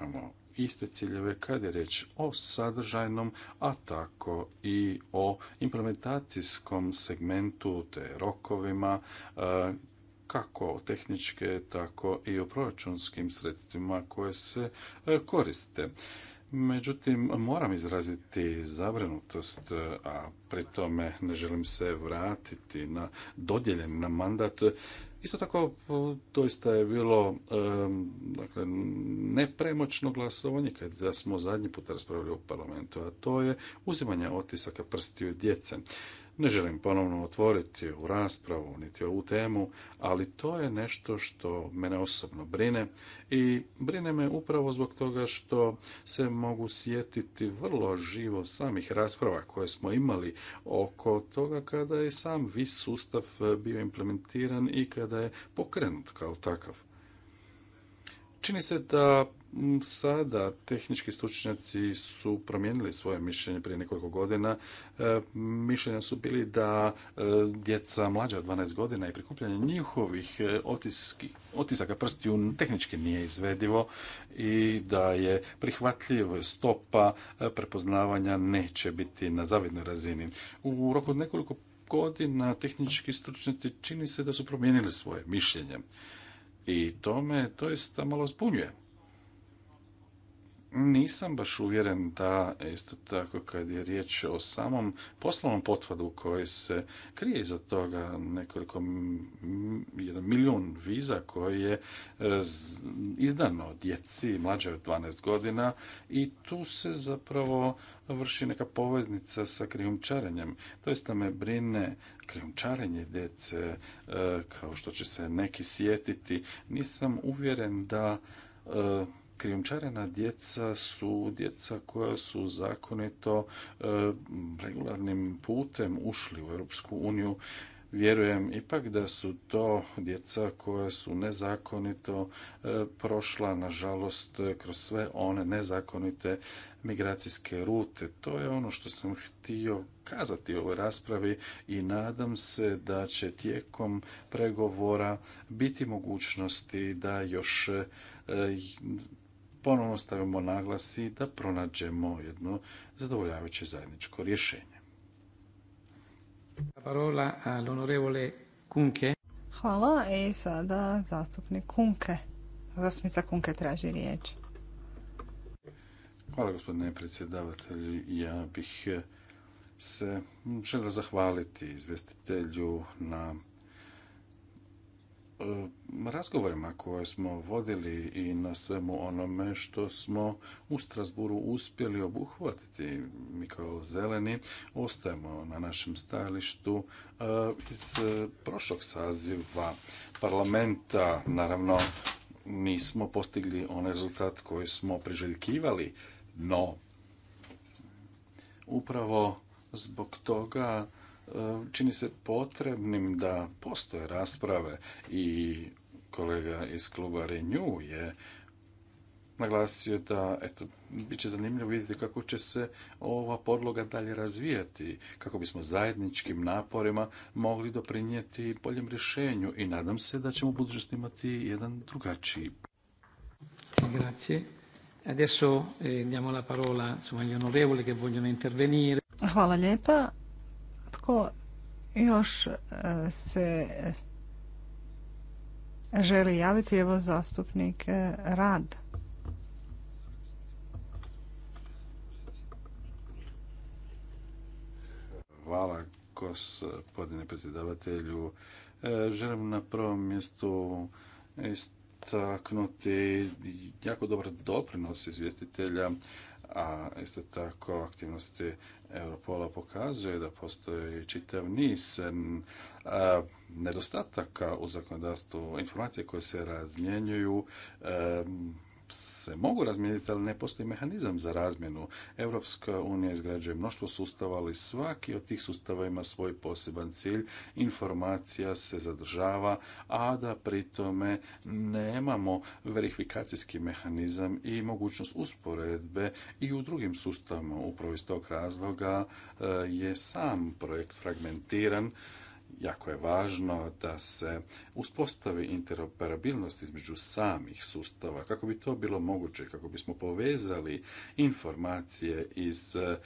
imamo iste ciljeve kad je riječ o sadržajnom, a tako i o implementacijskom segmentu te rokovima e, kako tehničke, tako i o proračunskim sredstvima koje se e, koriste. Međutim, moram izraziti zabrinutost, a pri tome ne želim se vratiti na dodjeljen na mandat. Isto tako, doista je bilo dakle, nepremoćno glasovanje kada smo zadnji put raspravili u parlamentu, a to je uzimanje otisaka prstiju djece. Ne želim ponovno otvoriti u raspravu niti ovu temu, ali to je nešto što mene osobno brine i brine me upravo zbog toga što se mogu sjetiti vrlo živo samih rasprava koje smo imali oko toga kada je sam VIS sustav bio implementiran i kada je pokrenut kao takav. Čini se da sada tehnički stručnjaci su promijenili svoje mišljenje prije nekoliko godina. E, mišljenja su bili da e, djeca mlađa od 12 godina i prikupljanje njihovih e, otiski, otisaka prstiju tehnički nije izvedivo i da je prihvatljiv stopa prepoznavanja neće biti na zavidnoj razini. U roku od nekoliko godina tehnički stručnjaci čini se da su promijenili svoje mišljenje i to me doista malo zbunjuje nisam baš uvjeren da isto tako kad je riječ o samom poslovnom potvrdu koji se krije iza toga nekoliko jedan milijun viza koji je e, izdano djeci mlađe od 12 godina i tu se zapravo vrši neka poveznica sa krijumčarenjem. Doista me brine krijumčarenje djece e, kao što će se neki sjetiti. Nisam uvjeren da e, krijumčarena djeca su djeca koja su zakonito e, regularnim putem ušli u Europsku uniju. Vjerujem ipak da su to djeca koja su nezakonito e, prošla, nažalost, kroz sve one nezakonite migracijske rute. To je ono što sam htio kazati u ovoj raspravi i nadam se da će tijekom pregovora biti mogućnosti da još e, ponovno stavimo naglasi da pronađemo jedno zadovoljavajuće zajedničko rješenje. Parola all'onorevole Kunke. Hvala i sada zastupnik Kunke. Zastupnica Kunke traži riječ. Hvala gospodine predsjedavatelju. Ja bih se želio zahvaliti izvestitelju na razgovorima koje smo vodili i na svemu onome što smo u Strasburu uspjeli obuhvatiti. Mi kao zeleni ostajemo na našem stajalištu e, iz prošlog saziva parlamenta. Naravno, nismo postigli onaj rezultat koji smo priželjkivali, no upravo zbog toga čini se potrebnim da postoje rasprave i kolega iz kluba Renew je naglasio da eto, bit će zanimljivo vidjeti kako će se ova podloga dalje razvijati, kako bismo zajedničkim naporima mogli doprinijeti boljem rješenju i nadam se da ćemo u budućnosti imati jedan drugačiji. Grazie. Adesso eh, parola agli onorevoli vogliono intervenire tko još e, se želi javiti? Evo zastupnik e, Rad. Hvala gospodine predsjedavatelju. E, želim na prvom mjestu istaknuti jako dobar doprinos izvjestitelja a isto tako aktivnosti Europola pokazuje da postoji čitav niz nedostataka u zakonodavstvu informacije koje se razmjenjuju se mogu razmijeniti, ali ne postoji mehanizam za razmjenu. Europska unija izgrađuje mnoštvo sustava, ali svaki od tih sustava ima svoj poseban cilj. Informacija se zadržava, a da pri tome nemamo verifikacijski mehanizam i mogućnost usporedbe i u drugim sustavima. Upravo iz tog razloga e, je sam projekt fragmentiran jako je važno da se uspostavi interoperabilnost između samih sustava kako bi to bilo moguće kako bismo povezali informacije iz e,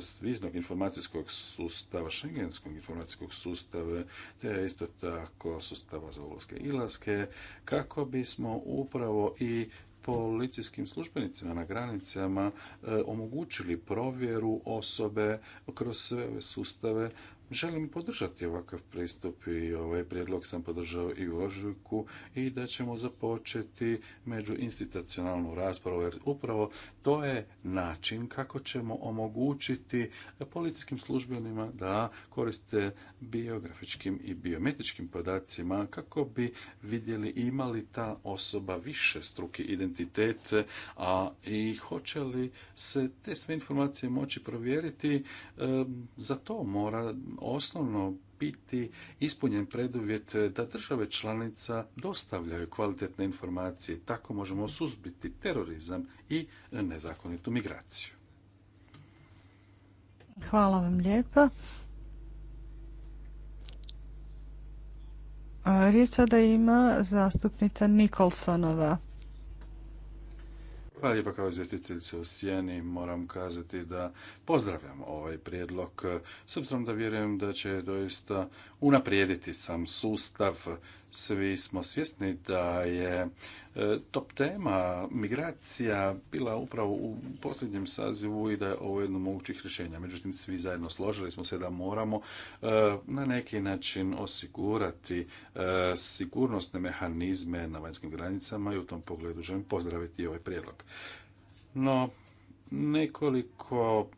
sviznog informacijskog sustava šengenskog informacijskog sustava te isto tako sustava za ulaske i ilaske kako bismo upravo i policijskim službenicima na granicama e, omogućili provjeru osobe kroz sve ove sustave želim podržati ovakav pristup i ovaj prijedlog sam podržao i u ožujku i da ćemo započeti međuinstitucionalnu raspravu jer upravo to je način kako ćemo omogućiti policijskim službenima da koriste biografičkim i biometričkim podacima kako bi vidjeli imali ta osoba više struki identitete a i hoće li se te sve informacije moći provjeriti, za to mora osnovno biti ispunjen preduvjet da države članica dostavljaju kvalitetne informacije. Tako možemo suzbiti terorizam i nezakonitu migraciju. Hvala vam lijepa. Riječ sada ima zastupnica Nikolsonova. Hvala lijepa kao izvjestiteljice u Sjeni. Moram kazati da pozdravljam ovaj prijedlog, s obzirom da vjerujem da će doista unaprijediti sam sustav svi smo svjesni da je e, top tema migracija bila upravo u posljednjem sazivu i da je ovo jedno mogućih rješenja. Međutim, svi zajedno složili smo se da moramo e, na neki način osigurati e, sigurnosne mehanizme na vanjskim granicama i u tom pogledu želim pozdraviti ovaj prijedlog. No, nekoliko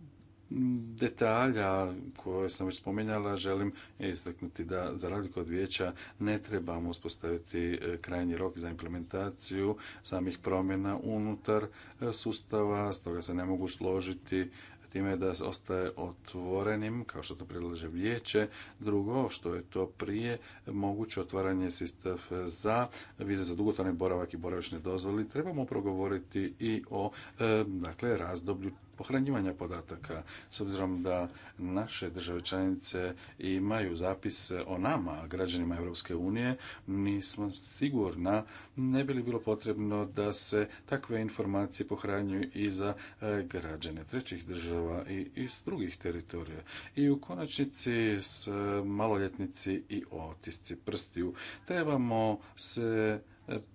detalja koje sam već spominjala, želim istaknuti da za razliku od vijeća ne trebamo uspostaviti e, krajnji rok za implementaciju samih promjena unutar e, sustava, stoga se ne mogu složiti time da ostaje otvorenim, kao što to predlaže vijeće. Drugo, što je to prije, moguće otvaranje sistem za vize za dugotrajni boravak i boravišne dozvoli. Trebamo progovoriti i o e, dakle, razdoblju pohranjivanja podataka, s obzirom da naše države članice imaju zapis o nama, građanima Europske unije, nismo sigurna ne bi li bilo potrebno da se takve informacije pohranjuju i za e, građane trećih država i iz drugih teritorija. I u konačnici s e, maloljetnici i otisci prstiju trebamo se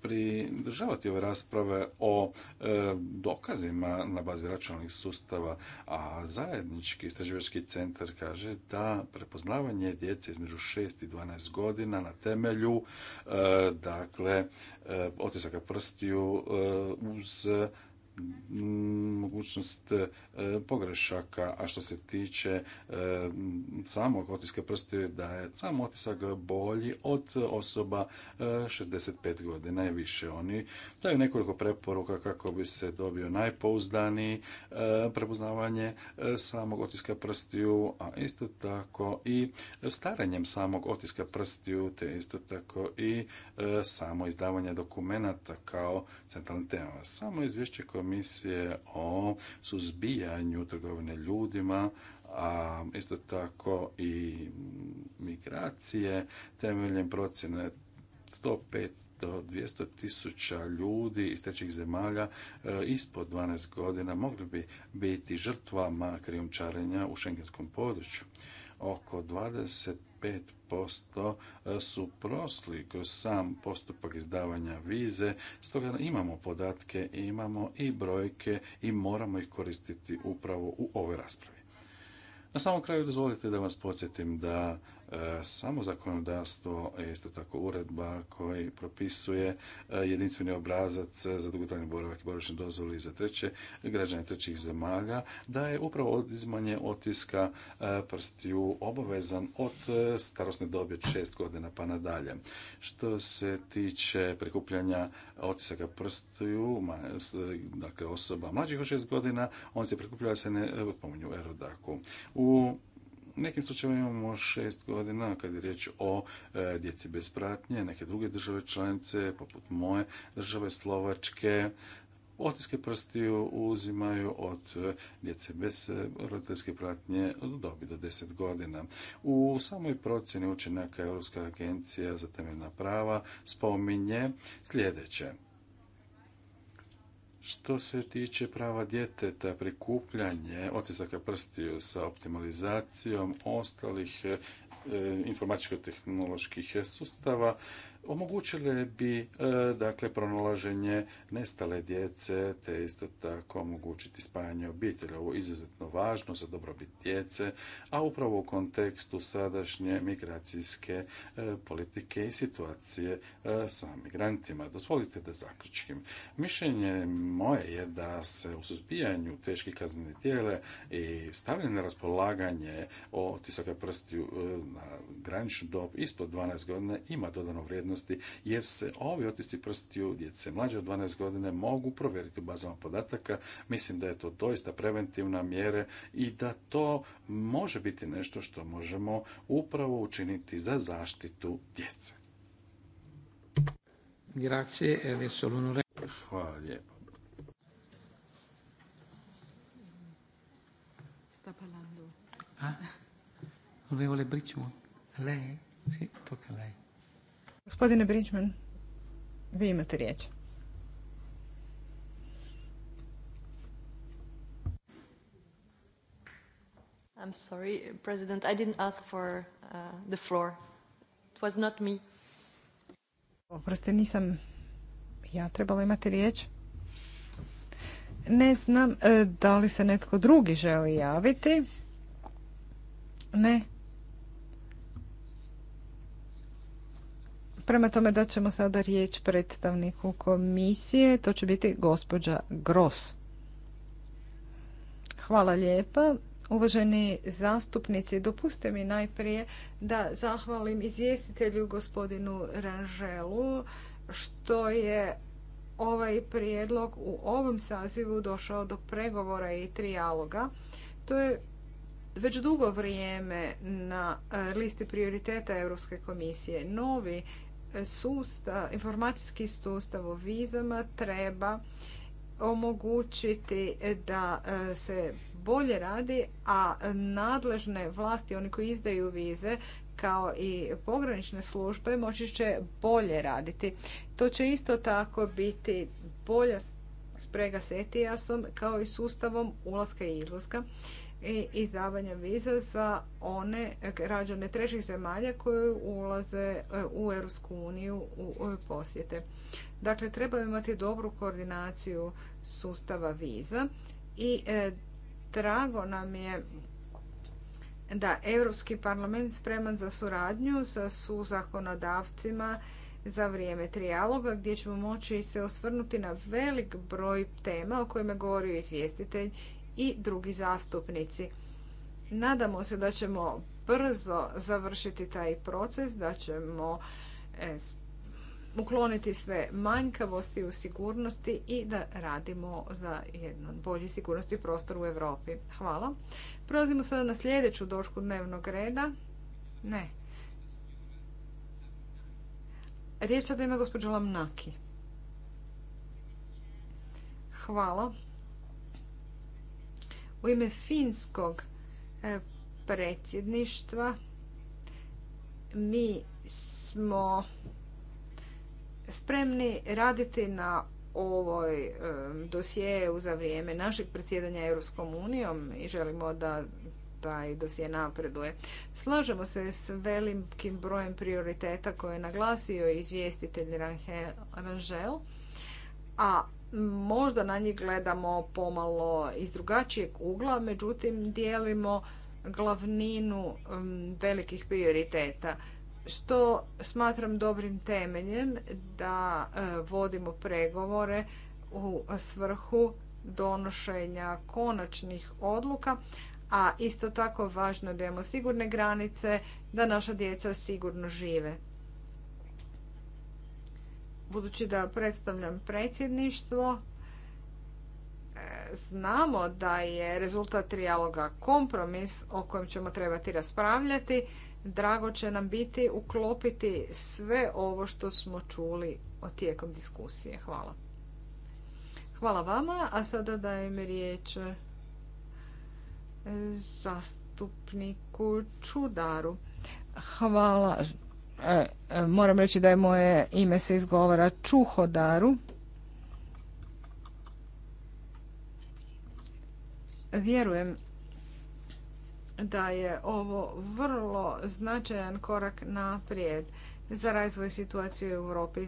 pridržavati ove rasprave o e, dokazima na bazi računalnih sustava, a zajednički istraživački centar kaže da prepoznavanje djece između 6 i 12 godina na temelju e, dakle e, otisaka prstiju uz mogućnost e, pogrešaka, a što se tiče e, samog otiska prstiju, da je sam otisak bolji od osoba 65 e, godina i više. Oni daju nekoliko preporuka kako bi se dobio najpouzdaniji prepoznavanje samog otiska prstiju, a isto tako i starenjem samog otiska prstiju, te isto tako i samo izdavanje dokumenata kao centralni tema. Samo izvješće koje komisije o suzbijanju trgovine ljudima, a isto tako i migracije temeljem procjene 105 do 200 tisuća ljudi iz trećih zemalja e, ispod 12 godina mogli bi biti žrtvama krijumčarenja u šengenskom području. Oko 20 posto e, su prosli kroz sam postupak izdavanja vize, stoga imamo podatke, imamo i brojke i moramo ih koristiti upravo u ovoj raspravi. Na samom kraju dozvolite da vas podsjetim da E, samo zakonodavstvo, isto tako uredba koji propisuje e, jedinstveni obrazac za dugotrajni boravak i boravišne dozvoli za treće građane trećih zemalja, da je upravo izmanje otiska e, prstiju obavezan od starosne dobi od šest godina pa nadalje. Što se tiče prikupljanja otisaka prstiju, dakle osoba mlađih od šest godina, on se prikuplja se ne pominju erodaku. U nekim slučajevima imamo šest godina kad je riječ o e, djeci bez pratnje, neke druge države članice, poput moje države Slovačke, otiske prstiju uzimaju od e, djece bez e, roditeljske pratnje od dobi do 10 godina. U samoj procjeni učenjaka Europska agencija za temeljna prava spominje sljedeće. Što se tiče prava djeteta, prikupljanje otisaka prstiju sa optimalizacijom ostalih eh, informatičko-tehnoloških sustava omogućile bi e, dakle pronalaženje nestale djece te isto tako omogućiti spajanje obitelji. Ovo je izuzetno važno za dobrobit djece, a upravo u kontekstu sadašnje migracijske e, politike i situacije e, sa migrantima. Dozvolite da zaključim. Mišljenje moje je da se u suzbijanju teških kaznenih djela i stavljanje na raspolaganje otisaka prstiju na graničnu dob ispod 12 godina ima dodano vrijednost jer se ovi otisci prstiju djece mlađe od 12 godine mogu provjeriti u bazama podataka. Mislim da je to doista preventivna mjere i da to može biti nešto što možemo upravo učiniti za zaštitu djece. Hvala lijepo. Sta parlando. Ah, lei? Sì, tocca lei. Gospodine Bridgman, vi imate riječ. I'm sorry, President, I didn't ask for uh, the floor. It was not me. Oprosti, nisam ja trebala imati riječ. Ne znam e, da li se netko drugi želi javiti. Ne. Prema tome da ćemo sada riječ predstavniku komisije, to će biti gospođa Gross. Hvala lijepa. Uvaženi zastupnici, dopuste mi najprije da zahvalim izvjestitelju gospodinu Ranželu što je ovaj prijedlog u ovom sazivu došao do pregovora i trijaloga. To je već dugo vrijeme na listi prioriteta Europske komisije. Novi sustav, informacijski sustav o vizama treba omogućiti da e, se bolje radi, a nadležne vlasti, oni koji izdaju vize, kao i pogranične službe moći će bolje raditi. To će isto tako biti bolja sprega s etias kao i sustavom ulaska i izlaska i izdavanja viza za one građane trećih zemalja koje ulaze e, u Europsku uniju u posjete. Dakle, treba imati dobru koordinaciju sustava viza i e, drago nam je da Europski parlament spreman za suradnju sa suzakonodavcima za vrijeme trijaloga gdje ćemo moći se osvrnuti na velik broj tema o kojima govorio izvjestitelj i drugi zastupnici. Nadamo se da ćemo brzo završiti taj proces, da ćemo e, ukloniti sve manjkavosti u sigurnosti i da radimo za jednu bolji sigurnosti prostor u Europi. Hvala. Prelazimo sada na sljedeću točku dnevnog reda. Ne. Riječ sada ima gospođa Lamnaki. Hvala. U ime finskog e, predsjedništva mi smo spremni raditi na ovoj e, dosjeu za vrijeme našeg predsjedanja Europskom unijom i želimo da taj dosje napreduje. Slažemo se s velikim brojem prioriteta koje je naglasio izvjestitelj Rangel, a možda na njih gledamo pomalo iz drugačijeg ugla, međutim dijelimo glavninu velikih prioriteta. Što smatram dobrim temeljem da e, vodimo pregovore u svrhu donošenja konačnih odluka, a isto tako važno da imamo sigurne granice, da naša djeca sigurno žive budući da predstavljam predsjedništvo, e, znamo da je rezultat trijaloga kompromis o kojem ćemo trebati raspravljati. Drago će nam biti uklopiti sve ovo što smo čuli tijekom diskusije. Hvala. Hvala vama, a sada dajem riječ zastupniku Čudaru. Hvala E, e, moram reći da je moje ime se izgovara Čuhodaru. Vjerujem da je ovo vrlo značajan korak naprijed za razvoj situacije u Europi.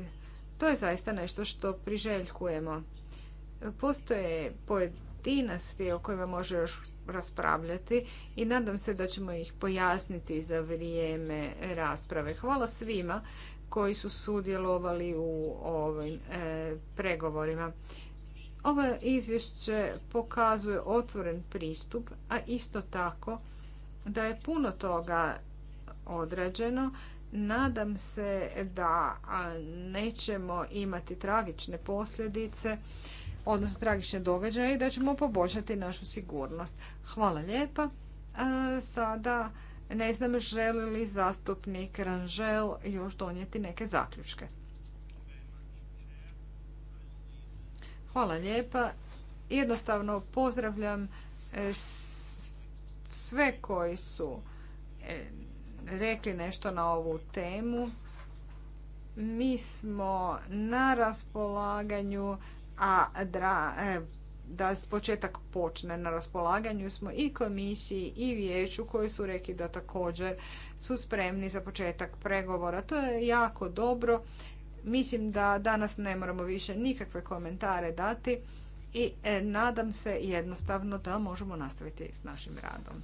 To je zaista nešto što priželjkujemo. Postoje pojedinosti o kojima može još raspravljati i nadam se da ćemo ih pojasniti za vrijeme rasprave. Hvala svima koji su sudjelovali u ovim e, pregovorima. Ovo izvješće pokazuje otvoren pristup, a isto tako da je puno toga odrađeno. Nadam se da nećemo imati tragične posljedice odnosno tragične događaje i da ćemo poboljšati našu sigurnost. Hvala lijepa. E, sada ne znam želi li zastupnik Ranžel još donijeti neke zaključke. Hvala lijepa. Jednostavno pozdravljam e, sve koji su e, rekli nešto na ovu temu. Mi smo na raspolaganju a e, da, da početak počne na raspolaganju smo i komisiji i vijeću koji su rekli da također su spremni za početak pregovora. To je jako dobro. Mislim da danas ne moramo više nikakve komentare dati i e, nadam se jednostavno da možemo nastaviti s našim radom.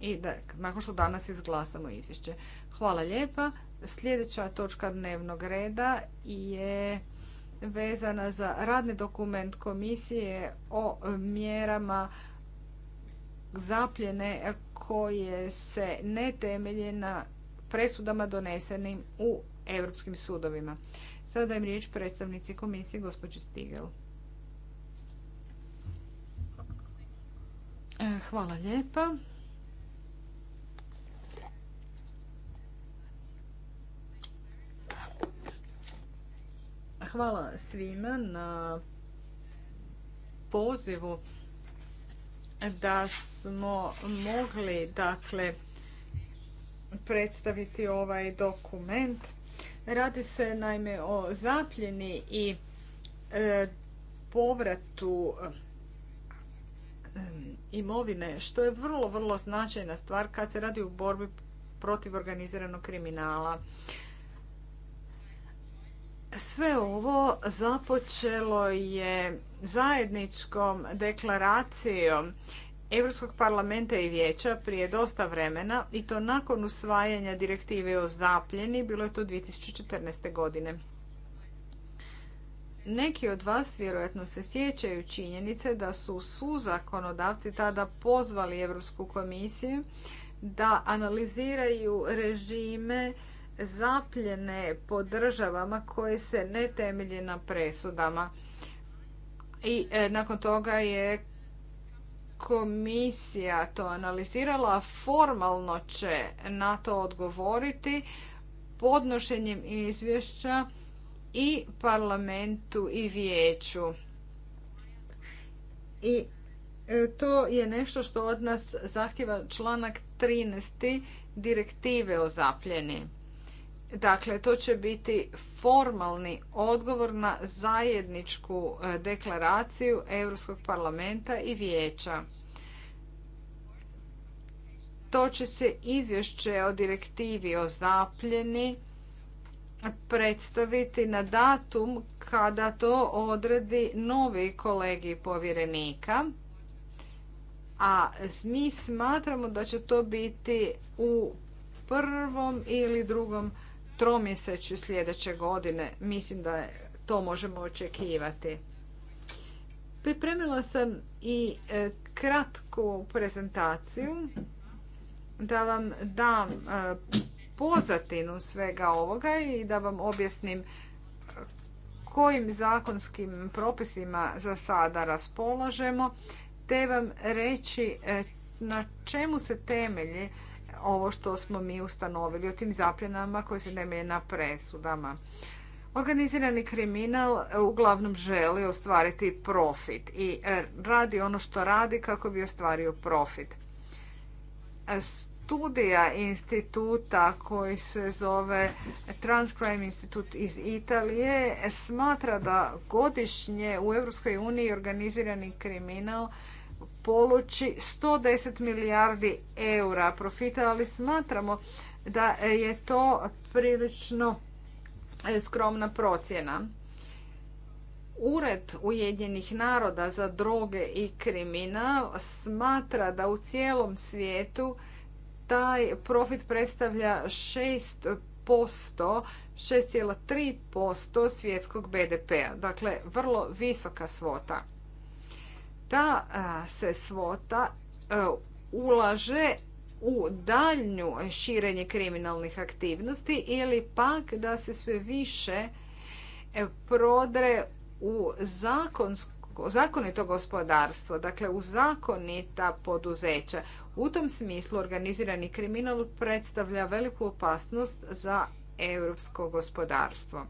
I da, nakon što danas izglasamo izvješće. Hvala lijepa. Sljedeća točka dnevnog reda je vezana za radni dokument komisije o mjerama zapljene koje se ne temelje na presudama donesenim u europskim sudovima. Sada dajem riječ predstavnici komisije, gospođi Stigel. Hvala lijepa. Hvala svima na pozivu da smo mogli dakle predstaviti ovaj dokument. Radi se naime o zapljeni i e, povratu e, imovine, što je vrlo, vrlo značajna stvar kad se radi u borbi protiv organiziranog kriminala. Sve ovo započelo je zajedničkom deklaracijom Europskog parlamenta i vijeća prije dosta vremena i to nakon usvajanja direktive o zapljeni, bilo je to 2014. godine. Neki od vas vjerojatno se sjećaju činjenice da su suzakonodavci tada pozvali Europsku komisiju da analiziraju režime zapljene po državama koje se ne temelje na presudama. I e, nakon toga je komisija to analizirala, formalno će na to odgovoriti podnošenjem izvješća i parlamentu i vijeću. I e, to je nešto što od nas zahtjeva članak 13. direktive o zapljeni. Dakle, to će biti formalni odgovor na zajedničku e, deklaraciju Europskog parlamenta i vijeća. To će se izvješće o direktivi o zapljeni predstaviti na datum kada to odredi novi kolegi povjerenika. A mi smatramo da će to biti u prvom ili drugom tromjesečju sljedeće godine. Mislim da to možemo očekivati. Pripremila sam i e, kratku prezentaciju da vam dam e, pozatinu svega ovoga i da vam objasnim e, kojim zakonskim propisima za sada raspolažemo, te vam reći na čemu se temelji ovo što smo mi ustanovili o tim zapljenama koje se temelje na presudama. Organizirani kriminal e, uglavnom želi ostvariti profit i e, radi ono što radi kako bi ostvario profit. E, studija instituta koji se zove Transcrime Institute iz Italije smatra da godišnje u EU organizirani kriminal poluči 110 milijardi eura profita, ali smatramo da je to prilično e, skromna procjena. Ured Ujedinjenih naroda za droge i kriminal smatra da u cijelom svijetu taj profit predstavlja 6%, 6,3% svjetskog BDP-a. Dakle, vrlo visoka svota ta se svota e, ulaže u daljnju širenje kriminalnih aktivnosti ili pak da se sve više e, prodre u zakonito gospodarstvo, dakle u zakonita poduzeća. U tom smislu organizirani kriminal predstavlja veliku opasnost za europsko gospodarstvo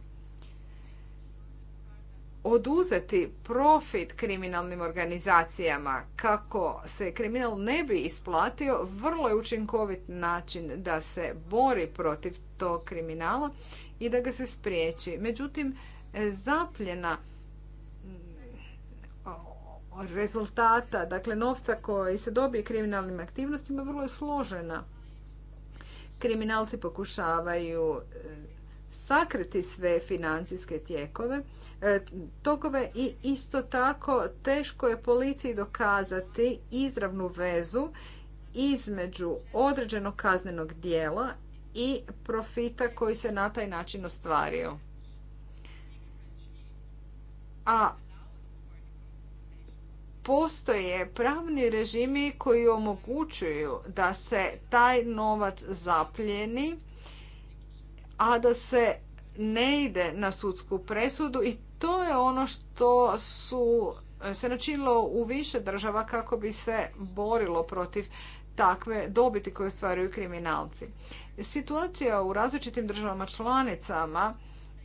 oduzeti profit kriminalnim organizacijama kako se kriminal ne bi isplatio, vrlo je učinkovit način da se bori protiv tog kriminala i da ga se spriječi. Međutim, zapljena rezultata, dakle novca koji se dobije kriminalnim aktivnostima vrlo je složena. Kriminalci pokušavaju sakriti sve financijske tijekove, e, tokove i isto tako teško je policiji dokazati izravnu vezu između određenog kaznenog dijela i profita koji se na taj način ostvario. A postoje pravni režimi koji omogućuju da se taj novac zapljeni a da se ne ide na sudsku presudu i to je ono što su eh, se načinilo u više država kako bi se borilo protiv takve dobiti koje ostvaruju kriminalci. Situacija u različitim državama članicama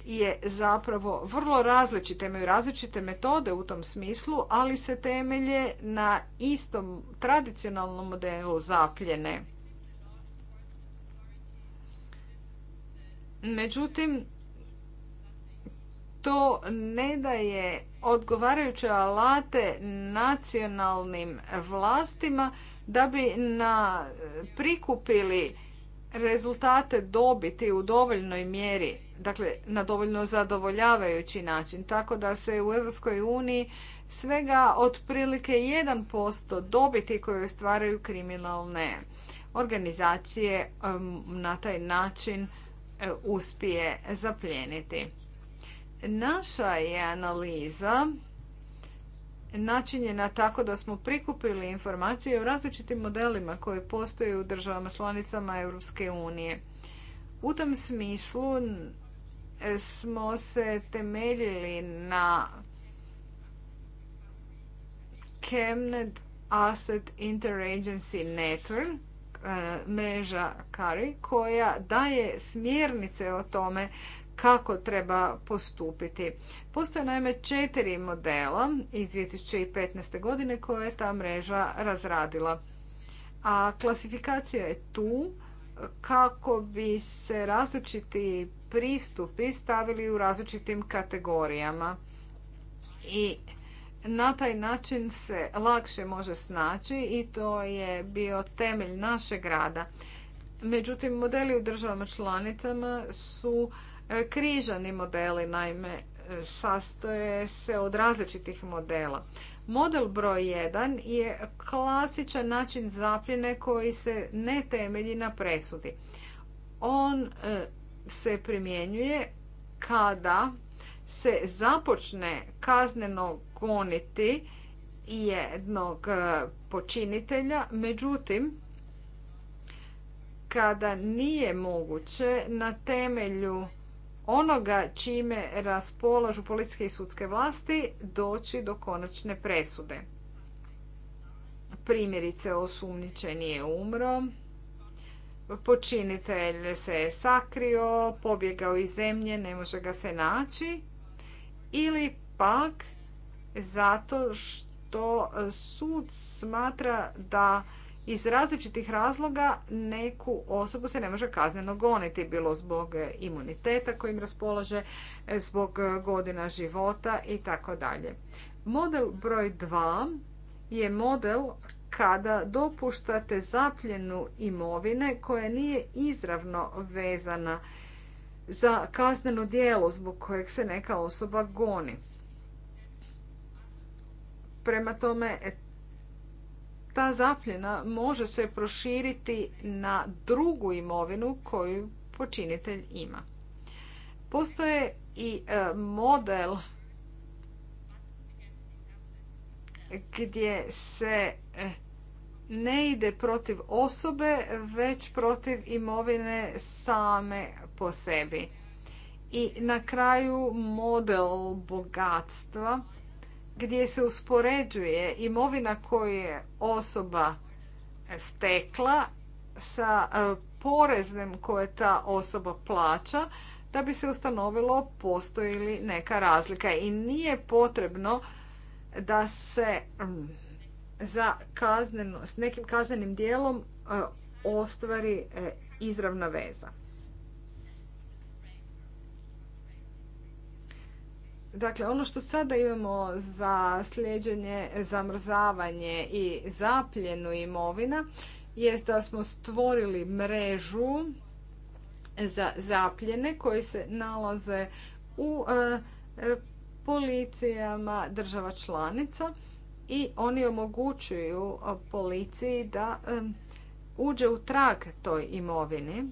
je zapravo vrlo različita, imaju različite metode u tom smislu, ali se temelje na istom tradicionalnom modelu zapljene. Međutim, to ne daje odgovarajuće alate nacionalnim vlastima da bi na prikupili rezultate dobiti u dovoljnoj mjeri, dakle na dovoljno zadovoljavajući način, tako da se u Europskoj uniji svega otprilike 1% dobiti koje stvaraju kriminalne organizacije na taj način E, uspije zapljeniti. Naša je analiza načinjena tako da smo prikupili informacije o različitim modelima koji postoje u državama članicama Europske unije. U tom smislu e, smo se temeljili na Chemnet Asset Interagency Network E, mreža Kari koja daje smjernice o tome kako treba postupiti. Postoje naime četiri modela iz 2015. godine koje je ta mreža razradila. A klasifikacija je tu kako bi se različiti pristupi stavili u različitim kategorijama. I na taj način se lakše može snaći i to je bio temelj našeg rada. Međutim, modeli u državama članicama su e, križani modeli, naime, sastoje se od različitih modela. Model broj 1 je klasičan način zapljene koji se ne temelji na presudi. On e, se primjenjuje kada se započne kazneno goniti jednog e, počinitelja, međutim, kada nije moguće na temelju onoga čime raspolažu policijske i sudske vlasti doći do konačne presude. Primjerice, osumnjičen je umro, počinitelj se je sakrio, pobjegao iz zemlje, ne može ga se naći ili pak zato što e, sud smatra da iz različitih razloga neku osobu se ne može kazneno goniti, bilo zbog e, imuniteta kojim raspolaže, e, zbog godina života i tako dalje. Model broj 2 je model kada dopuštate zapljenu imovine koja nije izravno vezana za kazneno djelo zbog kojeg se neka osoba goni. Prema tome, e, ta zapljena može se proširiti na drugu imovinu koju počinitelj ima. Postoje i e, model gdje se e, ne ide protiv osobe, već protiv imovine same po sebi. I na kraju model bogatstva gdje se uspoređuje imovina koju je osoba stekla sa e, poreznem koje ta osoba plaća da bi se ustanovilo postoji li neka razlika i nije potrebno da se za s nekim kaznenim dijelom e, ostvari e, izravna veza. Dakle, ono što sada imamo za sljeđenje, zamrzavanje i zapljenu imovina jest da smo stvorili mrežu za zapljene koji se nalaze u e, policijama država članica i oni omogućuju policiji da e, uđe u trag toj imovini.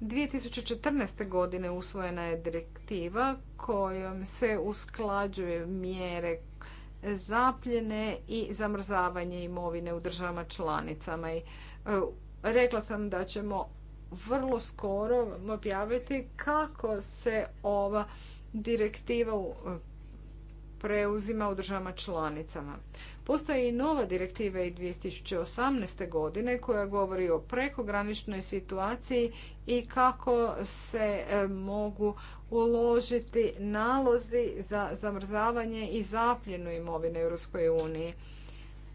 2014. godine usvojena je direktiva direktiva kojom se usklađuju mjere zapljene i zamrzavanje imovine u državama članicama. I, e, rekla sam da ćemo vrlo skoro objaviti kako se ova direktiva e, preuzima u državama članicama. Postoji i nova direktiva iz 2018. godine koja govori o prekograničnoj situaciji i kako se e, mogu uložiti nalozi za zamrzavanje i zapljenu imovine Europskoj uniji.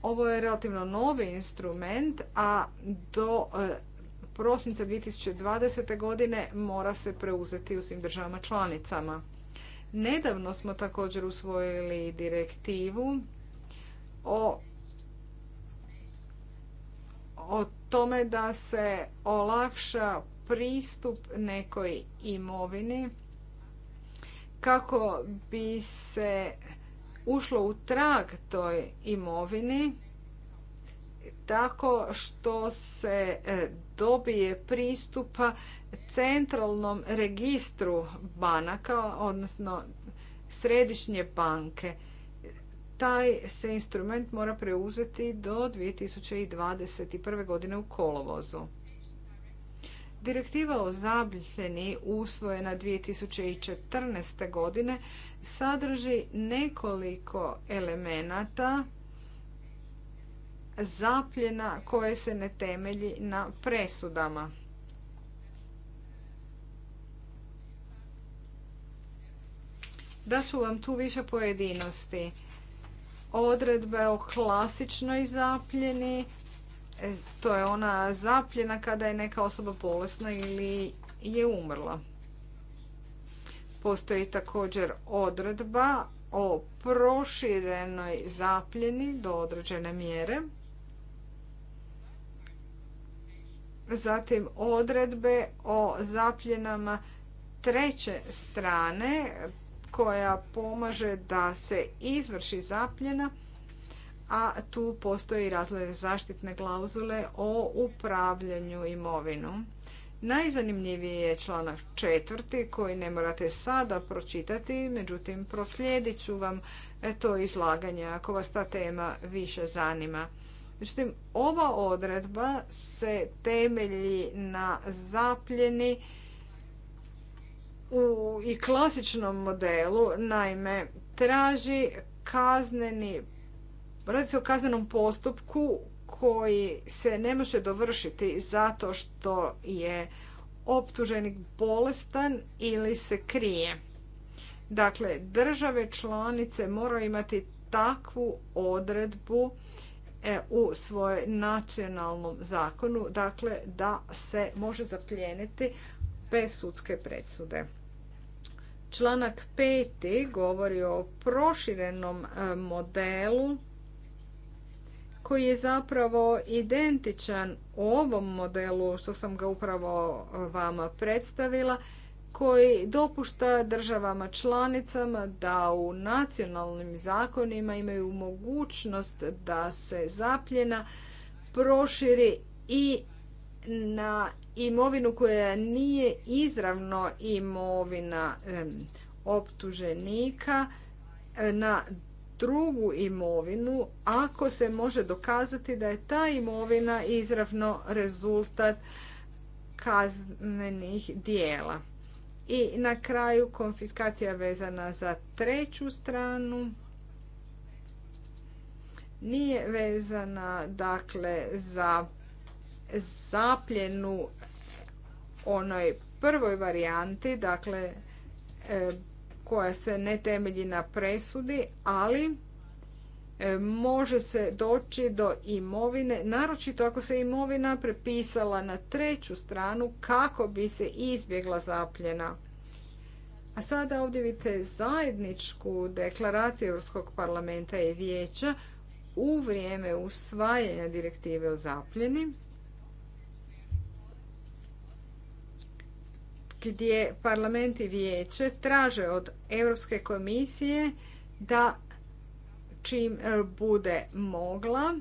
Ovo je relativno novi instrument, a do e, prosinca 2020. godine mora se preuzeti u svim državama članicama. Nedavno smo također usvojili direktivu o, o tome da se olakša pristup nekoj imovini kako bi se ušlo u trag toj imovini tako što se e, dobije pristupa centralnom registru banaka, odnosno središnje banke. Taj se instrument mora preuzeti do 2021. godine u kolovozu. Direktiva o zabljeni usvojena 2014. godine sadrži nekoliko elemenata zapljena koje se ne temelji na presudama. Daću vam tu više pojedinosti. Odredbe o klasičnoj zapljeni, E, to je ona zapljena kada je neka osoba bolesna ili je umrla. Postoji također odredba o proširenoj zapljeni do određene mjere. Zatim odredbe o zapljenama treće strane koja pomaže da se izvrši zapljena a tu postoji razloje zaštitne klauzule o upravljanju imovinu. Najzanimljiviji je članak četvrti koji ne morate sada pročitati, međutim proslijedit ću vam e, to izlaganje ako vas ta tema više zanima. Međutim, ova odredba se temelji na zapljeni u i klasičnom modelu, naime, traži kazneni Radi se o kaznenom postupku koji se ne može dovršiti zato što je optuženik bolestan ili se krije. Dakle, države članice moraju imati takvu odredbu e, u svoj nacionalnom zakonu, dakle da se može zaplijeniti bez sudske presude. Članak 5. govori o proširenom e, modelu koji je zapravo identičan ovom modelu što sam ga upravo e, vama predstavila, koji dopušta državama članicama da u nacionalnim zakonima imaju mogućnost da se zapljena proširi i na imovinu koja nije izravno imovina optuženika e, na drugu imovinu ako se može dokazati da je ta imovina izravno rezultat kaznenih dijela. I na kraju konfiskacija vezana za treću stranu nije vezana dakle za zapljenu onoj prvoj varijanti, dakle e, koja se ne temelji na presudi, ali e, može se doći do imovine, naročito ako se imovina prepisala na treću stranu kako bi se izbjegla zapljena. A sada ovdje vidite zajedničku deklaraciju Europskog parlamenta i vijeća u vrijeme usvajanja direktive o zapljeni gdje parlament i vijeće traže od Europske komisije da čim e, bude mogla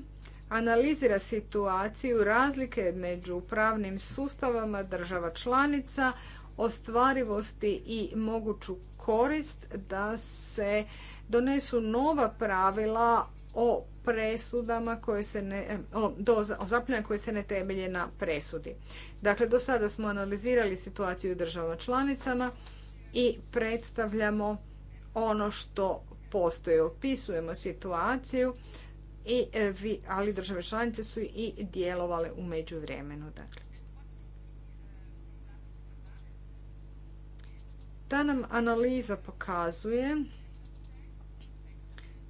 analizira situaciju razlike među pravnim sustavama država članica, ostvarivosti i moguću korist da se donesu nova pravila o presudama koje se ne, o, koje se ne temelje na presudi. Dakle, do sada smo analizirali situaciju u državama članicama i predstavljamo ono što postoji. Opisujemo situaciju, i, e, ali države članice su i djelovale u međuvremenu. Dakle. Ta nam analiza pokazuje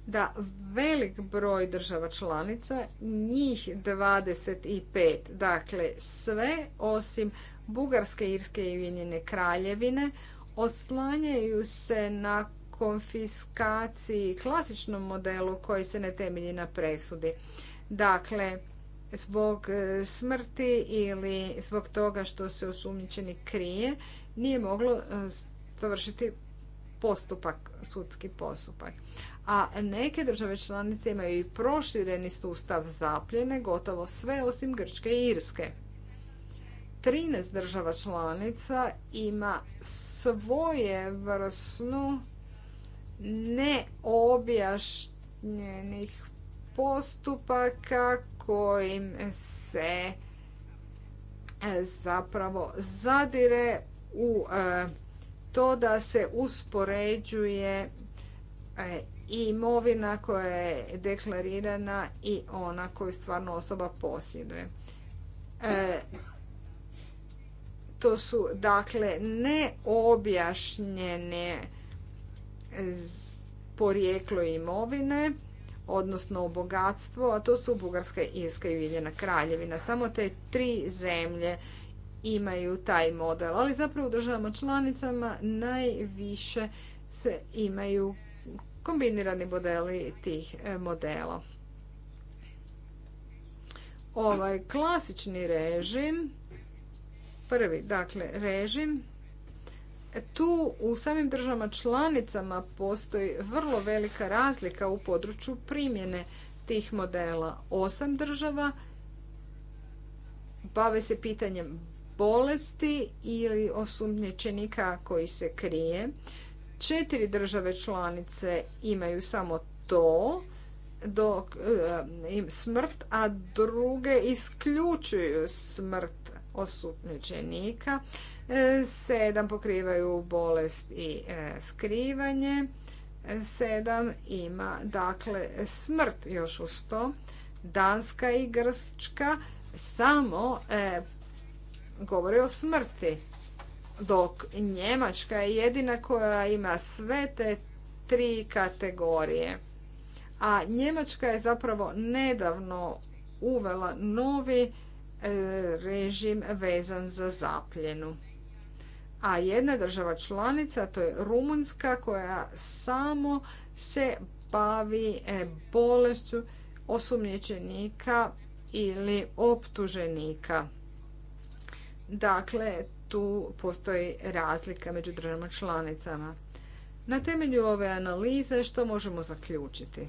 da velik broj država članica, njih 25, dakle sve osim Bugarske, Irske i Ujedinjene kraljevine, oslanjaju se na konfiskaciji klasičnom modelu koji se ne temelji na presudi. Dakle, zbog e, smrti ili zbog toga što se osumnjičeni krije, nije moglo e, završiti postupak, sudski postupak a neke države članice imaju i prošireni sustav zapljene, gotovo sve osim Grčke i Irske. 13 država članica ima svoje vrsnu neobjašnjenih postupaka kojim se e, zapravo zadire u e, to da se uspoređuje e, i imovina koja je deklarirana i ona koju stvarno osoba posjeduje. E, to su dakle neobjašnjene porijeklo imovine, odnosno bogatstvo, a to su Bugarska, Irska i Vidjena kraljevina. Samo te tri zemlje imaju taj model, ali zapravo u državama članicama najviše se imaju kombinirani modeli tih e, modela. Ovaj klasični režim, prvi dakle režim, tu u samim državama članicama postoji vrlo velika razlika u području primjene tih modela. Osam država bave se pitanjem bolesti ili osumnječenika koji se krije. Četiri države članice imaju samo to, dok e, im smrt, a druge isključuju smrt osupničenika. E, sedam pokrivaju bolest i e, skrivanje. Sedam ima dakle smrt još uz to. Danska i Grčka samo govore o smrti dok Njemačka je jedina koja ima sve te tri kategorije. A Njemačka je zapravo nedavno uvela novi e, režim vezan za zapljenu. A jedna država članica, to je Rumunska, koja samo se bavi e, bolešću osumnjičenika ili optuženika. Dakle, tu postoji razlika među državama članicama. Na temelju ove analize što možemo zaključiti?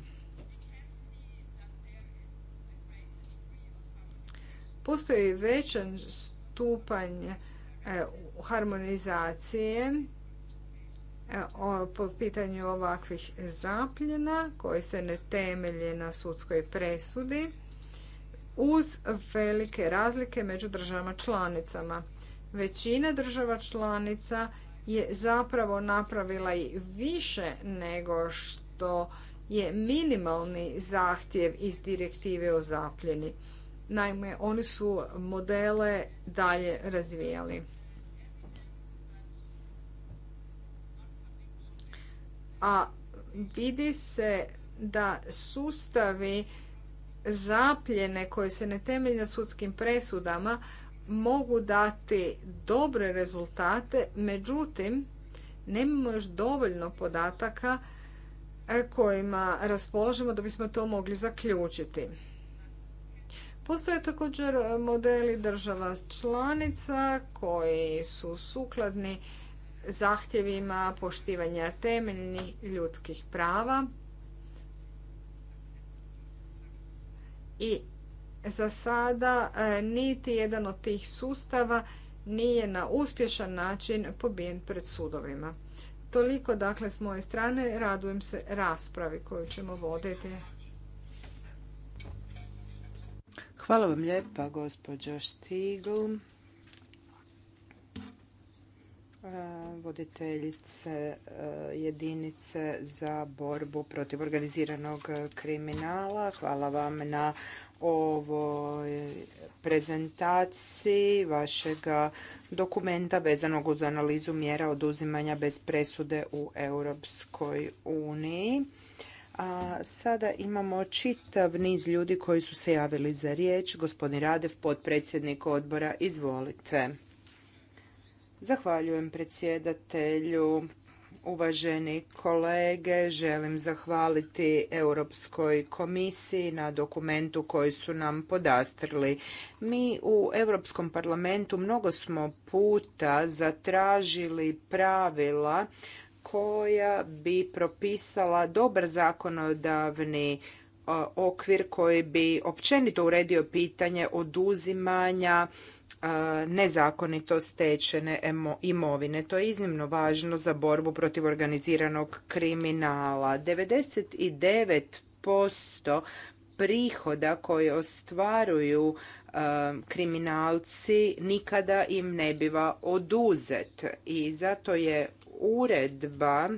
Postoji većan stupanj e, harmonizacije e, po pitanju ovakvih zapljena koje se ne temelje na sudskoj presudi uz velike razlike među državama članicama većina država članica je zapravo napravila i više nego što je minimalni zahtjev iz direktive o zapljeni. Naime, oni su modele dalje razvijali. A vidi se da sustavi zapljene koje se ne temelje na sudskim presudama mogu dati dobre rezultate, međutim, nemamo još dovoljno podataka e, kojima raspolažemo da bismo to mogli zaključiti. Postoje također e, modeli država članica koji su sukladni zahtjevima poštivanja temeljnih ljudskih prava i za sada e, niti jedan od tih sustava nije na uspješan način pobijen pred sudovima. Toliko dakle s moje strane, radujem se raspravi koju ćemo voditi. Hvala vam lijepa, gospođo Štigl, e, voditeljice e, jedinice za borbu protiv organiziranog kriminala. Hvala vam na ovoj prezentaciji vašeg dokumenta vezanog uz analizu mjera oduzimanja bez presude u Europskoj uniji. A sada imamo čitav niz ljudi koji su se javili za riječ. Gospodin Radev, potpredsjednik odbora, izvolite. Zahvaljujem predsjedatelju. Uvaženi kolege, želim zahvaliti Europskoj komisiji na dokumentu koji su nam podastrli. Mi u Europskom parlamentu mnogo smo puta zatražili pravila koja bi propisala dobar zakonodavni e, okvir koji bi općenito uredio pitanje oduzimanja nezakonito stečene imovine. To je iznimno važno za borbu protiv organiziranog kriminala. 99% prihoda koje ostvaruju kriminalci nikada im ne biva oduzet i zato je uredba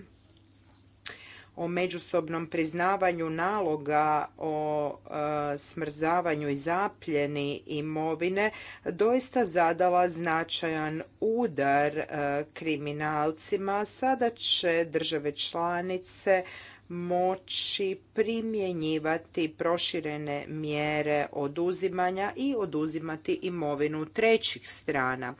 o međusobnom priznavanju naloga o e, smrzavanju i zapljeni imovine doista zadala značajan udar e, kriminalcima. Sada će države članice moći primjenjivati proširene mjere oduzimanja i oduzimati imovinu trećih strana.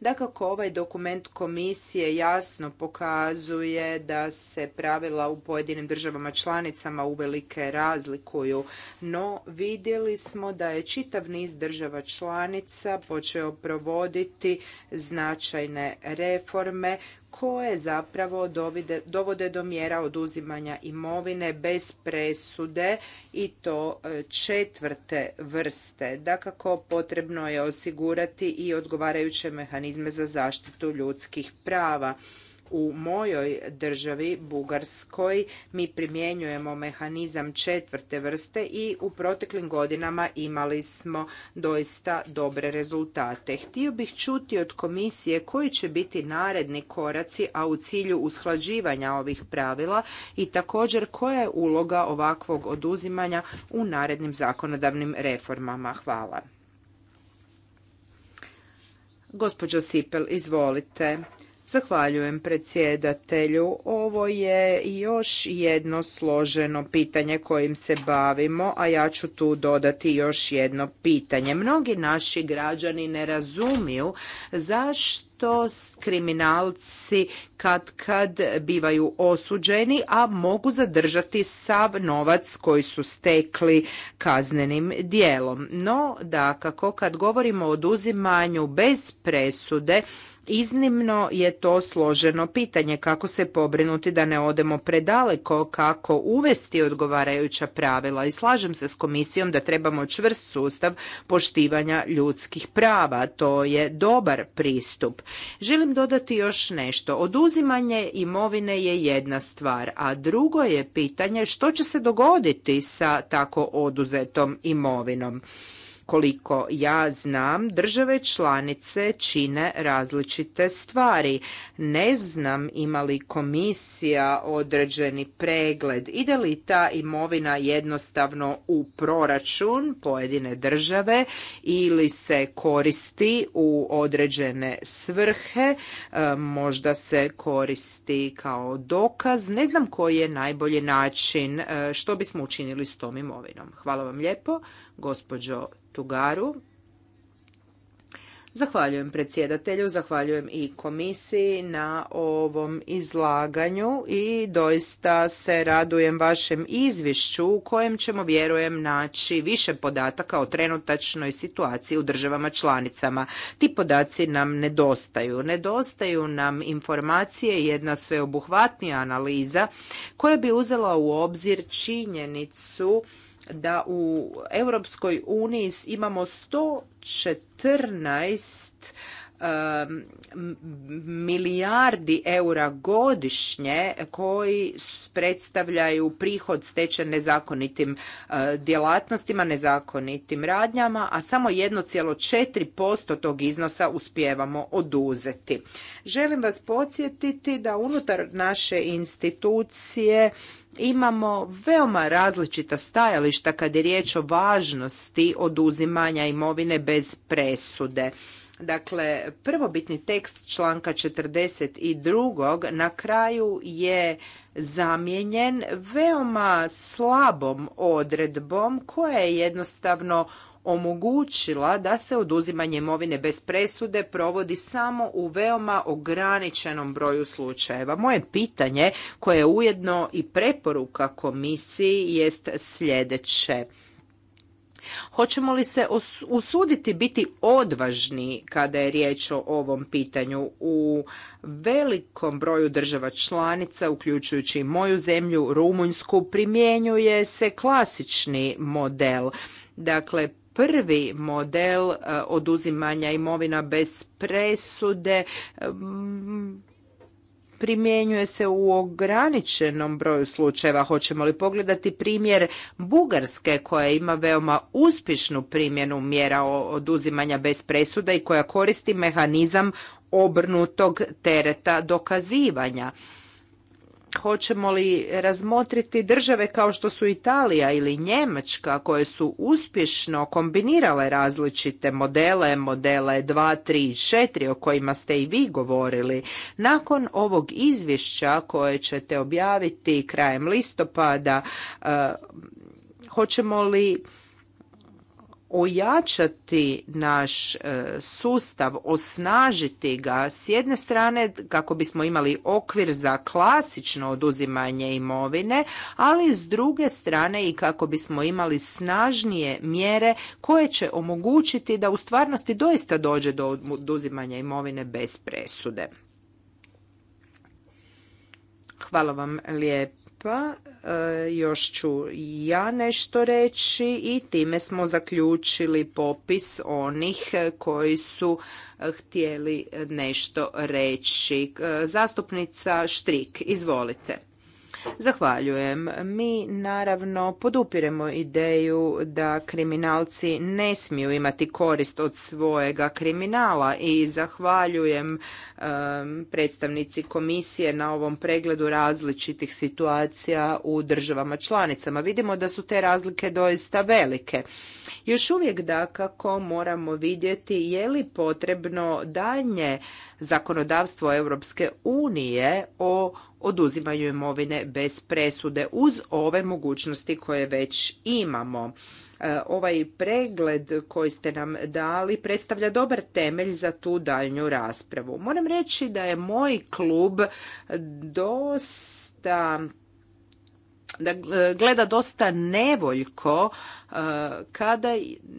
Dakako, ovaj dokument komisije jasno pokazuje da se pravila u pojedinim državama članicama uvelike razlikuju, no vidjeli smo da je čitav niz država članica počeo provoditi značajne reforme koje zapravo dovode do mjera oduzimanja imovine bez presude i to e, četvrte vrste. Dakako, potrebno je osigurati i odgovarajuće mehanizme za zaštitu ljudskih prava. U mojoj državi, Bugarskoj, mi primjenjujemo mehanizam četvrte vrste i u proteklim godinama imali smo doista dobre rezultate. Htio bih čuti od komisije koji će biti naredni koraci, a u cilju usklađivanja ovih pravila i također koja je uloga ovakvog oduzimanja u narednim zakonodavnim reformama. Hvala. Gospođo Sipel, izvolite. Zahvaljujem predsjedatelju. Ovo je još jedno složeno pitanje kojim se bavimo, a ja ću tu dodati još jedno pitanje. Mnogi naši građani ne razumiju zašto kriminalci kad kad bivaju osuđeni, a mogu zadržati sav novac koji su stekli kaznenim dijelom. No, dakako, kad govorimo o oduzimanju bez presude, Iznimno je to složeno pitanje kako se pobrinuti da ne odemo predaleko, kako uvesti odgovarajuća pravila i slažem se s komisijom da trebamo čvrst sustav poštivanja ljudskih prava. To je dobar pristup. Želim dodati još nešto. Oduzimanje imovine je jedna stvar, a drugo je pitanje što će se dogoditi sa tako oduzetom imovinom. Koliko ja znam, države članice čine različite stvari. Ne znam ima li komisija određeni pregled, ide li ta imovina jednostavno u proračun pojedine države ili se koristi u određene svrhe, e, možda se koristi kao dokaz, ne znam koji je najbolji način e, što bismo učinili s tom imovinom. Hvala vam lijepo gospođo Tugaru. Zahvaljujem predsjedatelju, zahvaljujem i komisiji na ovom izlaganju i doista se radujem vašem izvješću u kojem ćemo vjerujem naći više podataka o trenutačnoj situaciji u državama članicama. Ti podaci nam nedostaju. Nedostaju nam informacije i jedna sveobuhvatnija analiza koja bi uzela u obzir činjenicu da u Europskoj uniji imamo 114 milijardi eura godišnje koji predstavljaju prihod stečen nezakonitim e, djelatnostima, nezakonitim radnjama, a samo 1,4% tog iznosa uspijevamo oduzeti. Želim vas podsjetiti da unutar naše institucije imamo veoma različita stajališta kad je riječ o važnosti oduzimanja imovine bez presude. Dakle, prvobitni tekst članka 42. na kraju je zamijenjen veoma slabom odredbom koja je jednostavno omogućila da se oduzimanje imovine bez presude provodi samo u veoma ograničenom broju slučajeva. Moje pitanje koje je ujedno i preporuka komisiji jest sljedeće. Hoćemo li se usuditi biti odvažni kada je riječ o ovom pitanju? U velikom broju država članica, uključujući moju zemlju, Rumunjsku, primjenjuje se klasični model. Dakle, prvi model e, oduzimanja imovina bez presude e, primjenjuje se u ograničenom broju slučajeva. Hoćemo li pogledati primjer Bugarske koja ima veoma uspješnu primjenu mjera oduzimanja bez presude i koja koristi mehanizam obrnutog tereta dokazivanja hoćemo li razmotriti države kao što su Italija ili Njemačka koje su uspješno kombinirale različite modele, modele 2, 3 4 o kojima ste i vi govorili. Nakon ovog izvješća koje ćete objaviti krajem listopada, eh, hoćemo li ojačati naš e, sustav, osnažiti ga s jedne strane kako bismo imali okvir za klasično oduzimanje imovine, ali s druge strane i kako bismo imali snažnije mjere koje će omogućiti da u stvarnosti doista dođe do oduzimanja imovine bez presude. Hvala vam lijepa. E, još ću ja nešto reći i time smo zaključili popis onih e, koji su e, htjeli nešto reći. Zastupnica Štrik, izvolite. Zahvaljujem. Mi naravno podupiremo ideju da kriminalci ne smiju imati korist od svojega kriminala i zahvaljujem predstavnici komisije na ovom pregledu različitih situacija u državama članicama. Vidimo da su te razlike doista velike. Još uvijek dakako moramo vidjeti je li potrebno danje zakonodavstvo Europske unije o oduzimanju imovine bez presude uz ove mogućnosti koje već imamo. E, ovaj pregled koji ste nam dali predstavlja dobar temelj za tu daljnju raspravu. Moram reći da je moj klub dosta da e, gleda dosta nevoljko e, kada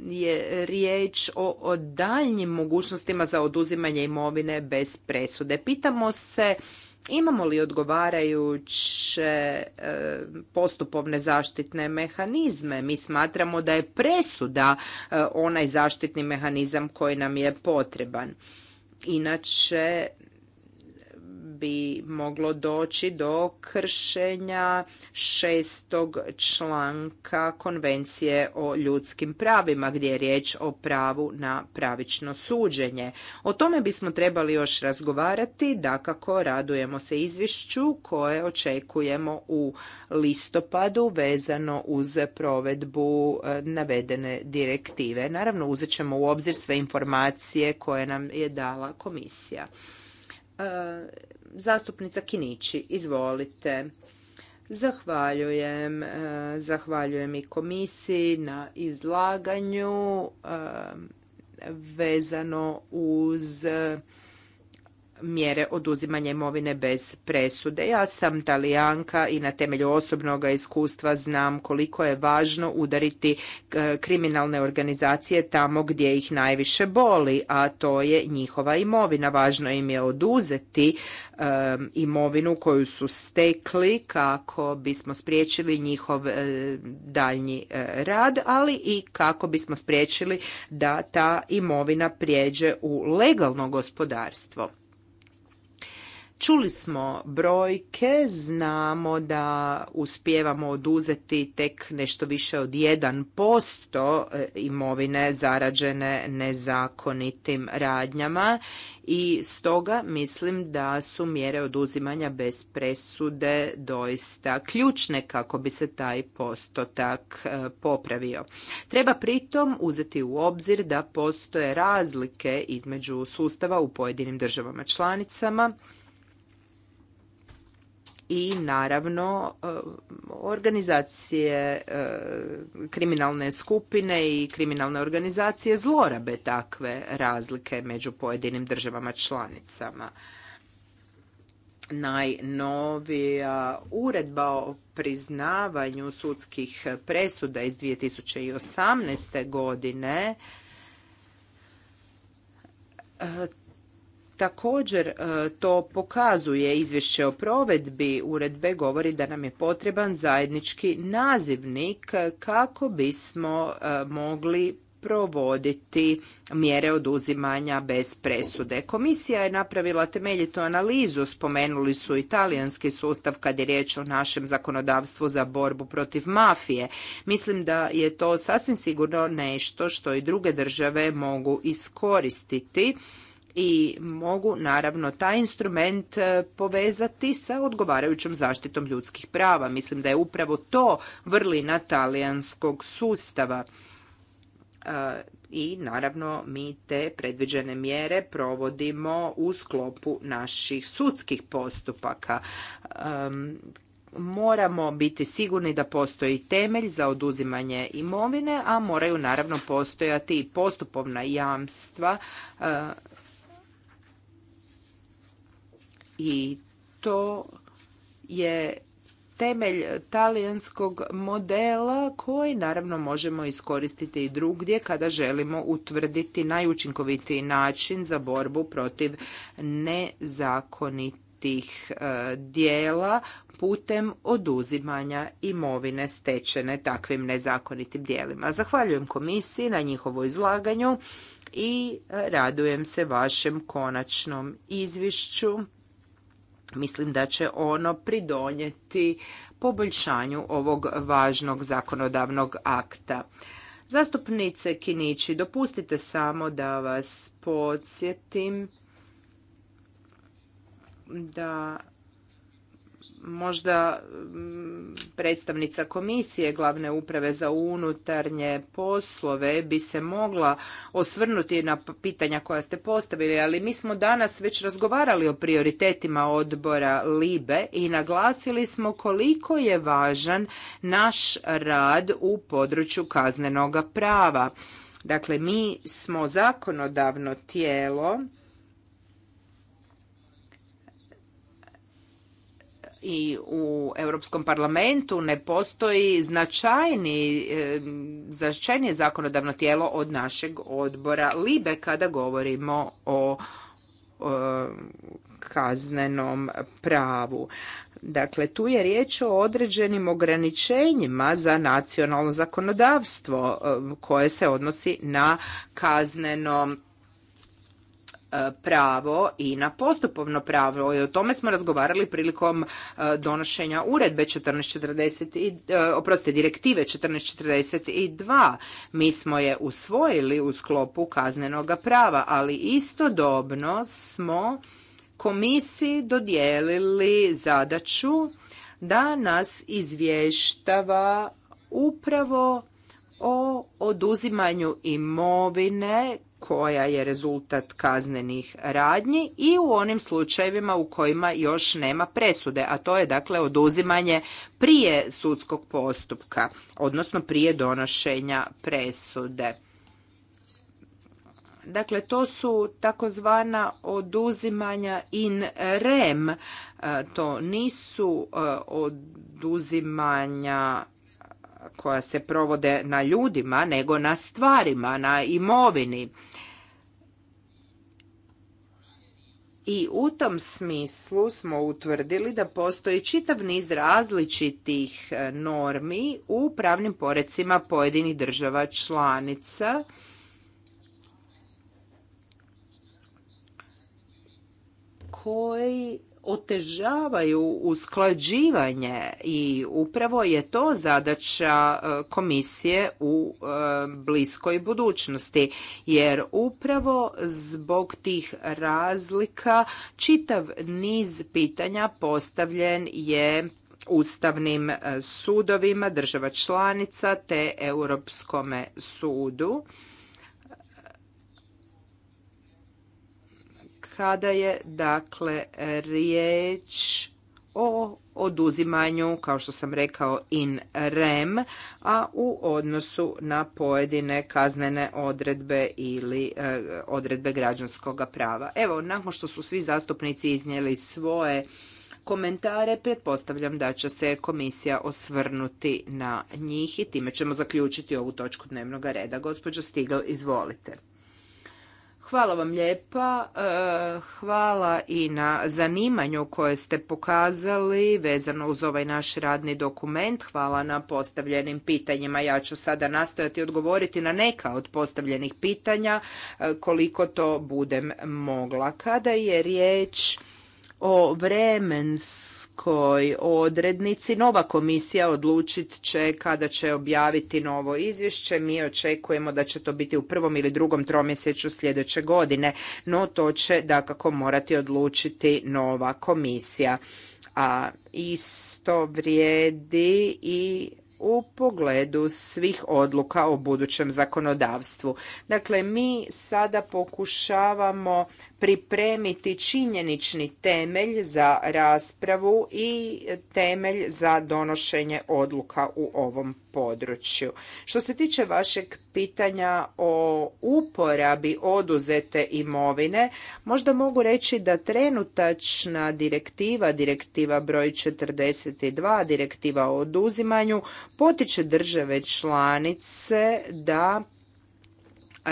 je riječ o, o daljnjim mogućnostima za oduzimanje imovine bez presude. Pitamo se imamo li odgovarajuće e, postupovne zaštitne mehanizme. Mi smatramo da je presuda onaj zaštitni mehanizam koji nam je potreban. Inače, bi moglo doći do kršenja šestog članka Konvencije o ljudskim pravima gdje je riječ o pravu na pravično suđenje. O tome bismo trebali još razgovarati, dakako radujemo se izvišću koje očekujemo u listopadu vezano uz provedbu e, navedene direktive. Naravno uzet ćemo u obzir sve informacije koje nam je dala komisija. E, Zastupnica Kinići, izvolite. Zahvaljujem, e, zahvaljujem i komisiji na izlaganju e, vezano uz mjere oduzimanja imovine bez presude. Ja sam talijanka i na temelju osobnog iskustva znam koliko je važno udariti e, kriminalne organizacije tamo gdje ih najviše boli, a to je njihova imovina. Važno im je oduzeti e, imovinu koju su stekli kako bismo spriječili njihov e, daljnji rad, ali i kako bismo spriječili da ta imovina prijeđe u legalno gospodarstvo. Čuli smo brojke, znamo da uspijevamo oduzeti tek nešto više od 1% e, imovine zarađene nezakonitim radnjama i stoga mislim da su mjere oduzimanja bez presude doista ključne kako bi se taj postotak e, popravio. Treba pritom uzeti u obzir da postoje razlike između sustava u pojedinim državama članicama i naravno e, organizacije e, kriminalne skupine i kriminalne organizacije zlorabe takve razlike među pojedinim državama članicama najnovija uredba o priznavanju sudskih presuda iz 2018. godine e, Također e, to pokazuje izvješće o provedbi uredbe govori da nam je potreban zajednički nazivnik kako bismo e, mogli provoditi mjere oduzimanja bez presude. Komisija je napravila temeljitu analizu, spomenuli su i talijanski sustav kad je riječ o našem zakonodavstvu za borbu protiv mafije. Mislim da je to sasvim sigurno nešto što i druge države mogu iskoristiti i mogu naravno taj instrument e, povezati sa odgovarajućom zaštitom ljudskih prava. Mislim da je upravo to vrlina talijanskog sustava e, i naravno mi te predviđene mjere provodimo u sklopu naših sudskih postupaka. E, moramo biti sigurni da postoji temelj za oduzimanje imovine, a moraju naravno postojati i postupovna jamstva i to je temelj talijanskog modela koji naravno možemo iskoristiti i drugdje kada želimo utvrditi najučinkovitiji način za borbu protiv nezakonitih e, dijela putem oduzimanja imovine stečene takvim nezakonitim dijelima. Zahvaljujem komisiji na njihovo izlaganju i e, radujem se vašem konačnom izvješću mislim da će ono pridonijeti poboljšanju ovog važnog zakonodavnog akta. Zastupnice Kinići, dopustite samo da vas podsjetim da možda mm, predstavnica komisije glavne uprave za unutarnje poslove bi se mogla osvrnuti na pitanja koja ste postavili, ali mi smo danas već razgovarali o prioritetima odbora LIBE i naglasili smo koliko je važan naš rad u području kaznenoga prava. Dakle, mi smo zakonodavno tijelo i u Europskom parlamentu ne postoji značajni, e, značajnije zakonodavno tijelo od našeg odbora LIBE kada govorimo o, o kaznenom pravu. Dakle, tu je riječ o određenim ograničenjima za nacionalno zakonodavstvo e, koje se odnosi na kazneno E, pravo i na postupovno pravo i o tome smo razgovarali prilikom e, donošenja uredbe 1440 e, oprostite direktive 1442 mi smo je usvojili u sklopu kaznenoga prava ali istodobno smo komisiji dodijelili zadaću da nas izvještava upravo o oduzimanju imovine koja je rezultat kaznenih radnji i u onim slučajevima u kojima još nema presude, a to je dakle oduzimanje prije sudskog postupka, odnosno prije donošenja presude. Dakle, to su takozvana oduzimanja in rem. E, to nisu e, oduzimanja koja se provode na ljudima nego na stvarima, na imovini. I u tom smislu smo utvrdili da postoji čitav niz različitih e, normi u pravnim porecima pojedinih država članica. koji otežavaju usklađivanje i upravo je to zadaća e, komisije u e, bliskoj budućnosti jer upravo zbog tih razlika čitav niz pitanja postavljen je ustavnim e, sudovima država članica te europskome sudu kada je dakle riječ o oduzimanju, kao što sam rekao, in rem, a u odnosu na pojedine kaznene odredbe ili e, odredbe građanskog prava. Evo, nakon što su svi zastupnici iznijeli svoje komentare, pretpostavljam da će se komisija osvrnuti na njih i time ćemo zaključiti ovu točku dnevnog reda. Gospođo Stigl, izvolite. Hvala vam lijepa. E, hvala i na zanimanju koje ste pokazali vezano uz ovaj naš radni dokument. Hvala na postavljenim pitanjima. Ja ću sada nastojati odgovoriti na neka od postavljenih pitanja e, koliko to budem mogla. Kada je riječ o vremenskoj odrednici. Nova komisija odlučit će kada će objaviti novo izvješće. Mi očekujemo da će to biti u prvom ili drugom tromjesečju sljedeće godine, no to će dakako morati odlučiti nova komisija. A isto vrijedi i u pogledu svih odluka o budućem zakonodavstvu. Dakle, mi sada pokušavamo pripremiti činjenični temelj za raspravu i temelj za donošenje odluka u ovom području. Što se tiče vašeg pitanja o uporabi oduzete imovine, možda mogu reći da trenutačna direktiva, direktiva broj 42, direktiva o oduzimanju, potiče države članice da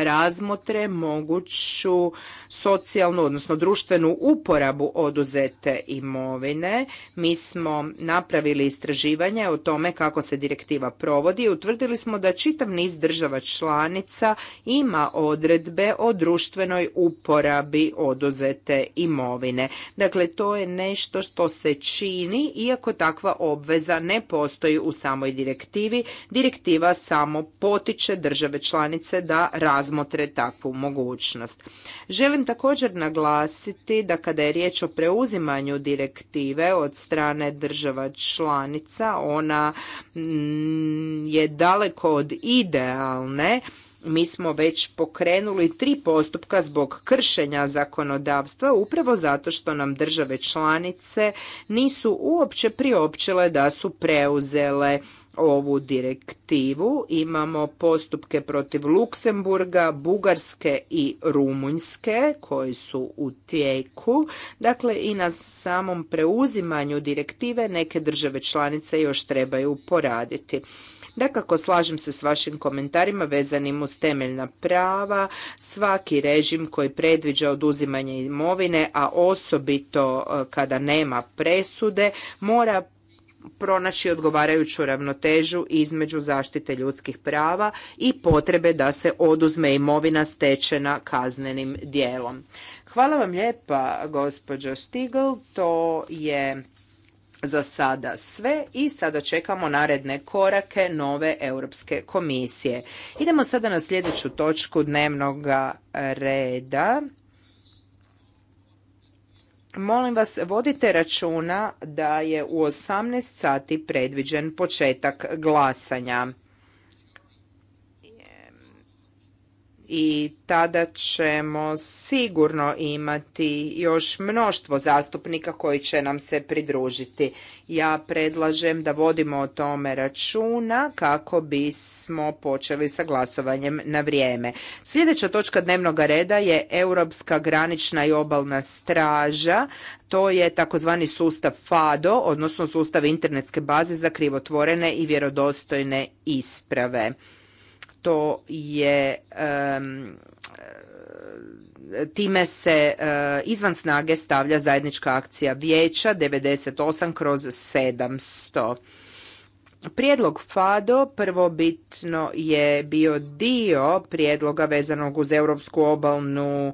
razmotre moguću socijalnu, odnosno društvenu uporabu oduzete imovine. Mi smo napravili istraživanje o tome kako se direktiva provodi i utvrdili smo da čitav niz država članica ima odredbe o društvenoj uporabi oduzete imovine. Dakle, to je nešto što se čini, iako takva obveza ne postoji u samoj direktivi. Direktiva samo potiče države članice da razmotre razmotre takvu mogućnost. Želim također naglasiti da kada je riječ o preuzimanju direktive od strane država članica, ona mm, je daleko od idealne, mi smo već pokrenuli tri postupka zbog kršenja zakonodavstva upravo zato što nam države članice nisu uopće priopćile da su preuzele ovu direktivu. Imamo postupke protiv Luksemburga, Bugarske i Rumunjske koji su u tijeku. Dakle i na samom preuzimanju direktive neke države članice još trebaju poraditi. Dakako slažem se s vašim komentarima vezanim uz temeljna prava, svaki režim koji predviđa oduzimanje imovine, a osobito e, kada nema presude, mora pronaći odgovarajuću ravnotežu između zaštite ljudskih prava i potrebe da se oduzme imovina stečena kaznenim dijelom. Hvala vam lijepa, gospođo Stigl. To je za sada sve i sada čekamo naredne korake nove Europske komisije. Idemo sada na sljedeću točku dnevnog reda. Molim vas, vodite računa da je u 18 sati predviđen početak glasanja. i tada ćemo sigurno imati još mnoštvo zastupnika koji će nam se pridružiti. Ja predlažem da vodimo o tome računa kako bismo počeli sa glasovanjem na vrijeme. Sljedeća točka dnevnog reda je Europska granična i obalna straža. To je takozvani sustav FADO, odnosno sustav internetske baze za krivotvorene i vjerodostojne isprave to je time se e, izvan snage stavlja zajednička akcija vijeća 98 kroz 700. Prijedlog FADO prvobitno je bio dio prijedloga vezanog uz Europsku obalnu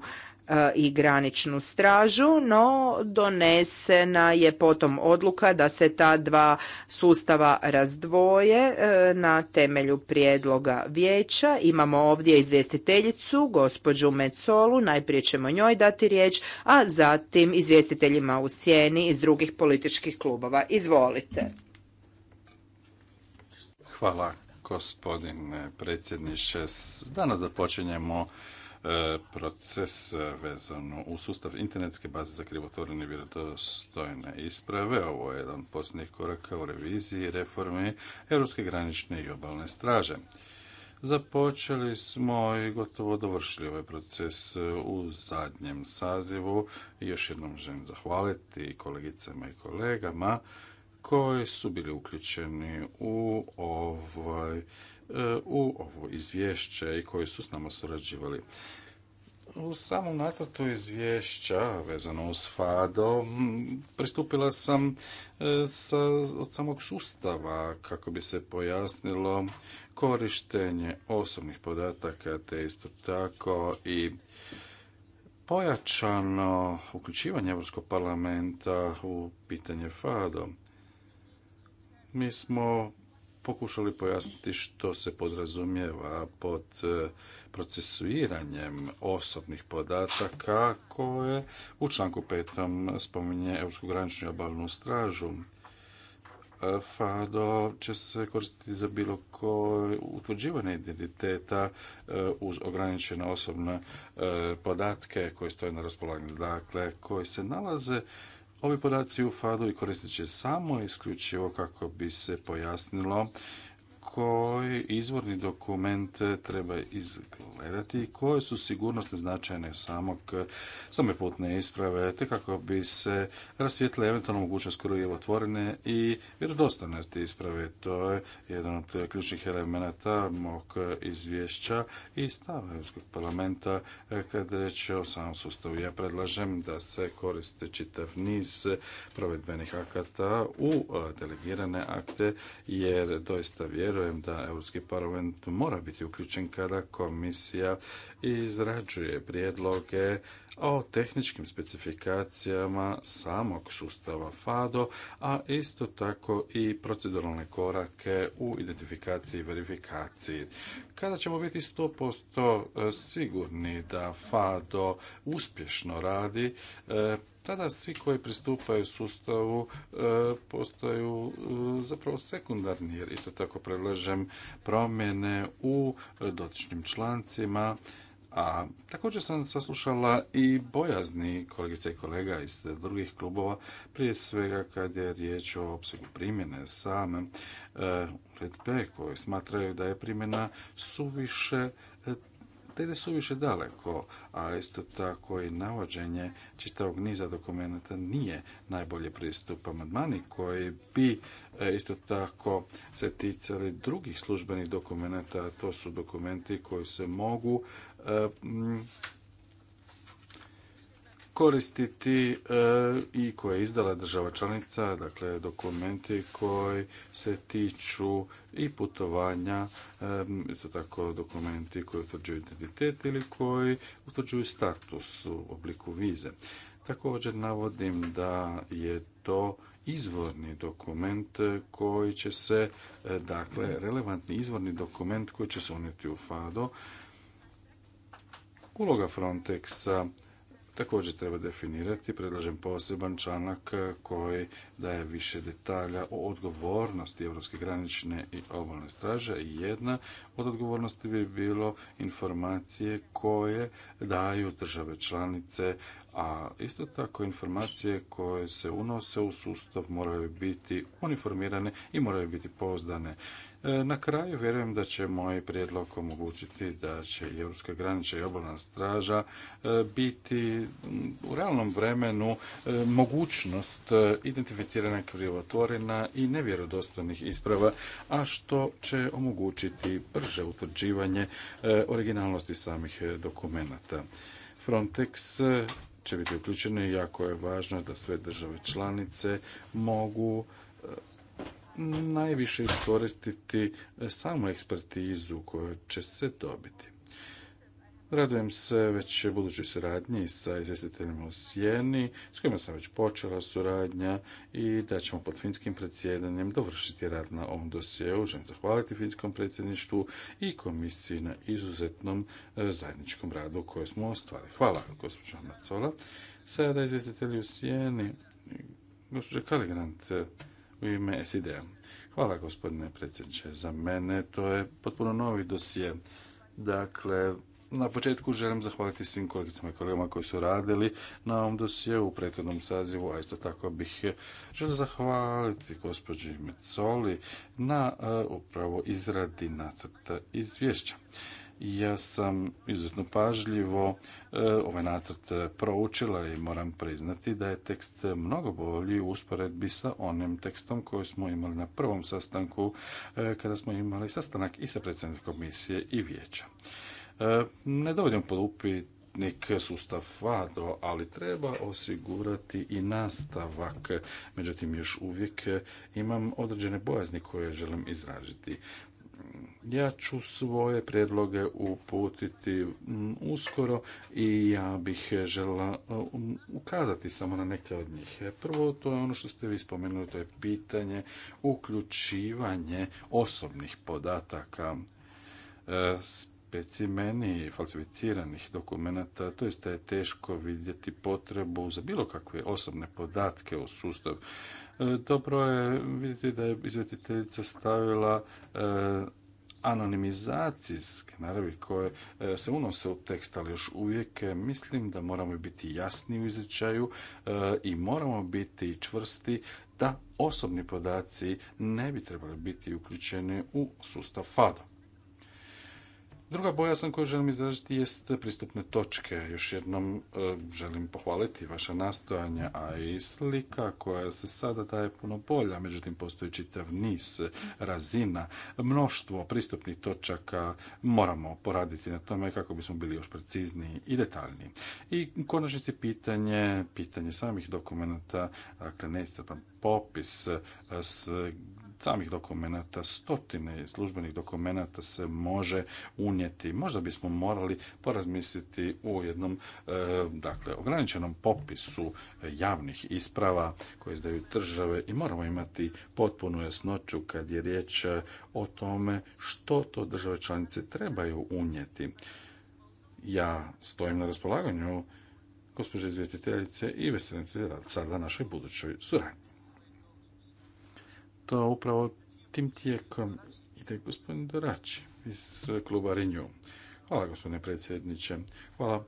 E, i graničnu stražu, no donesena je potom odluka da se ta dva sustava razdvoje e, na temelju prijedloga vijeća. Imamo ovdje izvjestiteljicu, gospođu Mecolu, najprije ćemo njoj dati riječ, a zatim izvjestiteljima u sjeni iz drugih političkih klubova. Izvolite. Hvala gospodine predsjedniče. Danas započinjemo E, proces e, vezano u sustav internetske baze za krivotvorene vjerodostojne isprave. Ovo je jedan posljednjih koraka u reviziji reforme Europske granične i obalne straže. Započeli smo i gotovo dovršili ovaj proces e, u zadnjem sazivu. Još jednom želim zahvaliti kolegicama i kolegama koji su bili uključeni u ovaj u ovo izvješće i koji su s nama surađivali. U samom nacrtu izvješća vezano uz FADO pristupila sam e, sa, od samog sustava kako bi se pojasnilo korištenje osobnih podataka te isto tako i pojačano uključivanje Europskog parlamenta u pitanje FADO. Mi smo pokušali pojasniti što se podrazumijeva pod e, procesuiranjem osobnih podataka koje u članku 5. spominje Europsku graničnu obalnu stražu. E, FADO će se koristiti za bilo koje utvrđivanje identiteta e, uz ograničene osobne podatke koje stoje na raspolaganju, dakle, koji se nalaze Ovi podaci u fadu i koristit će samo isključivo kako bi se pojasnilo koji izvorni dokument treba izgledati i koje su sigurnosne značajne samog, same putne isprave, te kako bi se rasvijetila eventualno mogućnost otvorene i vjerodostojnosti isprave. To je jedan od ključnih elemenata mog izvješća i stava Europskog parlamenta e, kada će o samom sustavu. Ja predlažem da se koriste čitav niz provedbenih akata u e, delegirane akte, jer doista vjerujem vjerujem da Europski parlament mora biti uključen kada komisija izrađuje prijedloge o tehničkim specifikacijama samog sustava FADO, a isto tako i proceduralne korake u identifikaciji i verifikaciji. Kada ćemo biti 100% sigurni da FADO uspješno radi, e, tada svi koji pristupaju sustavu e, postaju e, zapravo sekundarni, jer isto tako predlažem promjene u dotičnim člancima, a također sam saslušala i bojazni kolegice i kolega iz drugih klubova, prije svega kad je riječ o opsegu primjene same e, uredbe koji smatraju da je primjena suviše te ide suviše daleko, a isto tako i navođenje čitavog niza dokumenta nije najbolje pristup. Amandmani koji bi e, isto tako se ticali drugih službenih dokumenta, to su dokumenti koji se mogu e, koristiti e, i koje je izdala država članica, dakle dokumenti koji se tiču i putovanja, e, isto tako dokumenti koji utvrđuju identitet ili koji utvrđuju status u obliku vize. Također navodim da je to izvorni dokument koji će se, e, dakle, relevantni izvorni dokument koji će se unijeti u FADO, uloga Frontexa, također treba definirati, predlažem poseban članak koji daje više detalja o odgovornosti Europske granične i obalne straže. Jedna od odgovornosti bi bilo informacije koje daju države članice, a isto tako informacije koje se unose u sustav moraju biti uniformirane i moraju biti pouzdane. E, na kraju vjerujem da će moj prijedlog omogućiti da će i Europska granična i obalna straža e, biti mm, u realnom vremenu e, mogućnost identificiranja krivotvorena i nevjerodostojnih isprava, a što će omogućiti brže utvrđivanje originalnosti samih dokumenata. Frontex će biti uključeno i jako je važno da sve države članice mogu najviše iskoristiti samu ekspertizu koju će se dobiti. Radujem se već budućoj suradnji sa izvjestiteljima u Sjeni, s kojima sam već počela suradnja i da ćemo pod finskim predsjedanjem dovršiti rad na ovom dosjeu. Želim zahvaliti finskom predsjedništvu i komisiji na izuzetnom e, zajedničkom radu koje smo ostvarili. Hvala, gospođo Macola. Sada izvjestitelji u Sjeni, gospođo kaligrance u ime SID-a. Hvala gospodine predsjedniče. Za mene to je potpuno novi dosije. Dakle, na početku želim zahvaliti svim kolegicama i kolegama koji su radili na ovom dosjeu u prethodnom sazivu, a isto tako bih želio zahvaliti gospođi Mecoli na e, upravo izradi nacrta izvješća. Ja sam izuzetno pažljivo e, ovaj nacrt e, proučila i moram priznati da je tekst mnogo bolji u usporedbi sa onim tekstom koji smo imali na prvom sastanku e, kada smo imali sastanak i sa predsjednikom komisije i vijeća. Ne dovoljno pod upitnik sustav vado, ali treba osigurati i nastavak. Međutim, još uvijek imam određene bojazni koje želim izražiti. Ja ću svoje predloge uputiti mm, uskoro i ja bih žela e, um, ukazati samo na neke od njih. E, prvo, to je ono što ste vi spomenuli, to je pitanje uključivanje osobnih podataka e, specimeni falsificiranih dokumenata, to je teško vidjeti potrebu za bilo kakve osobne podatke u sustav. Dobro je vidjeti da je izvjetiteljica stavila anonimizacijske naravi koje e, se unose u tekst, ali još uvijek e, mislim da moramo biti jasni u izričaju e, i moramo biti čvrsti da osobni podaci ne bi trebali biti uključeni u sustav FADO. Druga sam koju želim izražiti jest pristupne točke. Još jednom e, želim pohvaliti vaša nastojanja, a i slika koja se sada daje puno bolja. Međutim, postoji čitav niz razina, mnoštvo pristupnih točaka. Moramo poraditi na tome kako bismo bili još precizniji i detaljniji. I u konačnici pitanje, pitanje samih dokumenta, dakle, neiscrpan popis s samih dokumenata, stotine službenih dokumenata se može unijeti. Možda bismo morali porazmisliti o jednom e, dakle, ograničenom popisu javnih isprava koje izdaju države i moramo imati potpunu jasnoću kad je riječ o tome što to države članice trebaju unijeti. Ja stojim na raspolaganju gospođe izvjestiteljice i veselim se sada našoj budućoj suradnji to upravo tim tijekom ide gospodin Dorači iz kluba Renew. Hvala gospodine predsjedniče. Hvala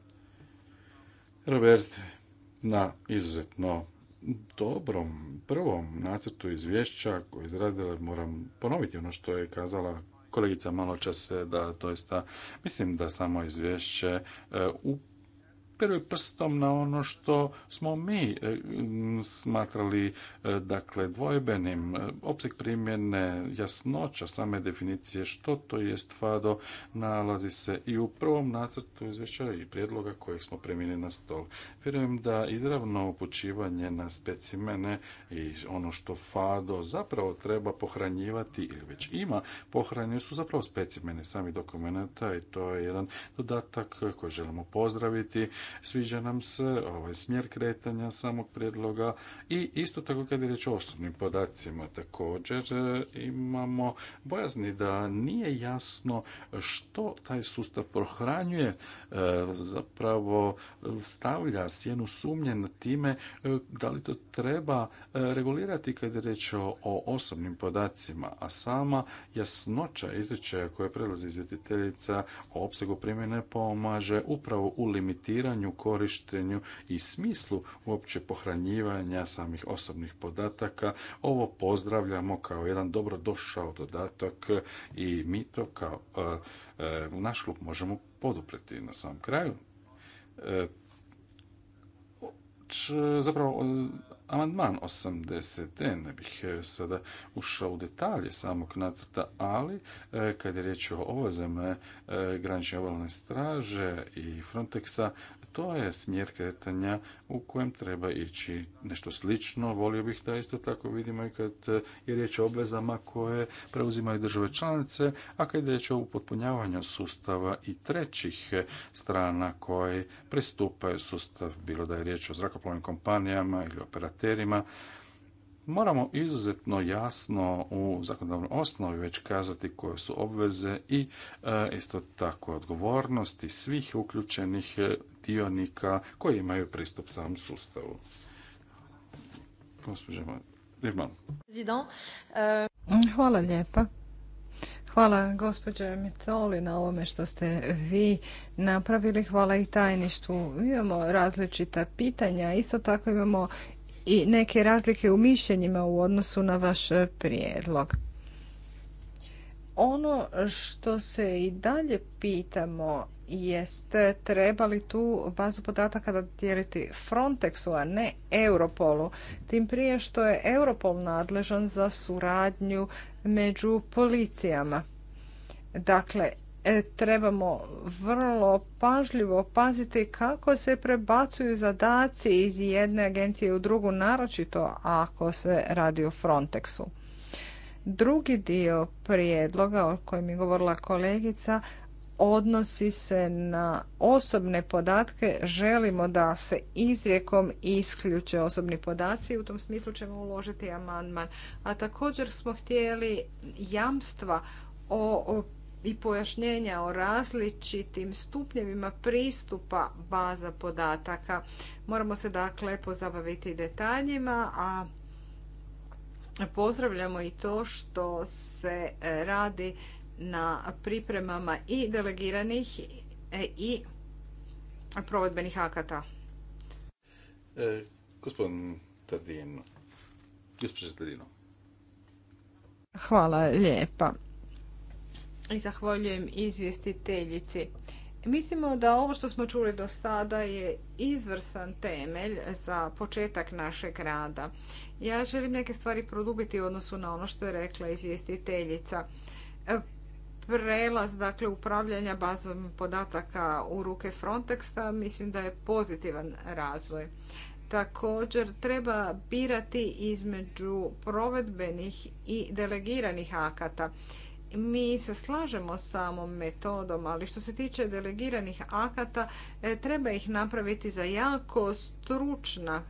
Robert na izuzetno dobrom prvom nacrtu izvješća koje izradila, moram ponoviti ono što je kazala kolegica malo čas da doista mislim da samo izvješće e, u prstom na ono što smo mi e, smatrali e, dakle dvojbenim. E, opseg primjene, jasnoća same definicije što to jest FADO nalazi se i u prvom nacrtu izvješća i prijedloga kojeg smo primili na stol. Vjerujem da izravno upućivanje na specimene i ono što FADO zapravo treba pohranjivati ili već ima pohranju su zapravo specimene sami dokumenta i to je jedan dodatak koji želimo pozdraviti Sviđa nam se ovaj smjer kretanja samog predloga i isto tako kad je riječ o osobnim podacima također e, imamo bojazni da nije jasno što taj sustav prohranjuje e, zapravo stavlja sjenu sumnje na time e, da li to treba regulirati kad je riječ o osobnim podacima, a sama jasnoća izričaja koje prelazi izvjestiteljica o opsegu primjene pomaže upravo u limitiranju u korištenju i smislu uopće pohranjivanja samih osobnih podataka. Ovo pozdravljamo kao jedan dobrodošao dodatak i mi to kao e, e, u naš klub možemo podupreti na samom kraju. E, zapravo, amandman 80. Ne bih sada ušao u detalje samog nacrta, ali kad je riječ o ovazem granične obalne straže i Frontexa, to je smjer kretanja u kojem treba ići nešto slično. Volio bih da isto tako vidimo i kad je riječ o obvezama koje preuzimaju države članice, a kad je riječ o upotpunjavanju sustava i trećih strana koje pristupaju sustav, bilo da je riječ o zrakoplovnim kompanijama ili operaterima, moramo izuzetno jasno u zakonodavnoj osnovi već kazati koje su obveze i e, isto tako odgovornosti svih uključenih e, dionika koji imaju pristup samom sustavu. Mm, hvala lijepa. Hvala gospođe Micoli na ovome što ste vi napravili. Hvala i tajništvu. Imamo različita pitanja. Isto tako imamo i neke razlike u mišljenjima u odnosu na vaš e, prijedlog. Ono što se i dalje pitamo jeste treba li tu bazu podataka dodijeliti Frontexu, a ne Europolu. Tim prije što je Europol nadležan za suradnju među policijama. Dakle, E, trebamo vrlo pažljivo paziti kako se prebacuju zadaci iz jedne agencije u drugu, naročito ako se radi o Frontexu. Drugi dio prijedloga o kojem je govorila kolegica odnosi se na osobne podatke. Želimo da se izrijekom isključe osobni podaci i u tom smislu ćemo uložiti amandman. A također smo htjeli jamstva o i pojašnjenja o različitim stupnjevima pristupa baza podataka. Moramo se dakle pozabaviti detaljima, a pozdravljamo i to što se e, radi na pripremama i delegiranih e, i provodbenih akata. E, gospodin Tardino. Hvala lijepa i zahvaljujem izvjestiteljici. Mislimo da ovo što smo čuli do sada je izvrsan temelj za početak našeg rada. Ja želim neke stvari produbiti u odnosu na ono što je rekla izvjestiteljica. Prelaz dakle, upravljanja bazom podataka u ruke Frontexa mislim da je pozitivan razvoj. Također treba birati između provedbenih i delegiranih akata mi se slažemo samom metodom, ali što se tiče delegiranih akata, e, treba ih napraviti za jako stručna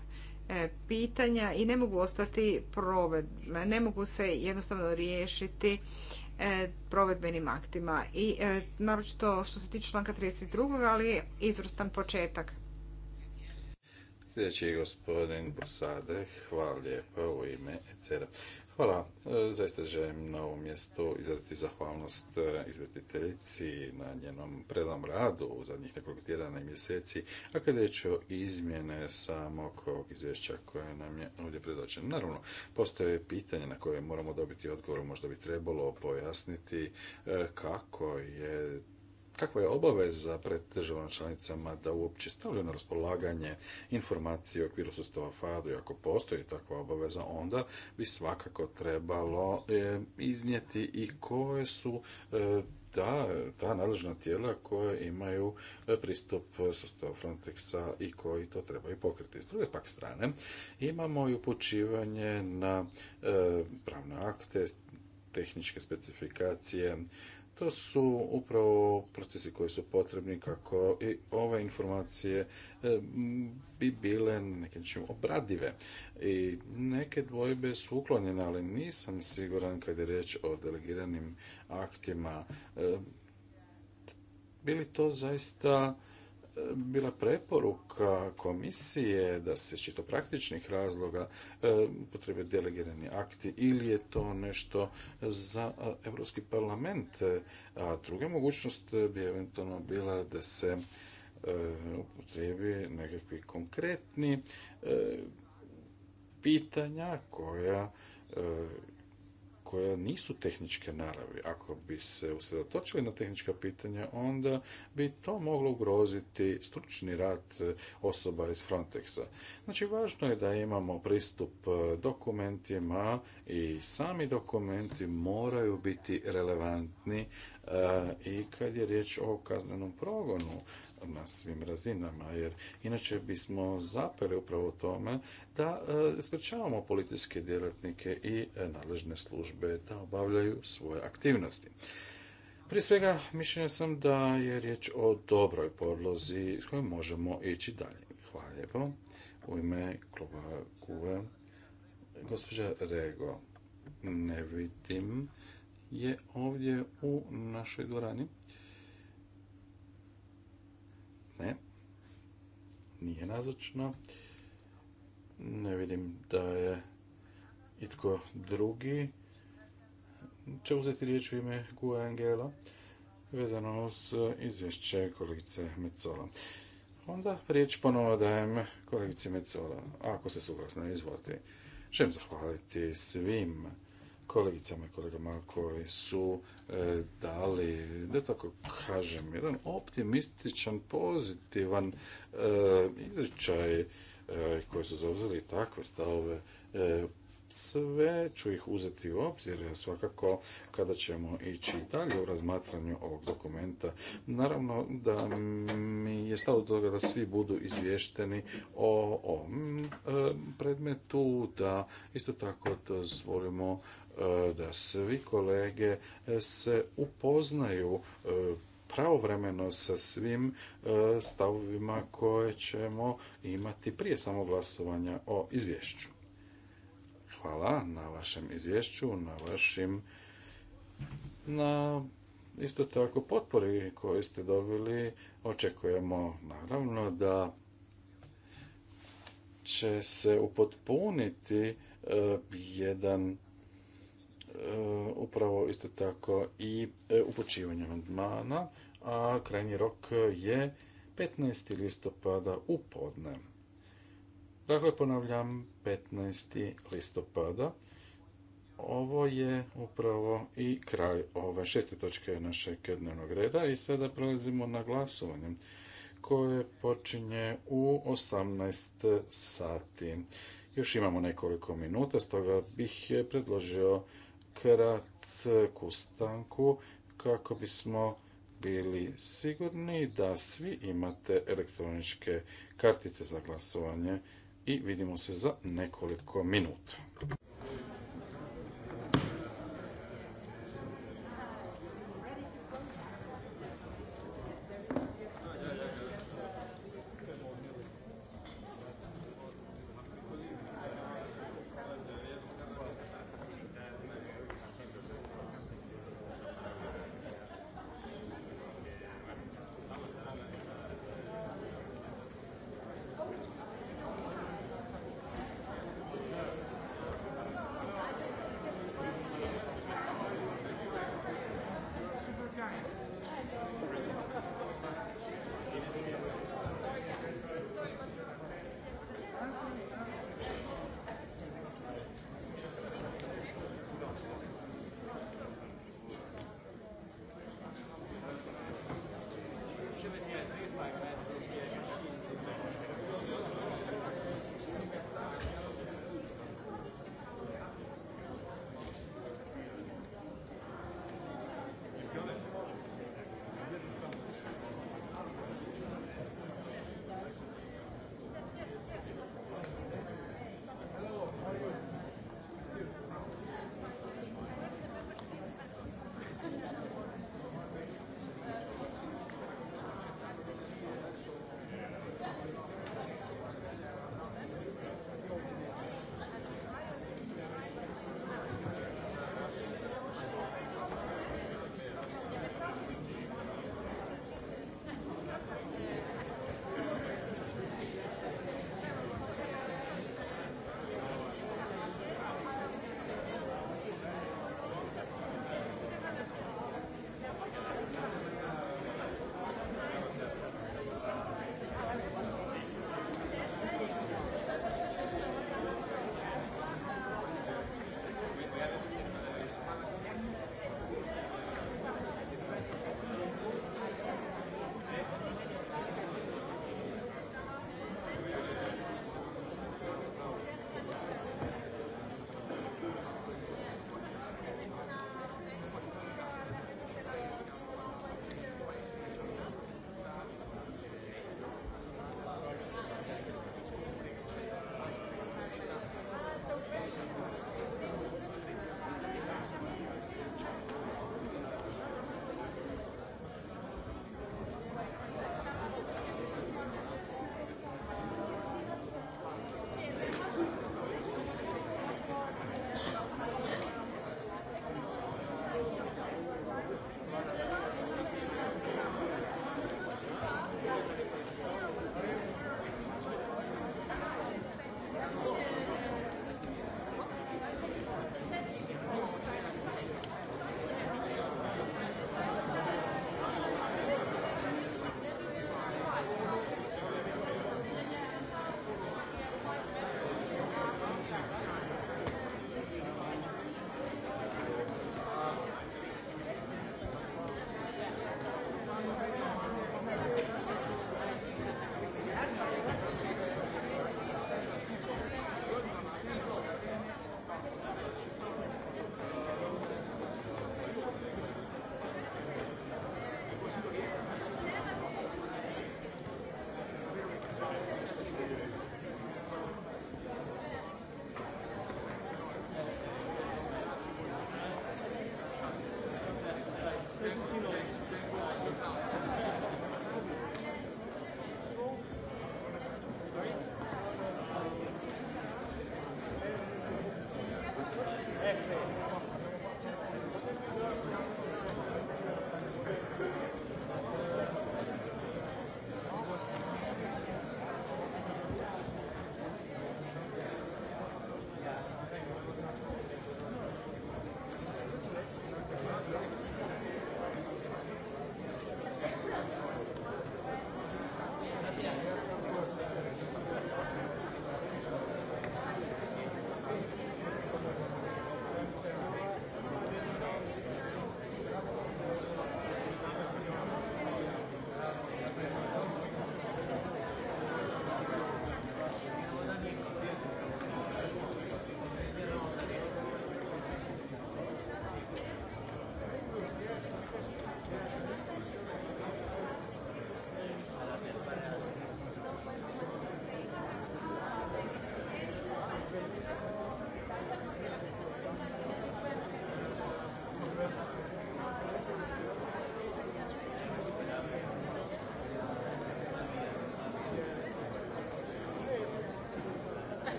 e, pitanja i ne mogu ostati provedbe, ne mogu se jednostavno riješiti e, provedbenim aktima. I naročito što se tiče članka 32. ali je izvrstan početak. Sljedeći gospodin Brusade, hvala lijepo u ime ecr Hvala. E, zaista želim na ovom mjestu izraziti zahvalnost e, izvjetiteljici na njenom predlom radu u zadnjih nekoliko tjedana i mjeseci, a kada je o izmjene samog ovog izvješća koje nam je ovdje predočeno. Naravno, postoje pitanje na koje moramo dobiti odgovor, možda bi trebalo pojasniti e, kako je kakva je obaveza pred državama članicama da uopće stavljaju na raspolaganje informacije o okviru sustava FADO i ako postoji takva obaveza, onda bi svakako trebalo e, iznijeti i koje su e, ta, ta nadležna tijela koje imaju e, pristup sustava Frontexa i koji to trebaju pokriti. S druge pak strane, imamo i upućivanje na pravne akte, tehničke specifikacije, to su upravo procesi koji su potrebni kako i ove informacije e, bi bile nekim čim obradive. I neke dvojbe su uklonjene, ali nisam siguran kada je riječ o delegiranim aktima. E, Bili to zaista bila preporuka komisije da se čisto praktičnih razloga e, potrebe delegirani akti ili je to nešto za Evropski parlament? E, a druga mogućnost bi eventualno bila da se e, upotrebi nekakvi konkretni pitanja koja koja nisu tehničke naravi. Ako bi se usredotočili na tehnička pitanja, onda bi to moglo ugroziti stručni rad e, osoba iz Frontexa. Znači, važno je da imamo pristup e, dokumentima i sami dokumenti moraju biti relevantni e, i kad je riječ o kaznenom progonu na svim razinama, jer inače bismo zapeli upravo tome da e, sprečavamo policijske djelatnike i nadležne službe da obavljaju svoje aktivnosti. Prije svega, mišljenja sam da je riječ o dobroj podlozi s kojom možemo ići dalje. Hvala lijepo. U ime kluba Kuve, gospođa Rego, ne vidim, je ovdje u našoj dvorani ne. Nije nazočno. Ne vidim da je itko drugi će uzeti riječ u ime Angela vezano uz izvješće kolegice Mecola. Onda riječ ponovo dajem kolegici Mecola, ako se suglasno izvolite. Želim zahvaliti svim kolegicama i kolegama koji su e, dali, da tako kažem, jedan optimističan, pozitivan e, izričaj e, koji su zauzeli takve stavove sve ću ih uzeti u obzir svakako kada ćemo ići dalje u razmatranju ovog dokumenta. Naravno da mi je stalo do toga da svi budu izvješteni o ovom e, predmetu, da isto tako dozvolimo e, da svi kolege e, se upoznaju pravovremeno sa svim stavovima koje ćemo imati prije samog glasovanja o izvješću hvala na vašem izvješću, na vašim na isto tako potpori koju ste dobili. Očekujemo naravno da će se upotpuniti e, jedan e, upravo isto tako i e, upućivanje amandmana, a krajnji rok je 15. listopada u podne. Dakle, ponavljam, 15. listopada. Ovo je upravo i kraj ove šeste točke našeg dnevnog reda i sada prelazimo na glasovanje koje počinje u 18 sati. Još imamo nekoliko minuta, stoga bih predložio kratku stanku kako bismo bili sigurni da svi imate elektroničke kartice za glasovanje i vidimo se za nekoliko minuta.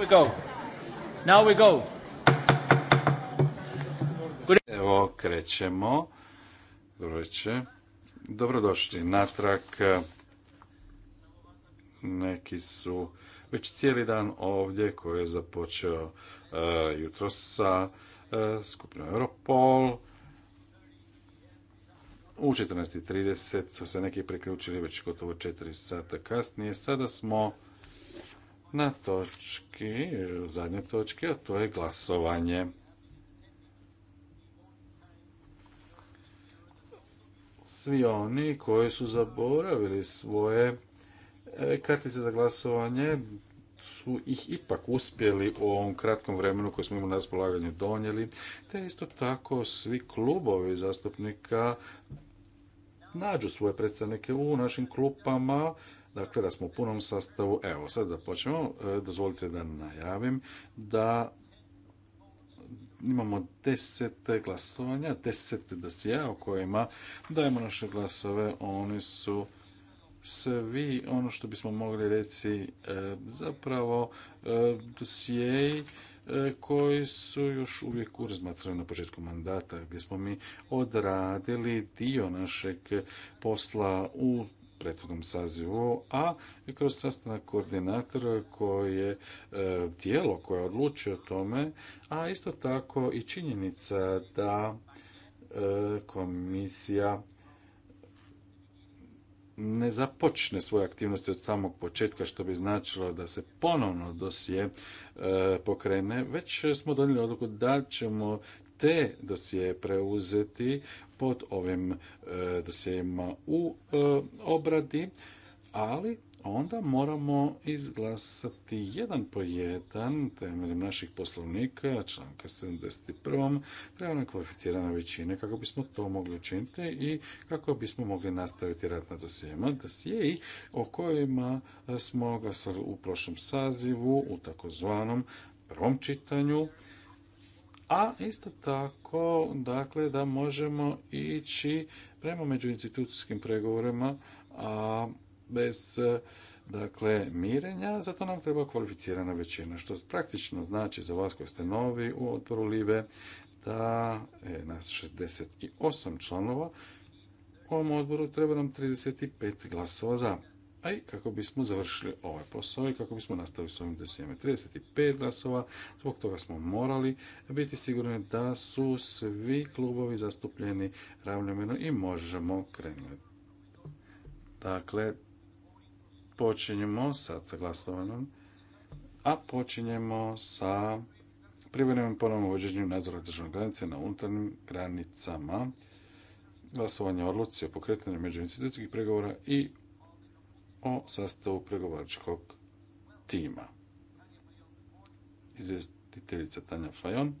we go. Now we go. Evo krećemo. Dobro večer. Dobrodošli natrag. Neki su već cijeli dan ovdje koji je započeo uh, jutro sa uh, eh, skupinom Europol. U 14.30 su se neki priključili već gotovo 4 sata kasnije. Sada smo na točki, u zadnjoj točki, a to je glasovanje. Svi oni koji su zaboravili svoje e, kartice za glasovanje su ih ipak uspjeli u ovom kratkom vremenu koje smo imali na raspolaganju donijeli, te isto tako svi klubovi zastupnika nađu svoje predstavnike u našim klupama, dakle da smo u punom sastavu. Evo, sad započnemo. E, dozvolite da najavim da imamo deset glasovanja, deset dosija o kojima dajemo naše glasove. Oni su svi ono što bismo mogli reći e, zapravo e, dosijeji koji su još uvijek u na početku mandata, gdje smo mi odradili dio našeg posla u prethodnom sazivu, a i kroz sastanak koordinatora koji je e, tijelo koje odlučuje o tome, a isto tako i činjenica da e, komisija ne započne svoje aktivnosti od samog početka, što bi značilo da se ponovno dosije e, pokrene, već smo donijeli odluku da ćemo te dosije preuzeti pod ovim e, dosijema u e, obradi, ali onda moramo izglasati jedan po jedan temeljem naših poslovnika, članka 71. treba nam kvalificirana većina kako bismo to mogli učiniti i kako bismo mogli nastaviti rad na dosijema. Dosijeji o kojima e, smo glasali u prošlom sazivu, u takozvanom prvom čitanju, a isto tako dakle, da možemo ići prema međuinstitucijskim pregovorima a bez dakle, mirenja, to nam treba kvalificirana većina, što praktično znači za vas koji ste novi u odboru Libe, da je nas 68 članova, u ovom odboru treba nam 35 glasova za a i kako bismo završili ovaj posao i kako bismo nastavili s ovim dosijeme. 35 glasova, zbog toga smo morali biti sigurni da su svi klubovi zastupljeni ravnomjerno i možemo krenuti. Dakle, počinjemo sad sa glasovanjem, a počinjemo sa privremenim ponovnom uvođenjem nadzora državne granice na unutarnjim granicama glasovanje o odluci o pokretanju institucijskih pregovora i o sastavu pregovaračkog tima. Izvjestiteljica Tanja Fajon.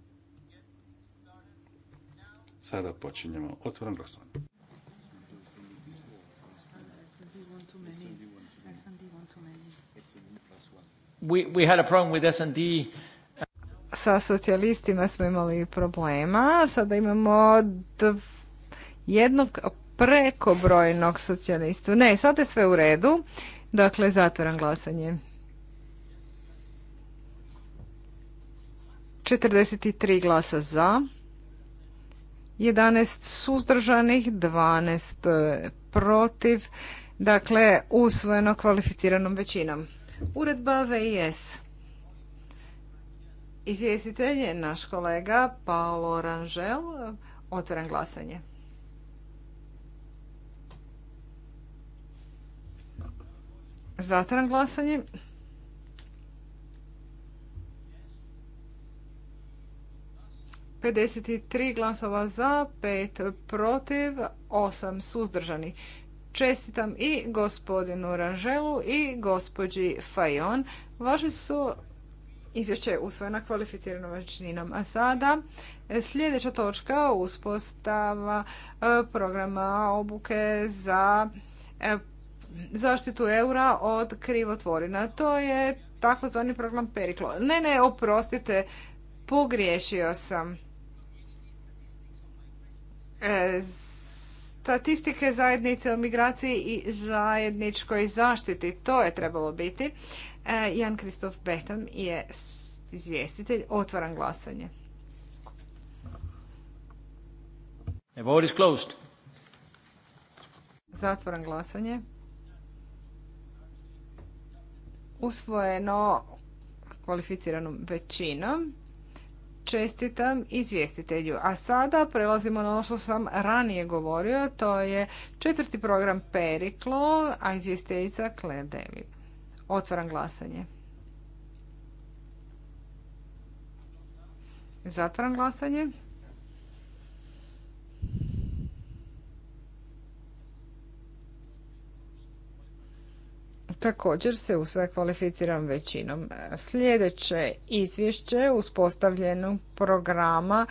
Sada počinjemo. otvoren glasovanje. We, we had a problem with sa socijalistima smo imali problema. Sada imamo jednog prekobrojnog socijalistu. Ne, sad je sve u redu. Dakle, zatvoram glasanje. 43 glasa za, 11 suzdržanih, 12 e, protiv, dakle usvojeno kvalificiranom većinom. Uredba VIS. Izvjestitelj je naš kolega Paolo Rangel. Otvoren glasanje. Zatvaram glasanje. Pedeset tri glasova za, pet protiv, osam suzdržani. Čestitam i gospodinu Ranželu i gospođi Fajon. Vaše su izvješće usvojena kvalificiranom većinom. A sada sljedeća točka uspostava e, programa obuke za e, zaštitu eura od krivotvorina. To je takozvani program Periklo. Ne, ne, oprostite, pogriješio sam. E, statistike zajednice o migraciji i zajedničkoj zaštiti. To je trebalo biti. E, Jan Kristof Betam je izvjestitelj. Otvaram glasanje. The glasanje usvojeno kvalificiranom većinom. Čestitam izvjestitelju. A sada prelazimo na ono što sam ranije govorio, to je četvrti program Periklo, a izvjestiteljica Claire Otvaram glasanje. Zatvaram glasanje. također se sve kvalificiram većinom. Sljedeće izvješće uspostavljenog programa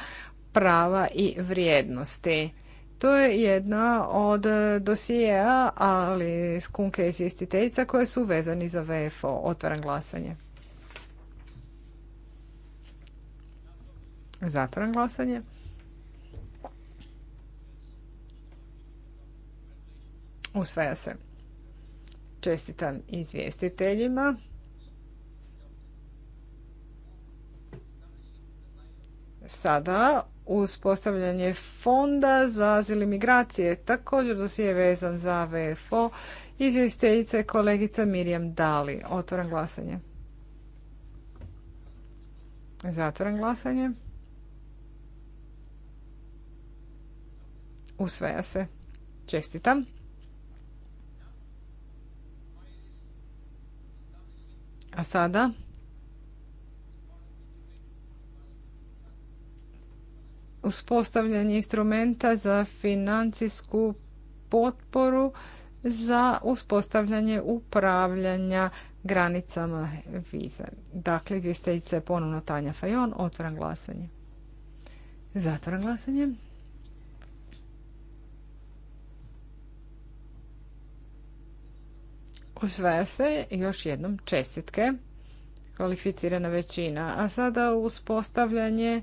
prava i vrijednosti. To je jedna od dosijeja, ali skunke izvjestiteljica koje su vezani za VFO. Otvaram glasanje. Zatvaram glasanje. Usvaja se. Čestitam izvjestiteljima. Sada postavljanje fonda za azil i migracije. Također dosije vezan za VFO. Izvjestiteljica je kolegica Mirjam Dali. Otvoram glasanje. Zatvoram glasanje. Usvaja se. Čestitam. A sada uspostavljanje instrumenta za financijsku potporu za uspostavljanje upravljanja granicama vize. Dakle, izvjestiteljica je ponovno Tanja Fajon. Otvaram glasanje. Zatvaram glasanje. Usvaja se još jednom čestitke, kvalificirana većina. A sada uspostavljanje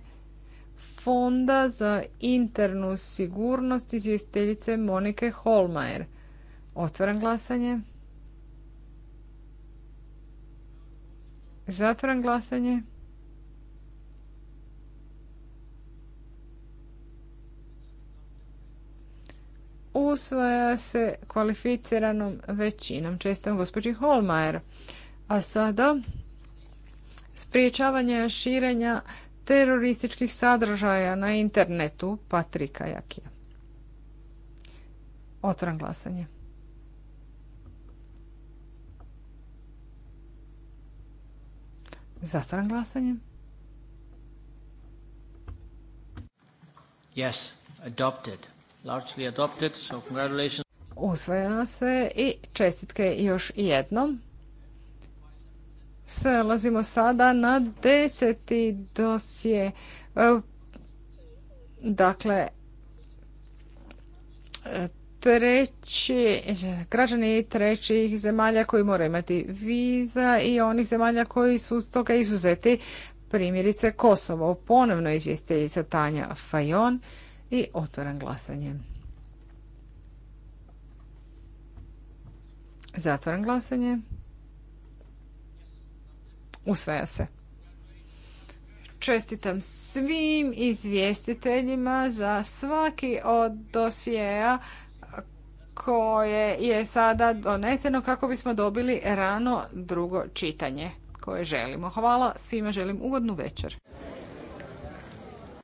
Fonda za internu sigurnost izvjestiteljice Monike Holmajer. Otvaram glasanje. Zatvaram glasanje. usvaja se kvalificiranom većinom. Čestam gospođi Holmajer. A sada spriječavanje širenja terorističkih sadržaja na internetu Patrika Jakija. Otvaram glasanje. Zatvaram glasanje. Yes, adopted largely se i čestitke još jednom. Selazimo sada na deseti dosje. Dakle, treći, građani trećih zemalja koji moraju imati viza i onih zemalja koji su s toga izuzeti, primjerice Kosovo. Ponovno izvjestiteljica Tanja Fajon i otvoram glasanje. Zatvoram glasanje. Usvaja se. Čestitam svim izvjestiteljima za svaki od dosijeja koje je sada doneseno kako bismo dobili rano drugo čitanje koje želimo. Hvala, svima želim ugodnu večer.